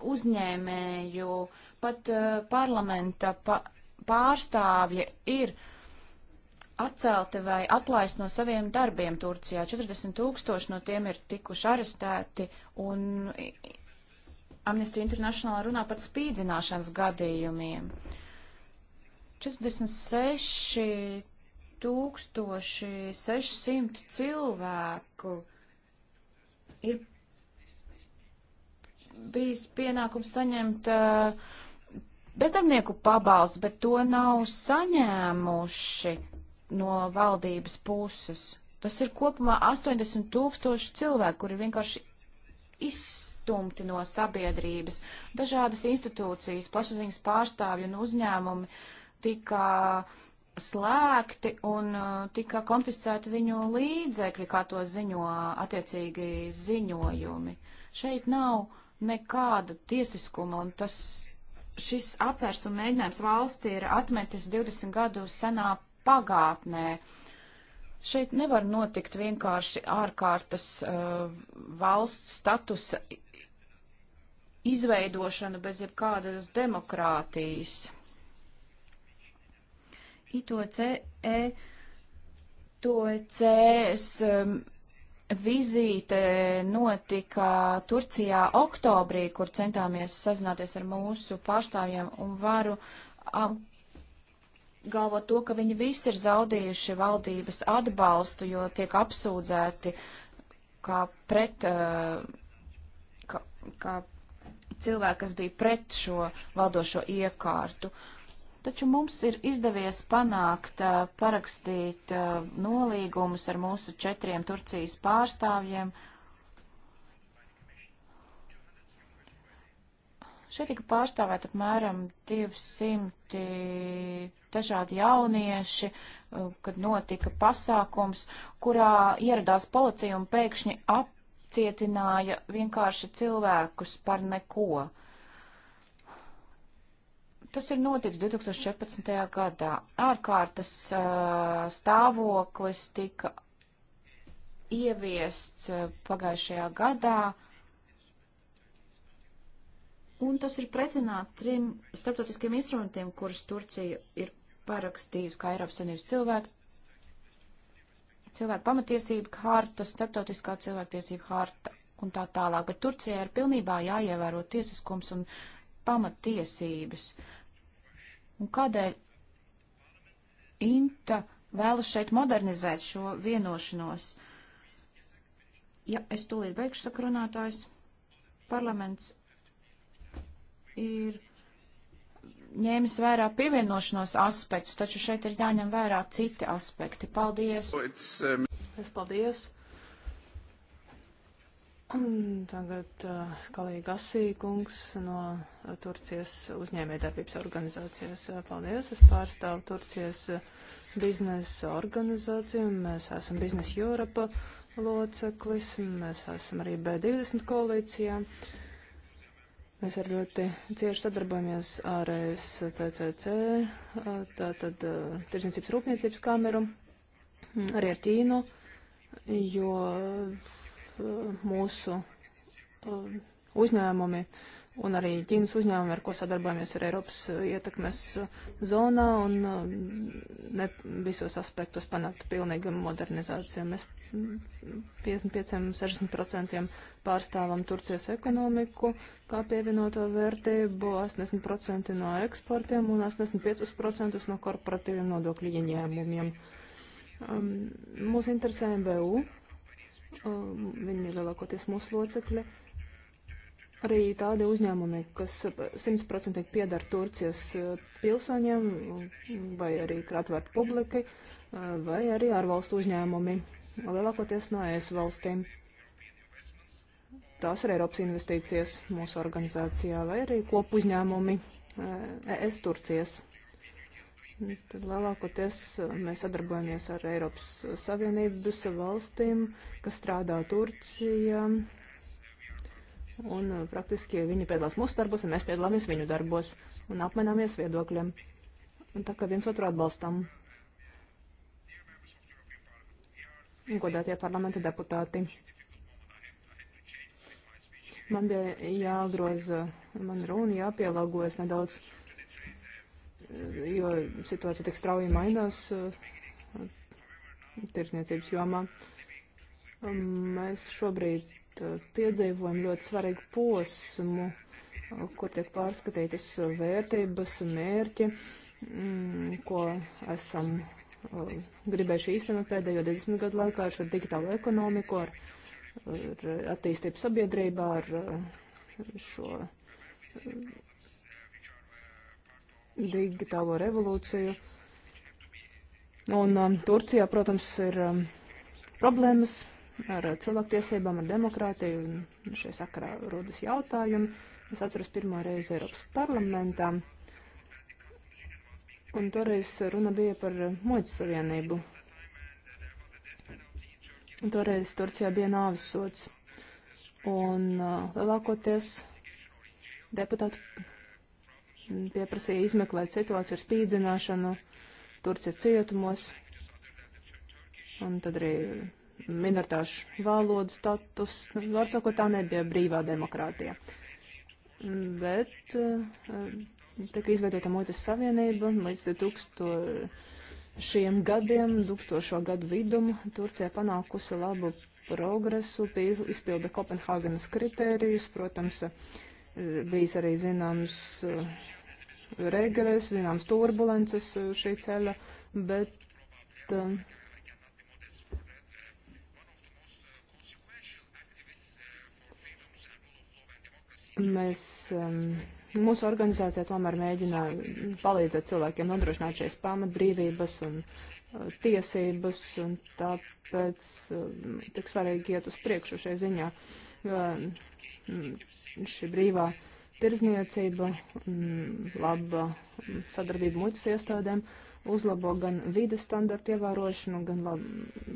uzņēmēju, pat uh, parlamenta pa pārstāvji ir atcelti vai atlaist no saviem darbiem Turcijā. 40 tūkstoši no tiem ir tikuši arestēti un Amnesty International runā par spīdzināšanas gadījumiem. 46 tūkstoši 600 cilvēku ir bijis pienākums saņemt uh, bezdarbnieku pabalstu, bet to nav saņēmuši no valdības puses. Tas ir kopumā 80 tūkstoši cilvēku, kuri vienkārši izstumti no sabiedrības. Dažādas institūcijas, plašsaziņas pārstāvju un uzņēmumi tika slēgti un eh, tika konfiscēti viņu līdzekļi, kā to ziņo attiecīgi ziņojumi. Šeit nav nekāda tiesiskuma, un tas, šis apvērsuma mēģinājums valstī ir atmetis 20 gadu senā pagātnē. Šeit nevar notikt vienkārši ārkārtas uh, valsts statusa izveidošana bez jebkādas demokrātijas. ITOCE, TOCS um, vizīte notika Turcijā oktobrī, kur centāmies sazināties ar mūsu pārstāvjiem un varu galvot to, ka viņi visi ir zaudējuši valdības atbalstu, jo tiek apsūdzēti kā pret, kā, eh, kā cilvēki, kas bija pret šo valdošo iekārtu. Uh, Taču mums ir izdevies panākt, parakstīt nolīgumus ar mūsu četriem Turcijas pārstāvjiem. Šeit tika pārstāvēt apmēram 200 dažādi jaunieši, kad notika pasākums, kurā ieradās policija un pēkšņi apcietināja vienkārši cilvēkus par neko. Uh, Tas ir noticis 2014. gadā. Ārkārtas uh, stāvoklis tika ieviests uh, pagājušajā gadā, un tas ir pretināt trim starptautiskiem instrumentiem, kurus Turcija ir parakstījusi kā Eiropas Savienības cilvēku, cilvēku pamatiesība harta, starptautiskā cilvēktiesība harta un tā tālāk. Bet Turcijai ir pilnībā jāievēro tiesiskums un pamatiesības. Uh, Un kādēļ Inta vēlas šeit modernizēt šo vienošanos? Ja es tūlīt beigšu sakrunātājs, parlaments ir ņēmis vērā pievienošanos aspektus, taču šeit ir jāņem vērā citi aspekti. Paldies! Um, es paldies! Tagad uh, kolēģi Asīkungs no Turcijas uzņēmējdarbības organizācijas. Eh, paldies, es pārstāvu Turcijas eh, biznesa organizāciju. Mēs esam Biznes Europa loceklis, mēs esam arī B20 koalīcijā. Mēs arī ļoti cieši sadarbojamies ar SCCC, tātad Tirzniecības rūpniecības kameru, arī ar Ķīnu, jo mūsu uh, uzņēmumi un arī Ķīnas uzņēmumi, ar ko sadarbojamies ar Eiropas uh, ietekmes uh, zonā un ne visos aspektos panākt pilnīgu modernizāciju. Mēs 55-60% mm, pārstāvam Turcijas ekonomiku kā pievienoto vērtību, 80% no eksportiem un 85% no korporatīviem nodokļu ieņēmumiem. Um, mūs interesē MBU Um, viņi ir lielākoties mūsu locekļi. Arī tādi uzņēmumi, kas simtprocentīgi piedara Turcijas uh, pilsoņiem, um, vai arī ir atvērti publikai, uh, vai arī ārvalstu uzņēmumi, lielākoties no ES valstīm. Tās ir Eiropas investīcijas mūsu organizācijā, vai arī kopu uzņēmumi uh, ES Turcijas. Tad lielākoties eh, mēs sadarbojamies ar Eiropas Savienības valstīm, kas strādā Turcijā. Un eh, praktiski viņi piedalās mūsu darbos, un mēs piedalāmies viņu darbos un apmaināmies viedokļiem. Un tā kā viens otru atbalstam. Godātie parlamenta deputāti. Man bija jāgroza man runa, jāpielāgojas nedaudz jo situācija tik strauji mainās eh, tirsniecības jomā. Um, mēs šobrīd eh, piedzīvojam ļoti svarīgu posmu, kur tiek pārskatītas vērtības un mērķi, mm, ko esam eh, gribējuši īstenot pēdējo 20 gadu laikā ar šo digitālo ekonomiku, ar, ar attīstību sabiedrībā, ar šo digitālo revolūciju. Un um, Turcijā, protams, ir um, problēmas ar cilvēktiesībām, ar demokrātiju, un šai sakarā rodas jautājumi. Es atceros pirmo reizi Eiropas parlamentā, un toreiz runa bija par muļķu savienību. Un toreiz Turcijā bija nāvis sots, un uh, lielākoties deputāti pieprasīja izmeklēt situāciju ar spīdzināšanu Turcijas cietumos, un tad arī minoritāšu valodu status. Nu, var sakot, tā nebija brīvā demokrātija. Bet eh, tika izveidota muitas savienība līdz 2000 gadiem, 2000 gadu vidumu. Turcija panākusi labu progresu, izpilda Kopenhāgenas kritērijus, protams, eh, bijis arī zināms eh, regres, zināms, turbulences eh, šī ceļa, bet um, mēs, um, mūsu organizācijā tomēr mēģina palīdzēt cilvēkiem nodrošināt šīs pamatbrīvības un uh, tiesības, un tāpēc um, tik svarīgi iet uz priekšu šai ziņā, jo um, šī brīvā uh, tirzniecība, mm, laba sadarbība muitas iestādēm uzlabo gan vides standartu ievērošanu, gan lab,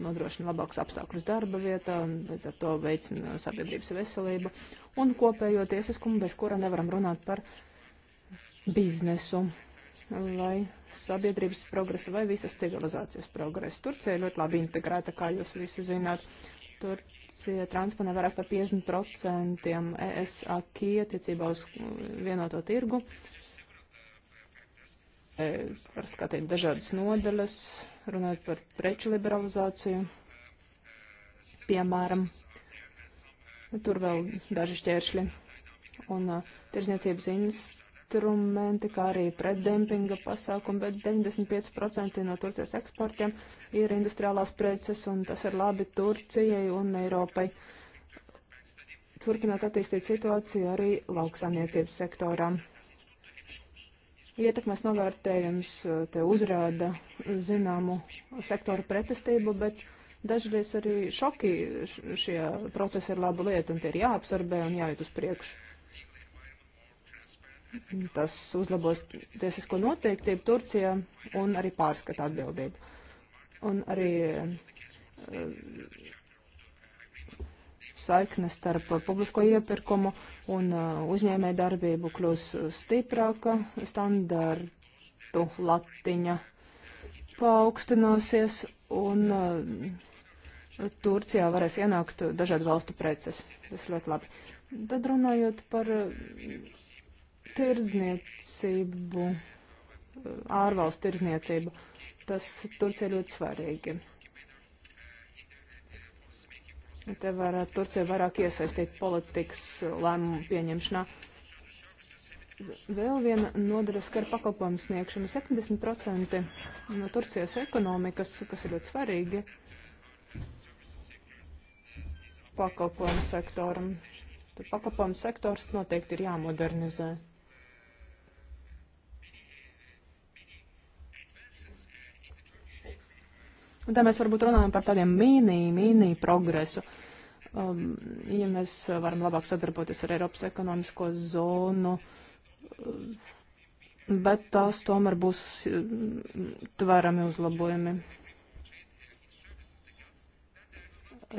nodrošina labākus apstākļus darba vietā, līdz ar to veicina sabiedrības veselību un kopējo tiesiskumu, bez kura nevaram runāt par biznesu vai sabiedrības progresu vai visas civilizācijas progresu. Turcija ļoti labi integrēta, kā jūs visi zināt, Turcija transponē vairāk par 50% ES akī attiecībā uz vienoto tirgu. E, var skatīt dažādas nodaļas, runāt par preču liberalizāciju, piemēram. Tur vēl daži šķēršļi un uh, tirzniecības instrumenti, kā arī preddempinga pasākumi, bet 95% no Turcijas eksportiem uh, ir industriālās preces, un tas ir labi Turcijai un Eiropai. Turpināt attīstīt situāciju arī lauksaimniecības sektorā. Ietekmes novērtējums uh, te uzrāda zināmu sektoru pretestību, bet dažreiz arī šoki šie procesi ir laba lieta, un tie ir jāabsorbē un jāiet uz priekšu tas uzlabos tiesisko noteiktību Turcijā un arī pārskata atbildību un arī eh, saikne starp publisko iepirkumu un eh, uzņēmē darbību kļūs stiprāka, standartu latiņa paaugstināsies un eh, Turcijā varēs ienākt dažādu valstu preces. Tas ļoti labi. Tad runājot par tirdzniecību, ārvalstu tirdzniecību tas Turcija ļoti svarīgi. Te varētu Turcija vairāk iesaistīt politikas lēmumu pieņemšanā. Vēl viena nodara skar pakalpojumu sniegšanu. 70% no Turcijas ekonomikas, kas ir ļoti svarīgi pakalpojumu sektoram. Tad pakalpojumu sektors noteikti ir jāmodernizē. Un tā mēs varbūt runājam par tādiem mīnī, mīnī progresu. Um, ja mēs varam labāk sadarboties ar Eiropas ekonomisko zonu, bet tās tomēr būs mm, tverami uzlabojumi.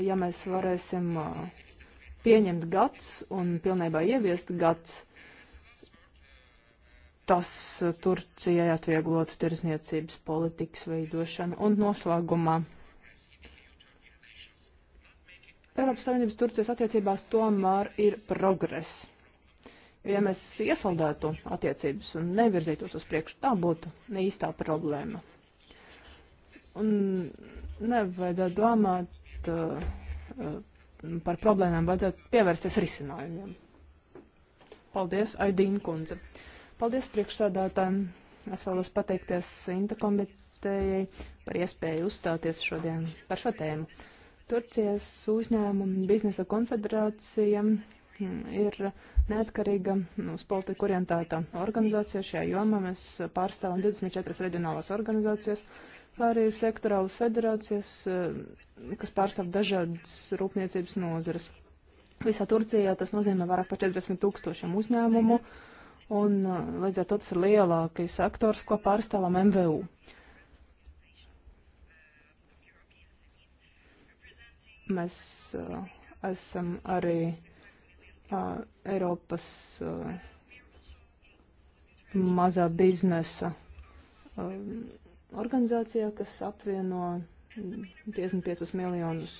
Ja mēs varēsim uh, pieņemt gads un pilnībā ieviest gads, tas eh, Turcijai atvieglotu tirzniecības politikas veidošanu. Un noslēgumā Eiropas Savienības Turcijas attiecībās tomēr ir progress. Ja mēs iesaldētu attiecības un nevirzītos uz priekšu, tā būtu īstā problēma. Un nevajadzētu domāt uh, par problēmām, vajadzētu pievērsties risinājumiem. Paldies, Aidīna kundze. Uh, Paldies priekšsādātājiem. Es vēlos pateikties Interkomitejai par iespēju uzstāties šodien par šo tēmu. Turcijas uzņēmuma biznesa konfederācija hm, ir neatkarīga uz politiku orientēta organizācija. Šajā jomā mēs pārstāvam 24 reģionālās organizācijas, kā arī sektorālas federācijas, hm, kas pārstāv dažādas rūpniecības nozares. Visā Turcijā tas nozīmē vairāk par 40 tūkstošiem uzņēmumu. Mm -hmm un līdz ar to tas ir lielākais aktors, ko pārstāvam MVU. Mēs uh, esam arī uh, Eiropas uh, mazā biznesa uh, organizācijā, kas apvieno 55 miljonus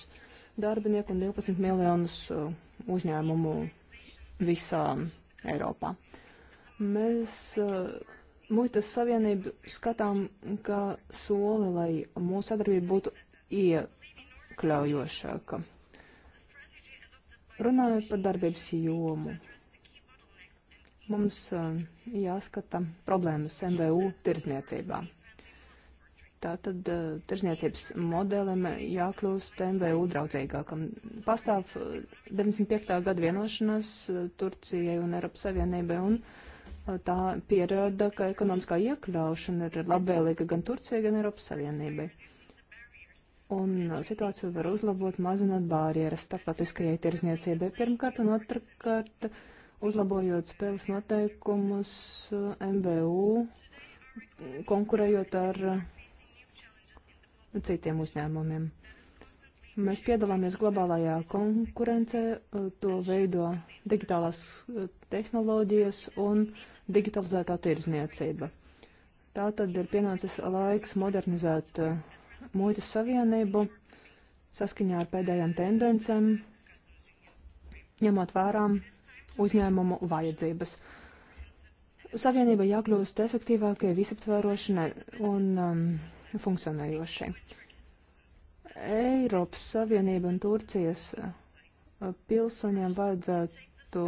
darbinieku un 12 miljonus uh, uzņēmumu visā Eiropā. Uh, Mēs uh, Muitas Savienību skatām kā soli, lai mūsu sadarbība būtu iekļaujošāka. Runājot par darbības jomu, mums uh, jāskata problēmas MVU tirzniecībā. Tātad uh, tirzniecības modelim jākļūst MVU draudzīgākam. Pastāv 95. gada vienošanās Turcijai un Eiropas Savienībai un uh, tā pierāda, ka ekonomiskā iekļaušana ir labvēlīga gan Turcijai, gan Eiropas Savienībai. Un situāciju var uzlabot, mazinot bārieras starptautiskajai tirzniecībai pirmkārt un otrkārt, uzlabojot spēles noteikumus eh, MVU, konkurējot ar eh, citiem uzņēmumiem. Mēs piedalāmies globālajā konkurencē, eh, to veido digitālās tehnoloģijas un uh, digitalizētā tirzniecība. Tā tad ir pienācis laiks modernizēt uh, muitas savienību saskaņā ar pēdējām tendencēm, ņemot vērā uzņēmumu vajadzības. Savienība jākļūst efektīvākai, visaptvērošanai un um, funkcionējošai. Eiropas Savienība un Turcijas eh, pilsoņiem vajadzētu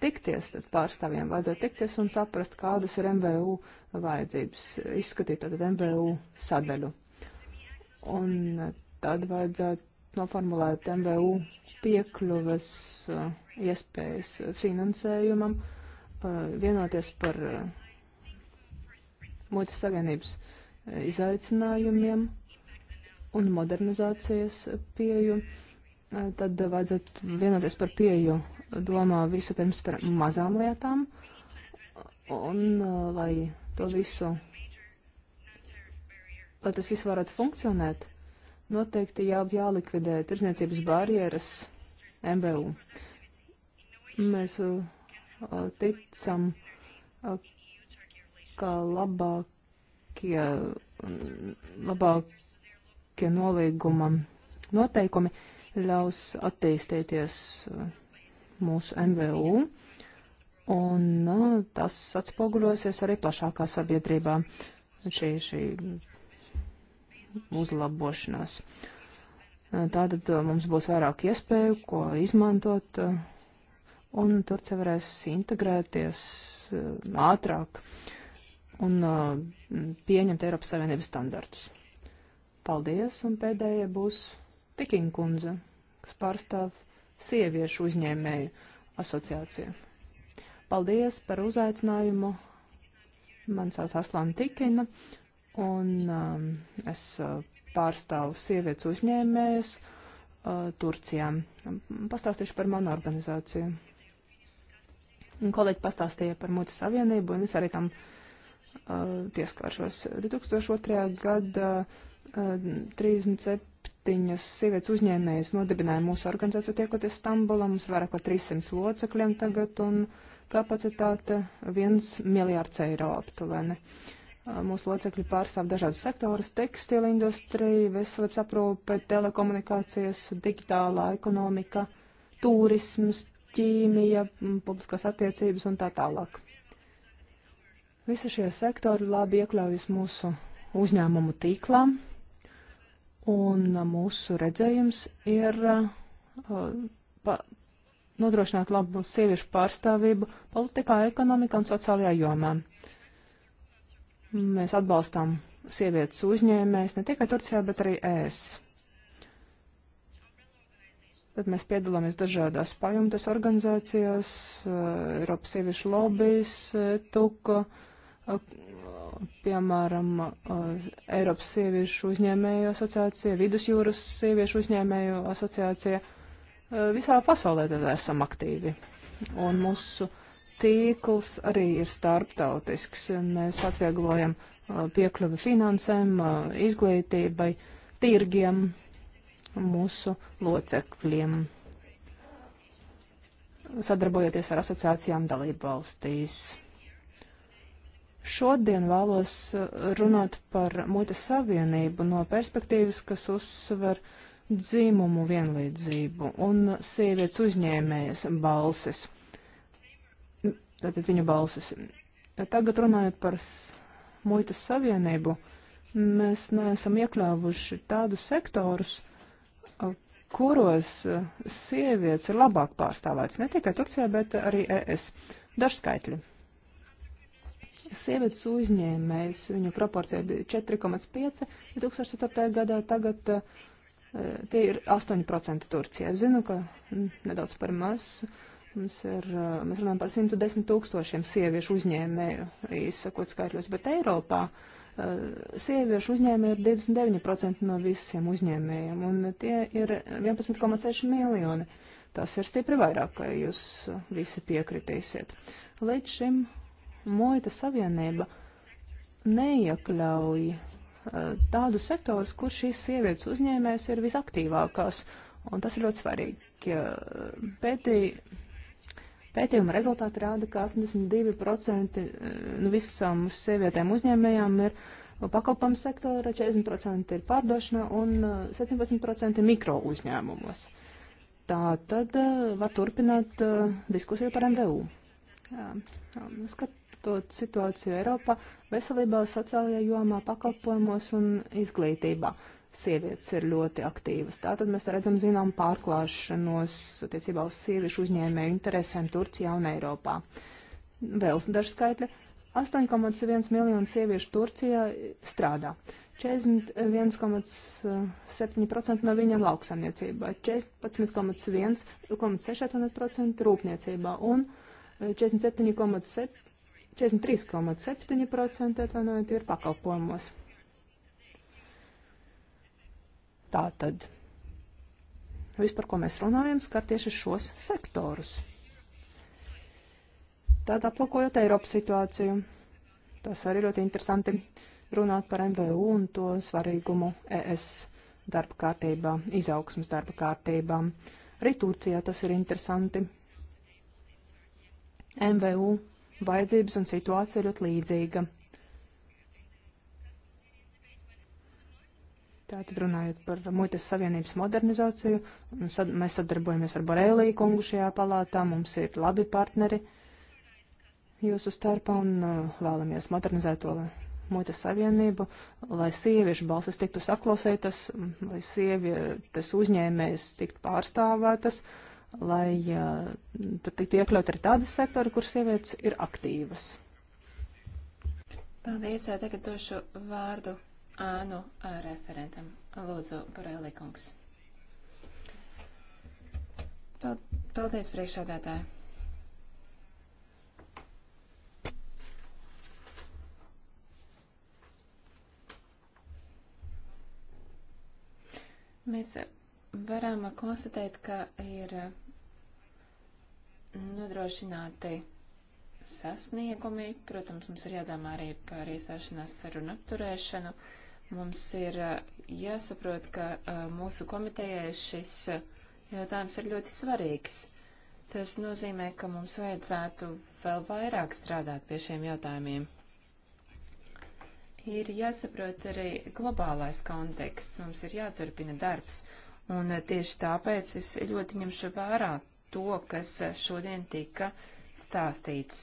tikties pārstāvjiem, vajadzētu tikties un saprast, kādas ir MVU vajadzības, izskatīt tad MVU sadaļu. Un eh, tad vajadzētu noformulēt MVU piekļuves eh, iespējas finansējumam, eh, vienoties par muitas savienības izaicinājumiem un modernizācijas pieju. Tad vajadzētu vienoties par pieju domā visu pirms par mazām lietām, un uh, lai to visu, lai tas viss varētu funkcionēt, noteikti jā, jālikvidē tirzniecības barjeras MBU. Mēs uh, ticam, uh, ka labākie, labākie nolīguma noteikumi ļaus attīstīties. Uh, mūsu MVU, un nu, tas atspoguļosies arī plašākā sabiedrībā šī, šī uzlabošanās. Tātad uh, mums būs vairāk iespēju, ko izmantot, uh, un Turcija varēs integrēties uh, ātrāk un pieņemt Eiropas Savienības standartus. Paldies, un pēdējie būs Tikiņa kundze, kas pārstāv sieviešu uzņēmēju asociācija. Paldies par uzaicinājumu. Man sauc Aslana Tikina, un um, es uh, pārstāvu sievietes uzņēmējas uh, Turcijā. Pastāstīšu par manu organizāciju. Un kolēģi pastāstīja par Mūtu Savienību, un es arī tam uh, pieskāršos. 2002. gada uh, 37 septiņas sievietes uzņēmējas nodibināja mūsu organizāciju tiekoties Stambulā. Mums vairāk par 300 locekļiem tagad un kapacitāte 1 miljārds eiro aptuveni. Mūsu locekļi pārstāv dažādus sektorus - tekstila industrija, veselības aprūpe, telekomunikācijas, digitālā ekonomika, turisms, ķīmija, publiskās attiecības un tā tālāk. Visi šie sektori labi iekļaujas mūsu uzņēmumu tīklām Un mūsu redzējums ir uh, pa, nodrošināt labu sieviešu pārstāvību politikā, ekonomikā un sociālajā jomā. Mēs atbalstām sievietes uzņēmējs ne tikai Turcijā, bet arī ES. Tad mēs piedalāmies dažādās pajumtes organizācijās, uh, Eiropas sieviešu lobbyis, uh, TUKA, piemēram, eh, Eiropas sieviešu uzņēmēju asociācija, Vidusjūras sieviešu uzņēmēju asociācija. Eh, visā pasaulē tad esam aktīvi. Un mūsu tīkls arī ir starptautisks. Mēs atvieglojam eh, piekļuvi finansēm, izglītībai, tirgiem, mūsu locekļiem, sadarbojoties ar asociācijām dalību valstīs. Šodien vēlos uh, runāt par muitas savienību no perspektīvas, kas uzsver dzīmumu vienlīdzību un sievietes uzņēmējas balsis. Tātad viņu balsis. Tagad runājot par muitas savienību, mēs neesam iekļāvuši tādus sektorus, uh, kuros uh, sievietes ir labāk pārstāvētas ne tikai Turcijā, bet arī ES. Dažskaitļi sievietes uzņēmējas, viņu proporcija bija 4,5 2004. gadā, tagad uh, tie ir 8% Turcijā. Es zinu, ka mm, nedaudz par maz. Mums ir, uh, mēs runājam par 110 tūkstošiem sieviešu uzņēmēju, izsakot skaitļos, bet Eiropā uh, sieviešu uzņēmēji ir 29% no visiem uzņēmējiem, un tie ir 11,6 miljoni. Tas ir stipri vairāk, ka jūs visi piekritīsiet. Līdz šim muita savienība neiekļauj eh, tādu sektorus, kur šīs sievietes uzņēmēs ir visaktīvākās, un tas ir ļoti svarīgi. Eh, pētī, pētījuma rezultāti rāda, ka 82% eh, nu, visām sievietēm uzņēmējām ir pakalpojumu sektora, 40% ir pārdošanā un 17% mikro uzņēmumos. Tā tad var turpināt diskusiju par MVU. Jā, jā, skat, izvērtot situāciju Eiropā veselībā, sociālajā jomā, pakalpojumos un izglītībā. Sievietes ir ļoti aktīvas. Tātad mēs redzam, zinām, pārklāšanos attiecībā uz sieviešu uzņēmēju interesēm Turcijā un Eiropā. Vēl daži skaitļi. 8,1 miljonu sieviešu Turcijā strādā. 41,7% no viņiem lauksaimniecībā, 14,1% rūpniecībā un 47,7% 43,7% atvainojiet ir pakalpojumos. Tātad viss, par ko mēs runājam, skar tieši šos sektorus. Tad aplūkojot Eiropas situāciju, tas arī ļoti interesanti runāt par MVU un to svarīgumu ES darba kārtībā, izaugsmas darba kārtībā. Arī Turcijā tas ir interesanti. MVU vajadzības un situācija ir ļoti līdzīga. Tātad runājot par muitas savienības modernizāciju, sad, mēs sadarbojamies ar Borēlī kungu šajā palātā, mums ir labi partneri jūsu starpā un uh, vēlamies modernizēt to muitas savienību, lai sieviešu balsis tiktu saklausētas, lai sievietes uzņēmējas tiktu pārstāvētas. Uh, lai uh, tur tiktu iekļaut arī tādas sektori, kur sievietes ir aktīvas. Paldies, tagad došu vārdu ānu referentam. Lūdzu, Borelī kungs. Paldies, priekšādātāji. Mēs varam konstatēt, ka ir nodrošināti sasniegumi. Protams, mums ir jādomā arī par iestāšanās sarunu apturēšanu. Mums ir eh, jāsaprot, ka eh, mūsu komitejai šis eh, jautājums ir ļoti svarīgs. Tas nozīmē, ka mums vajadzētu vēl vairāk strādāt pie šiem jautājumiem. Ir jāsaprot arī globālais konteksts, mums ir jāturpina darbs, un tieši tāpēc es ļoti ņemšu vērā to, kas šodien tika stāstīts.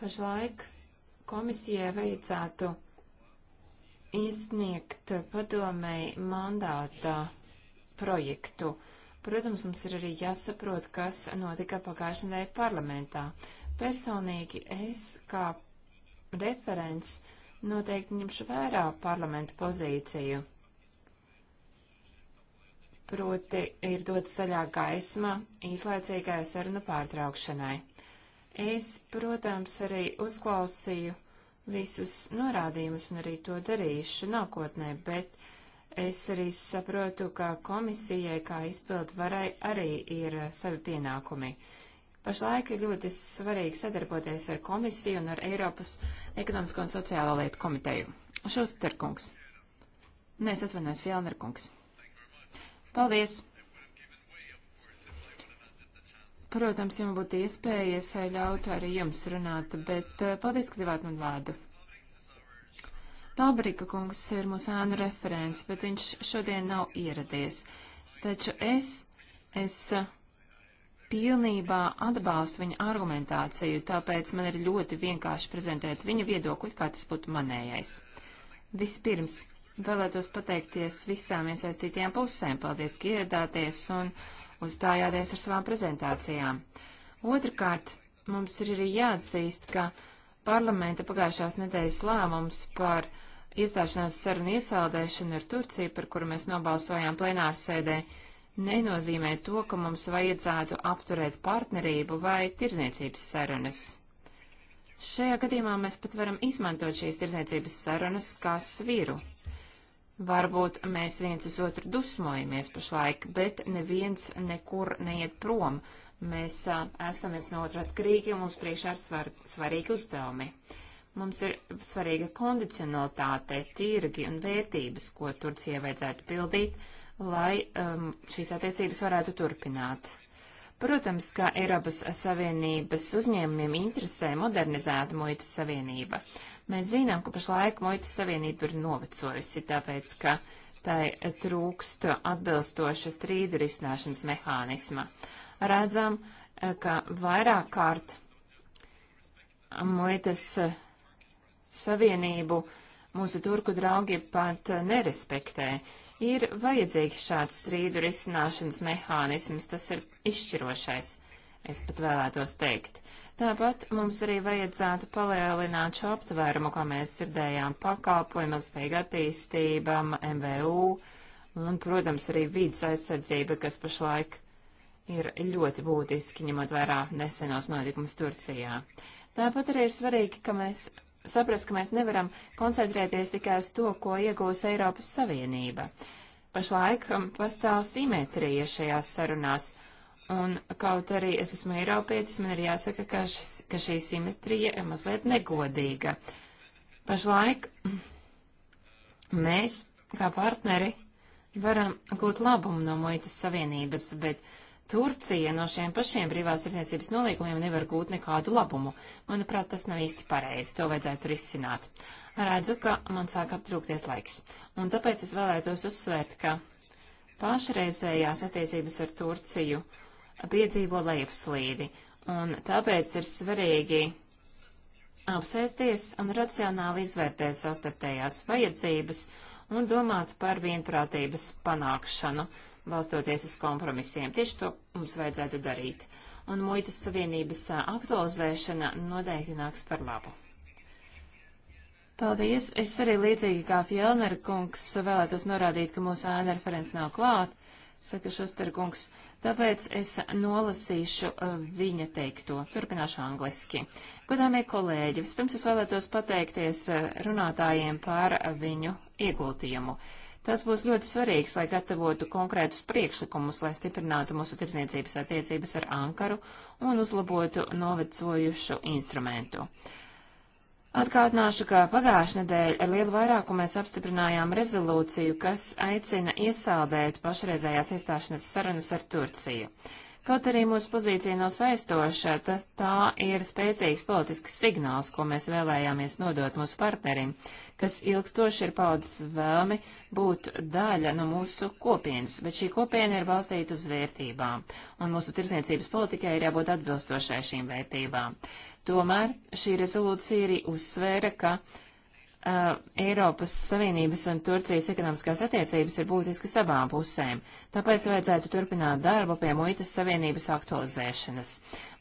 Pašlaik komisijai vajadzētu izsniegt padomēji mandātā projektu. Protams, mums ir arī jāsaprot, kas notika pagājušajā nedēļā parlamentā. Personīgi es kā referents noteikti ņemšu vērā parlamenta pozīciju proti ir dot zaļā gaisma īslaicīgai sarunu pārtraukšanai. Es, protams, arī uzklausīju visus norādījumus un arī to darīšu nākotnē, bet es arī saprotu, ka komisijai kā izpildu varai arī ir savi pienākumi. Pašlaik ir ļoti svarīgi sadarboties ar komisiju un ar Eiropas ekonomisko un sociālo lietu komiteju. Šusterkungs. Nē, es atvainojos, Fjellnerkungs. Paldies! Protams, ja man būtu iespēja, es eh, ļautu arī jums runāt, bet eh, paldies, ka devāt man vārdu. Pabrika kungs ir mūsu ēnu referents, bet viņš šodien nav ieradies. Taču es, es eh, pilnībā atbalstu viņa argumentāciju, tāpēc man ir ļoti vienkārši prezentēt viņa viedokli, kā tas būtu manējais. Vispirms, Vēlētos pateikties visām iesaistītajām pusēm. Paldies, ka ieradāties un uzstājāties ar savām prezentācijām. Otrakārt, mums ir arī jāatzīst, ka parlamenta pagājušās nedēļas lēmums par iestāšanās sarunu iesaldēšanu ar Turciju, par kuru mēs nobalsojām plenārsēdē, nenozīmē to, ka mums vajadzētu apturēt partnerību vai tirzniecības sarunas. Šajā gadījumā mēs pat varam izmantot šīs tirzniecības sarunas kā sviru. Varbūt mēs viens uz otru dusmojamies pašlaik, bet neviens nekur neiet prom. Mēs a, esam viens no otra atkarīgi un mums priekšā ir svar, svarīgi uzdevumi. Mums ir svarīga kondicionalitāte, tirgi un vērtības, ko Turcijai vajadzētu pildīt, lai um, šīs attiecības varētu turpināt. Protams, ka Eiropas Savienības uzņēmumiem interesē modernizēta muitas savienība. Uh, Mēs zinām, ka pašlaik Moitas Savienība ir novecojusi, tāpēc, ka tai trūkst atbilstoša strīdu risināšanas mehānisma. Redzam, ka vairāk kārt Moitas Savienību mūsu turku draugi pat nerespektē ir vajadzīgs šāds strīdu risināšanas mehānisms, tas ir izšķirošais es pat vēlētos teikt. Tāpat mums arī vajadzētu palielināt šo aptvērumu, kā mēs dzirdējām, pakalpojumu, ilgspējīga attīstībam, MVU un, protams, arī vidas aizsardzība, kas pašlaik ir ļoti būtiski, ņemot vērā nesenos notikumus Turcijā. Tāpat arī ir svarīgi, ka mēs saprast, ka mēs nevaram koncentrēties tikai uz to, ko iegūs Eiropas Savienība. Pašlaik um, pastāv simetrija šajās sarunās Un kaut arī es esmu Eiropietis, man ir jāsaka, ka, šis, ka šī simetrija ir mazliet negodīga. Pašlaik mēs, kā partneri, varam gūt labumu no muitas savienības, bet Turcija no šiem pašiem brīvās tirdzniecības nolīgumiem nevar gūt nekādu labumu. Manuprāt, tas nav īsti pareizi, to vajadzētu risināt. Redzu, ka man sāk aptrūkties laiks, un tāpēc es vēlētos uzsvērt, ka pašreizējās attiecības ar Turciju piedzīvo lejupslīdi, un tāpēc ir svarīgi apsēsties un racionāli izvērtēt savstarpējās vajadzības un domāt par vienprātības panākšanu, balstoties uz kompromisiem. Tieši to mums vajadzētu darīt. Un muitas savienības aktualizēšana noteikti nāks par labu. Paldies! Es arī līdzīgi kā Fjellner kungs vēlētos norādīt, ka mūsu ēna referents nav klāt, saka Šuster kungs tāpēc es nolasīšu uh, viņa teikto. Turpināšu angliski. Godāmie kolēģi, vispirms es vēlētos pateikties uh, runātājiem par uh, viņu ieguldījumu. Tas būs ļoti svarīgs, lai gatavotu konkrētus priekšlikumus, lai stiprinātu mūsu tirdzniecības attiecības ar Ankaru un uzlabotu novecojušu instrumentu. Uh, Atgādināšu, ka pagājušajā nedēļā ar lielu vairākumu mēs apstiprinājām rezolūciju, kas aicina iesaldēt pašreizējās iestāšanās sarunas ar Turciju. Kaut arī mūsu pozīcija nav saistoša, tas tā ir spēcīgs politisks signāls, ko mēs vēlējāmies nodot mūsu partnerim, kas ilgstoši ir paudzes vēlmi būt daļa no mūsu kopienas, bet šī kopiena ir balstīta uz vērtībām, un mūsu tirzniecības politikai ir jābūt atbilstošai šīm vērtībām. Tomēr šī rezolūcija arī uzsvēra, ka uh, Eiropas Savienības un Turcijas ekonomiskās attiecības ir būtiskas abām pusēm, tāpēc vajadzētu turpināt darbu pie muitas savienības aktualizēšanas.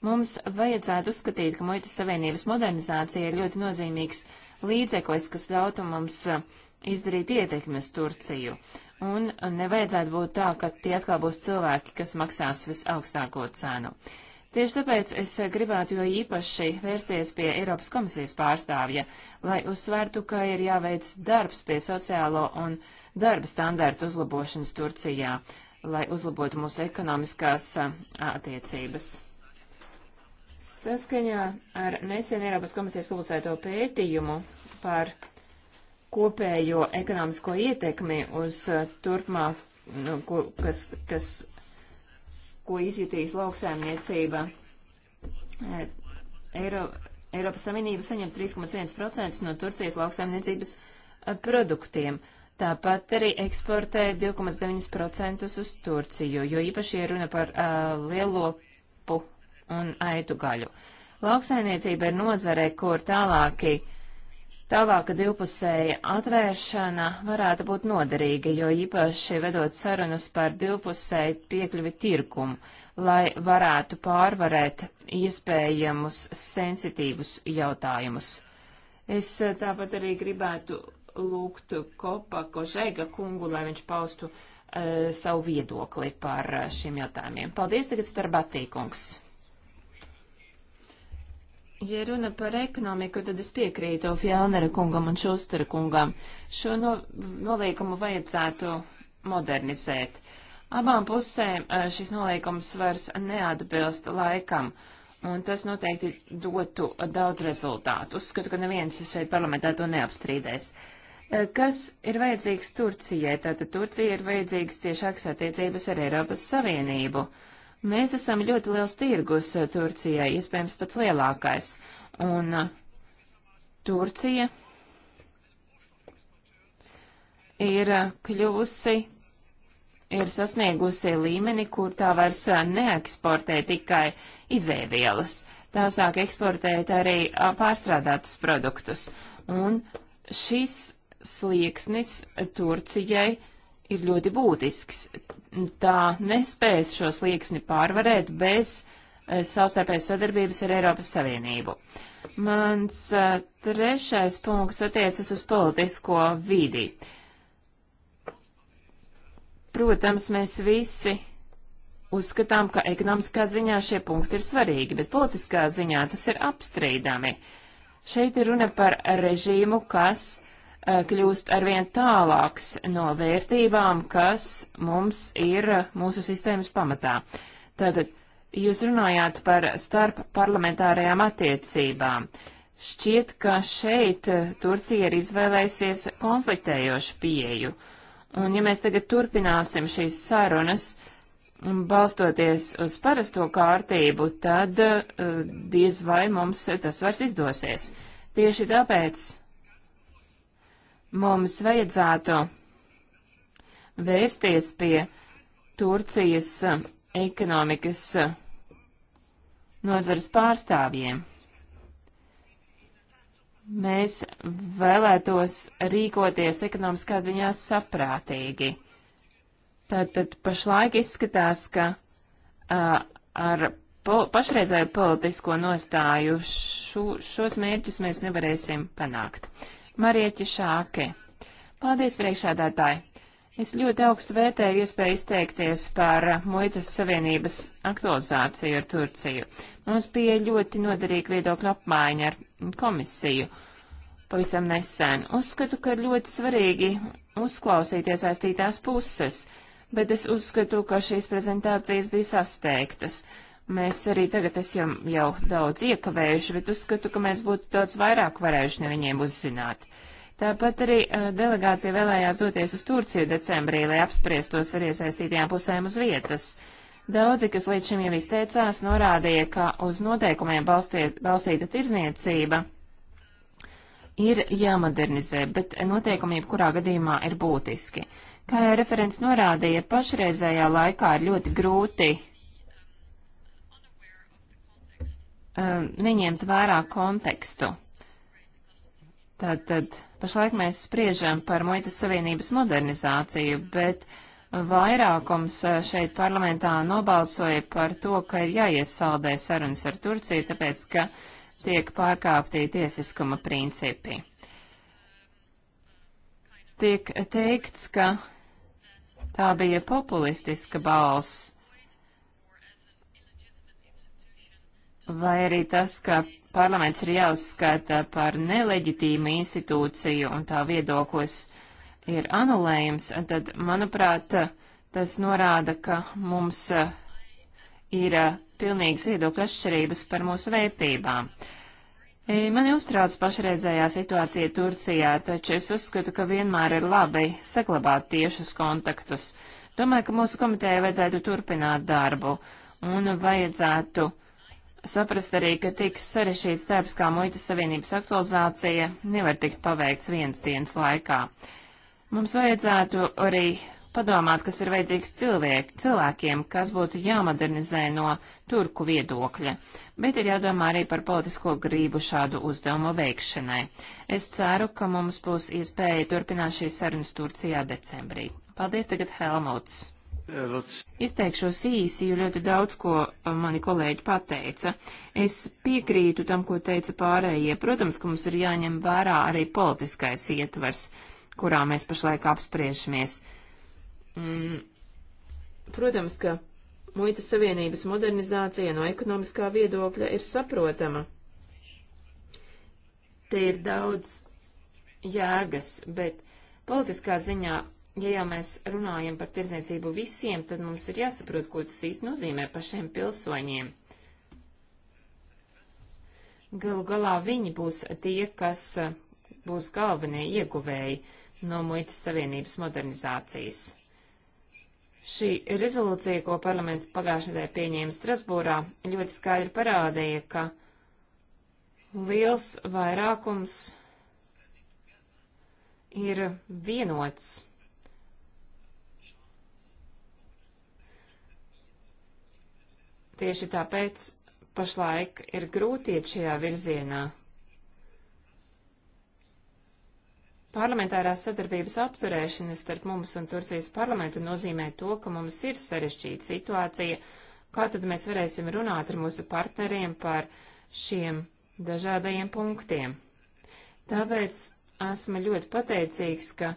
Mums vajadzētu uzskatīt, ka muitas savienības modernizācija ir ļoti nozīmīgs līdzeklis, kas ļautu mums uh, izdarīt ietekmes Turciju. Un nevajadzētu būt tā, ka tie atkal būs cilvēki, kas maksās visaugstāko cenu. Uh, Tieši tāpēc es gribētu jo īpaši vērsties pie Eiropas komisijas pārstāvja, lai uzsvērtu, ka ir jāveic darbs pie sociālo un darba standārtu uzlabošanas Turcijā, lai uzlabotu mūsu ekonomiskās attiecības. Saskaņā ar nesen Eiropas komisijas publicēto pētījumu par kopējo ekonomisko ietekmi uz turpmāk, nu, kas, kas ko izjutīs lauksaimniecība. E, Eiro, Eiropas Savienība saņem 3,1% no Turcijas lauksaimniecības e, produktiem. Tāpat arī eksportē 2,9% uz Turciju, jo īpaši ir runa par uh, lielopu un aitu gaļu. Lauksaimniecība ir nozare, kur tālākie uh, Tālāka divpusēja atvēršana varētu būt noderīga, jo īpaši vedot sarunas par divpusēju piekļuvi tirkumu, lai varētu pārvarēt iespējamus sensitīvus jautājumus. Es eh, tāpat arī gribētu lūgt Kopa Kožēga kungu, lai viņš paustu uh, savu viedokli par eh, šiem jautājumiem. Paldies, tagad starp attīkums. Ja runa par ekonomiku, tad es piekrītu Fjellnera kungam un Šustera kungam. Šo no, nolīkumu vajadzētu modernizēt. Abām pusēm eh, šis nolīkums vairs neatbilst laikam, un tas noteikti dotu daudz rezultātu. Uzskatu, ka neviens šeit parlamentā to neapstrīdēs. Eh, kas ir vajadzīgs Turcijai? Tātad Turcija ir vajadzīgs ciešāks attiecības ar Eiropas Savienību. Uh, Mēs esam ļoti liels tirgus eh, Turcijai, iespējams pats lielākais. Un eh, Turcija ir eh, kļuvusi, ir sasniegusi līmeni, kur tā vairs neeksportē tikai izēvielas. Tā sāk eksportēt arī pārstrādātus produktus. Un šis slieksnis Turcijai uh, ir ļoti būtisks. Tā nespēs šo slieksni pārvarēt bez eh, savstarpējas sadarbības ar Eiropas Savienību. Mans eh, trešais punkts attiecas uz politisko vidi. Protams, mēs visi uzskatām, ka ekonomiskā ziņā šie punkti ir svarīgi, bet politiskā ziņā tas ir apstrīdami. Šeit ir runa par režīmu, kas kļūst arvien tālāks no vērtībām, kas mums ir mūsu sistēmas pamatā. Tātad jūs runājāt par starp parlamentārajām attiecībām. Šķiet, ka šeit Turcija ir izvēlēsies konfliktējošu pieju. Un ja mēs tagad turpināsim šīs sarunas, balstoties uz parasto kārtību, tad uh, diez vai mums tas vairs izdosies. Tieši tāpēc mums vajadzētu vērsties pie Turcijas eh, ekonomikas eh, nozares pārstāvjiem. Mēs vēlētos rīkoties ekonomiskā ziņā saprātīgi. Tātad pašlaik izskatās, ka uh, ar pol pašreizēju politisko nostāju šo šos mērķus mēs nevarēsim panākt. Uh, Marieķa Šāke. Paldies, priekšādātāji! Es ļoti augstu vērtēju iespēju izteikties par muitas savienības aktualizāciju ar Turciju. Mums bija ļoti noderīga viedokļa apmaiņa ar komisiju pavisam nesen. Uzskatu, ka ir ļoti svarīgi uzklausīt iesaistītās puses, bet es uzskatu, ka šīs prezentācijas bija sasteigtas. Uh, Mēs arī tagad esam jau daudz iekavējuši, bet uzskatu, ka mēs būtu daudz vairāk varējuši no viņiem uzzināt. Tāpat arī uh, delegācija vēlējās doties uz Turciju decembrī, lai apspriestos ar iesaistītajām pusēm uz vietas. Daudzi, kas līdz šim jau izteicās, norādīja, ka uz noteikumiem balstiet, balstīta tirzniecība ir jāmodernizē, bet noteikumi jebkurā gadījumā ir būtiski. Kā jau referents norādīja, pašreizējā laikā ir ļoti grūti um, neņemt vērā kontekstu. Tātad pašlaik mēs spriežam par muitas savienības modernizāciju, bet vairākums uh, šeit parlamentā nobalsoja par to, ka ir jāiesaldē sarunas ar Turciju, tāpēc, ka tiek pārkāptī tiesiskuma principi. Tiek teikts, ka tā bija populistiska balss vai arī tas, ka parlaments ir jāuzskata par neleģitīmu institūciju un tā viedoklis ir anulējams, tad, manuprāt, tas norāda, ka mums eh, ir eh, pilnīgas viedokļa atšķirības par mūsu vērtībām. E, mani uztrauc pašreizējā situācija Turcijā, taču es uzskatu, ka vienmēr ir labi saglabāt tiešus kontaktus. Domāju, ka mūsu komitējai vajadzētu turpināt darbu un vajadzētu uh, saprast arī, ka tik sarešķīts darbs kā muitas savienības aktualizācija nevar tikt paveikts viens dienas laikā. Mums vajadzētu arī padomāt, kas ir vajadzīgs cilvēk, cilvēkiem, kas būtu jāmodernizē no turku viedokļa, bet ir jādomā arī par politisko grību šādu uzdevumu veikšanai. Es ceru, ka mums būs iespēja turpināt šīs sarunas Turcijā decembrī. Paldies tagad Helmuts! Izteikšos īsi, jo ļoti daudz ko uh, mani kolēģi pateica. Es piekrītu tam, ko teica pārējie. Protams, ka mums ir jāņem vērā arī politiskais ietvers, kurā mēs pašlaik apspriešamies. Mm. Protams, ka muitas savienības modernizācija no ekonomiskā viedokļa ir saprotama. Te ir daudz jēgas, bet politiskā ziņā ja jau mēs runājam par tirdzniecību visiem, tad mums ir jāsaprot, ko tas īsti nozīmē pašiem pilsoņiem. Galu galā viņi būs tie, kas būs galvenie ieguvēji no muitas savienības modernizācijas. Šī rezolūcija, ko parlaments pagājušajā nedēļā pieņēma Strasbūrā, ļoti skaidri parādīja, ka liels vairākums ir vienots Tieši tāpēc pašlaik ir grūti iet šajā virzienā. Parlamentārās sadarbības apturēšana starp mums un Turcijas parlamentu nozīmē to, ka mums ir sarežģīta situācija, kā tad mēs varēsim runāt ar mūsu partneriem par šiem dažādajiem punktiem. Tāpēc esmu ļoti pateicīgs, ka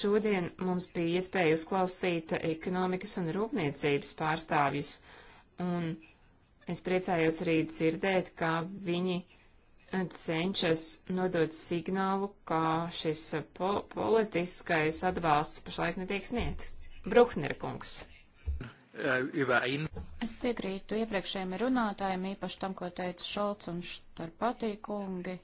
šodien mums bija iespēja uzklausīt ekonomikas un rūpniecības pārstāvjus Un es priecājos arī dzirdēt, ka viņi cenšas nodot signālu, ka šis po politiskais atbalsts pašlaik netiek sniegts. Bruhner kungs. Es piekrītu iepriekšējiem runātājiem, īpaši tam, ko teica Šolts un Štarpatī kungi.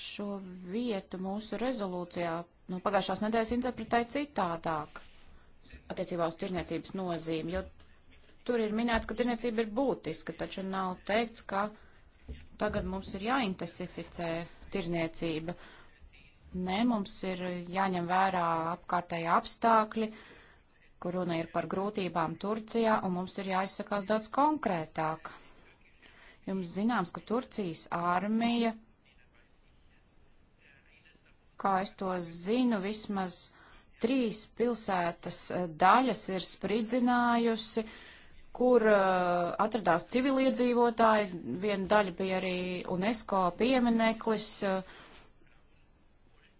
Šo vietu mūsu rezolūcijā no nu, pagājušās nedēļas interpretēja citādāk attiecībā uz tirniecības nozīmi, jo tur ir minēts, ka tirniecība ir būtiska, taču nav teikts, ka tagad mums ir jāintensificē tirniecība. Nē, mums ir jāņem vērā apkārtējā apstākļi, kur runa ir par grūtībām Turcijā, un mums ir jāizsakās daudz konkrētāk. Jums zināms, ka Turcijas armija, kā es to zinu, vismaz trīs pilsētas eh, daļas ir spridzinājusi, kur eh, atradās civiliedzīvotāji, viena daļa bija arī UNESCO piemineklis, uh,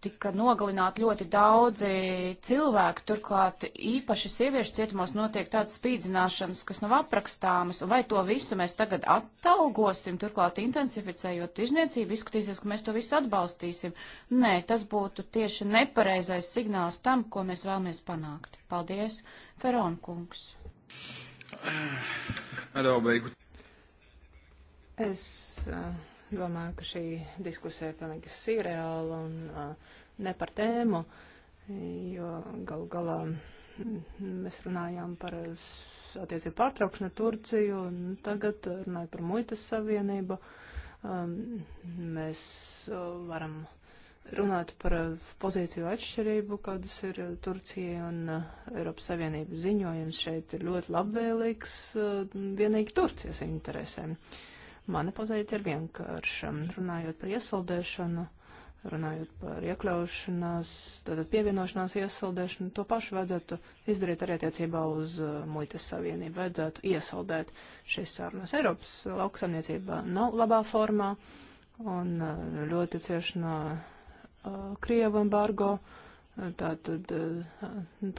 tika nogalināti ļoti daudzi cilvēki, turklāt īpaši sieviešu cietumos notiek tādas spīdzināšanas, kas nav aprakstāmas, un vai to visu mēs tagad atalgosim, turklāt intensificējot tirzniecību, izskatīsies, ka mēs to visu atbalstīsim. Nē, tas būtu tieši nepareizais signāls tam, ko mēs vēlamies panākt. Paldies, Feron kungs. Es uh, domāju, ka šī diskusija ir pilnīgi sīreāla un uh, ne par tēmu, jo galu galā mēs runājām par attiecību pārtraukšanu ar Turciju un tagad runājot par muitas savienību. Um, mēs uh, varam runāt par pozīciju atšķirību, kādas ir Turcija un uh, Eiropas Savienības ziņojums šeit ir ļoti labvēlīgs uh, vienīgi Turcijas interesēm. Uh, Mana pozīcija ir vienkārša. Runājot par iesaldēšanu, runājot par iekļaušanās, tātad pievienošanās iesaldēšanu, to pašu vajadzētu izdarīt arī attiecībā uz uh, muitas savienību. Vajadzētu iesaldēt šīs sarunas. Eiropas lauksamniecība nav labā formā un uh, ļoti cieši no uh, Krievu embargo. Tātad uh,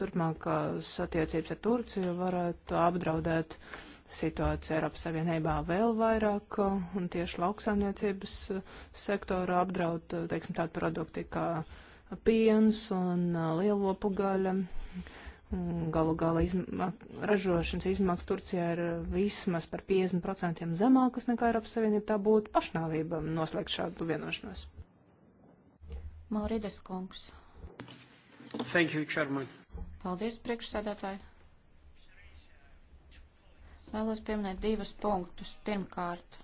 turpmākās attiecības ar Turciju varētu apdraudēt uh, situācija Eiropas Savienībā vēl vairāk, uh, un tieši lauksaimniecības uh, sektoru apdraud, uh, teiksim, tādi produkti kā piens un lielopu gaļa. Galu galā izma ražošanas izmaksas Turcijā ir vismaz par 50% zemākas nekā Eiropas Savienība. Tā būtu pašnāvība noslēgt šādu vienošanos. Maurides kungs. Thank you, Chairman. Paldies, priekšsēdētāji. Vēlos pieminēt divus punktus. Pirmkārt,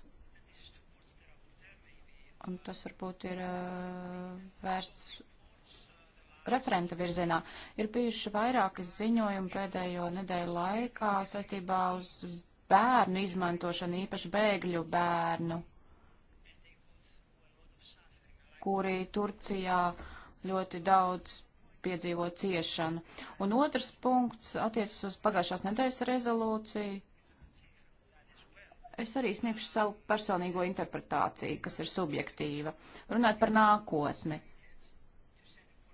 un tas varbūt ir uh, vērsts referenta virzienā, ir bijuši vairākas ziņojumi pēdējo nedēļu laikā saistībā uz bērnu izmantošanu, īpaši bēgļu bērnu, kuri Turcijā ļoti daudz piedzīvo ciešanu. Un otrs punkts attiecas uz pagājušās nedēļas rezolūciju es arī sniegšu savu personīgo interpretāciju, kas ir subjektīva. Runāt par nākotni.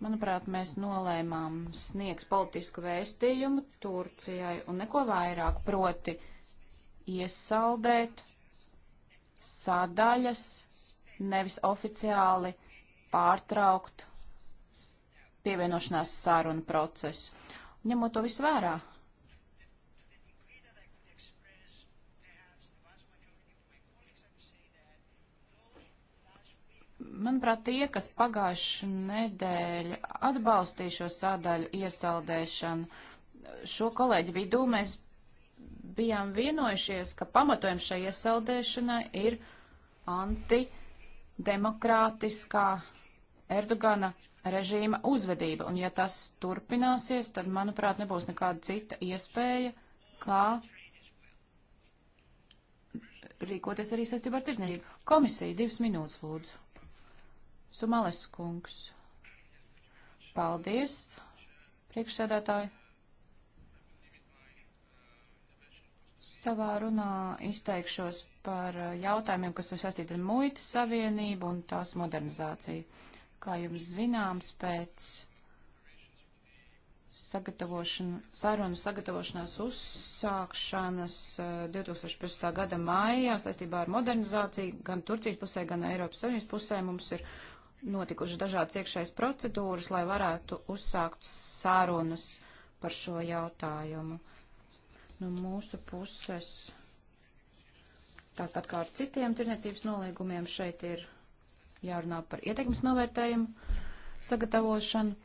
Manuprāt, mēs nolēmām sniegt politisku vēstījumu Turcijai un neko vairāk, proti iesaldēt sadaļas, nevis oficiāli pārtraukt pievienošanās sarunu procesu. Ņemot to visu vērā, Manuprāt, tie, kas pagājuši nedēļu atbalstīja šo sādaļu iesaldēšanu, šo kolēģi vidū mēs bijām vienojušies, ka pamatojums šai iesaldēšanai ir antidemokrātiskā Erdogana režīma uzvedība. Un ja tas turpināsies, tad, manuprāt, nebūs nekāda cita iespēja, kā rīkoties arī saistībā ar tirzniecību. Komisija divas minūtes lūdzu. Sumales kungs. Paldies, priekšsēdētāji. Savā runā izteikšos par jautājumiem, kas ir saistīti ar muitas savienību un tās modernizāciju. Kā jums zināms, pēc sagatavošana, sarunu sagatavošanās uzsākšanas 2015. Eh, gada maijā saistībā ar modernizāciju gan Turcijas pusē, gan Eiropas Savienības pusē mums ir notikušas dažādas iekšējas procedūras, lai varētu uzsākt sārunas par šo jautājumu. No nu, mūsu puses, tāpat kā ar citiem tirniecības nolīgumiem, šeit ir jārunā par ietekmes novērtējumu sagatavošanu,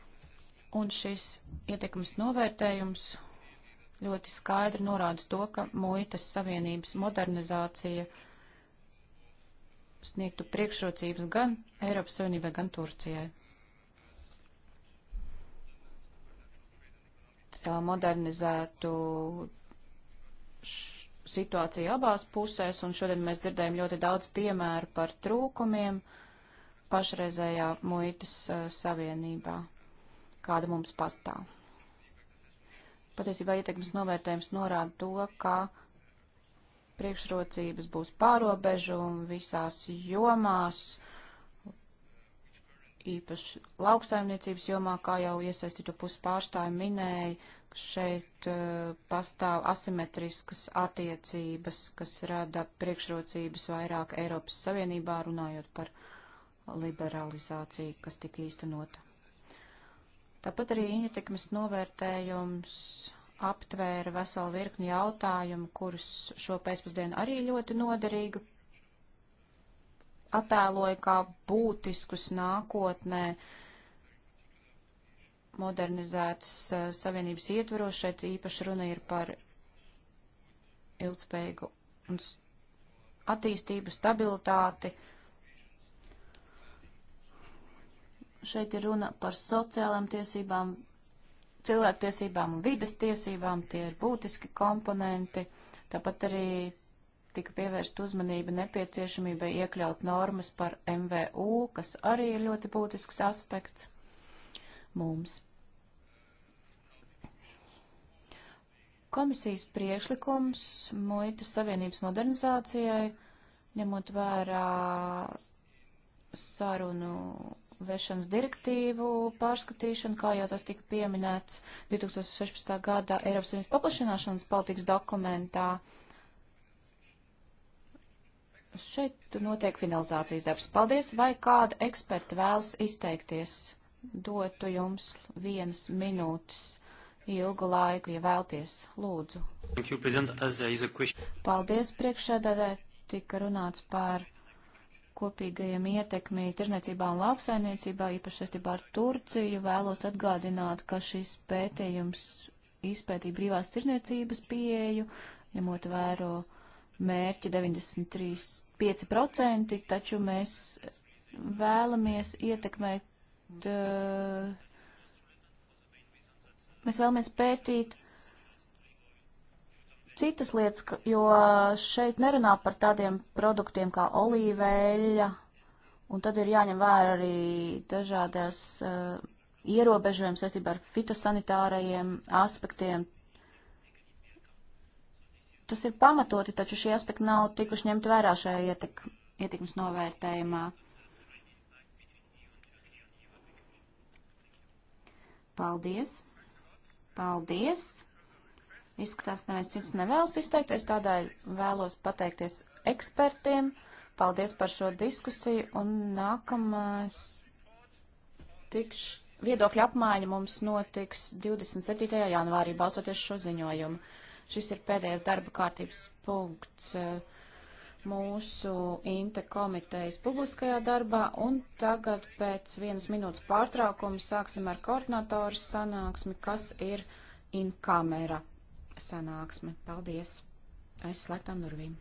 un šis ietekmes novērtējums ļoti skaidri norāda to, ka muitas savienības modernizācija – sniegtu priekšrocības gan Eiropas Savienībai, gan Turcijai. Tā modernizētu situāciju abās pusēs, un šodien mēs dzirdējam ļoti daudz piemēru par trūkumiem pašreizējā muitas uh, savienībā, kāda mums pastāv. Patiesībā ietekmes novērtējums norāda to, ka priekšrocības būs pārobežu un visās jomās, īpaši lauksaimniecības jomā, kā jau iesaistīto puses pārstāvi minēja, šeit uh, pastāv asimetriskas attiecības, kas rada priekšrocības vairāk Eiropas Savienībā, runājot par liberalizāciju, kas tika īstenota. Tāpat arī ietekmes novērtējums aptvēra veselu virkni jautājumu, kurus šo pēcpusdienu arī ļoti noderīgi attēloja kā būtiskus nākotnē modernizētas uh, savienības ietvaros. Šeit īpaši runa ir par ilgspējīgu un attīstību, stabilitāti. Šeit ir runa par sociālām tiesībām, cilvēktiesībām un vidas tiesībām, tie ir būtiski komponenti. Tāpat arī tika pievērsta uzmanība nepieciešamībai iekļaut normas par MVU, kas arī ir ļoti būtisks aspekts mums. Komisijas priekšlikums muitas savienības modernizācijai, ņemot vērā sarunu vešanas direktīvu pārskatīšanu, kā jau tas tika pieminēts 2016. gadā Eiropas Savienības paplašināšanas politikas dokumentā. Šeit notiek finalizācijas darbs. Paldies, vai kāda eksperta vēlas izteikties? Dotu jums vienas minūtes ilgu laiku, ja vēlties. Lūdzu. You, Paldies, priekšsēdētāji. Tika runāts par kopīgajiem ietekmī tirniecībā un lauksainiecībā, īpaši saistībā ar Turciju, vēlos atgādināt, ka šis pētījums izpētīja brīvās tirniecības pieeju, ņemot vēro mērķi 93,5%, taču mēs vēlamies ietekmēt, eh, mēs vēlamies pētīt citas lietas, jo šeit nerunā par tādiem produktiem kā olīveļa, un tad ir jāņem vērā arī dažādas uh, eh, ierobežojumi saistībā ar fitosanitārajiem aspektiem. Tas ir pamatoti, taču šie aspekti nav tikuši ņemti vērā šajā ietek, ietekmes novērtējumā. Paldies! Paldies! Izskatās, ka neviens cits nevēlas izteikties, tādēļ vēlos pateikties ekspertiem. Paldies par šo diskusiju un nākamais tikš viedokļa apmaiņa mums notiks 27. janvārī, balsoties šo ziņojumu. Šis ir pēdējais darba kārtības punkts eh, mūsu INTE komitejas publiskajā darbā, un tagad pēc vienas minūtes pārtraukuma sāksim ar koordinatoru sanāksmi, kas ir in kamera sanāksmi. Paldies! Aizslēgtām durvīm!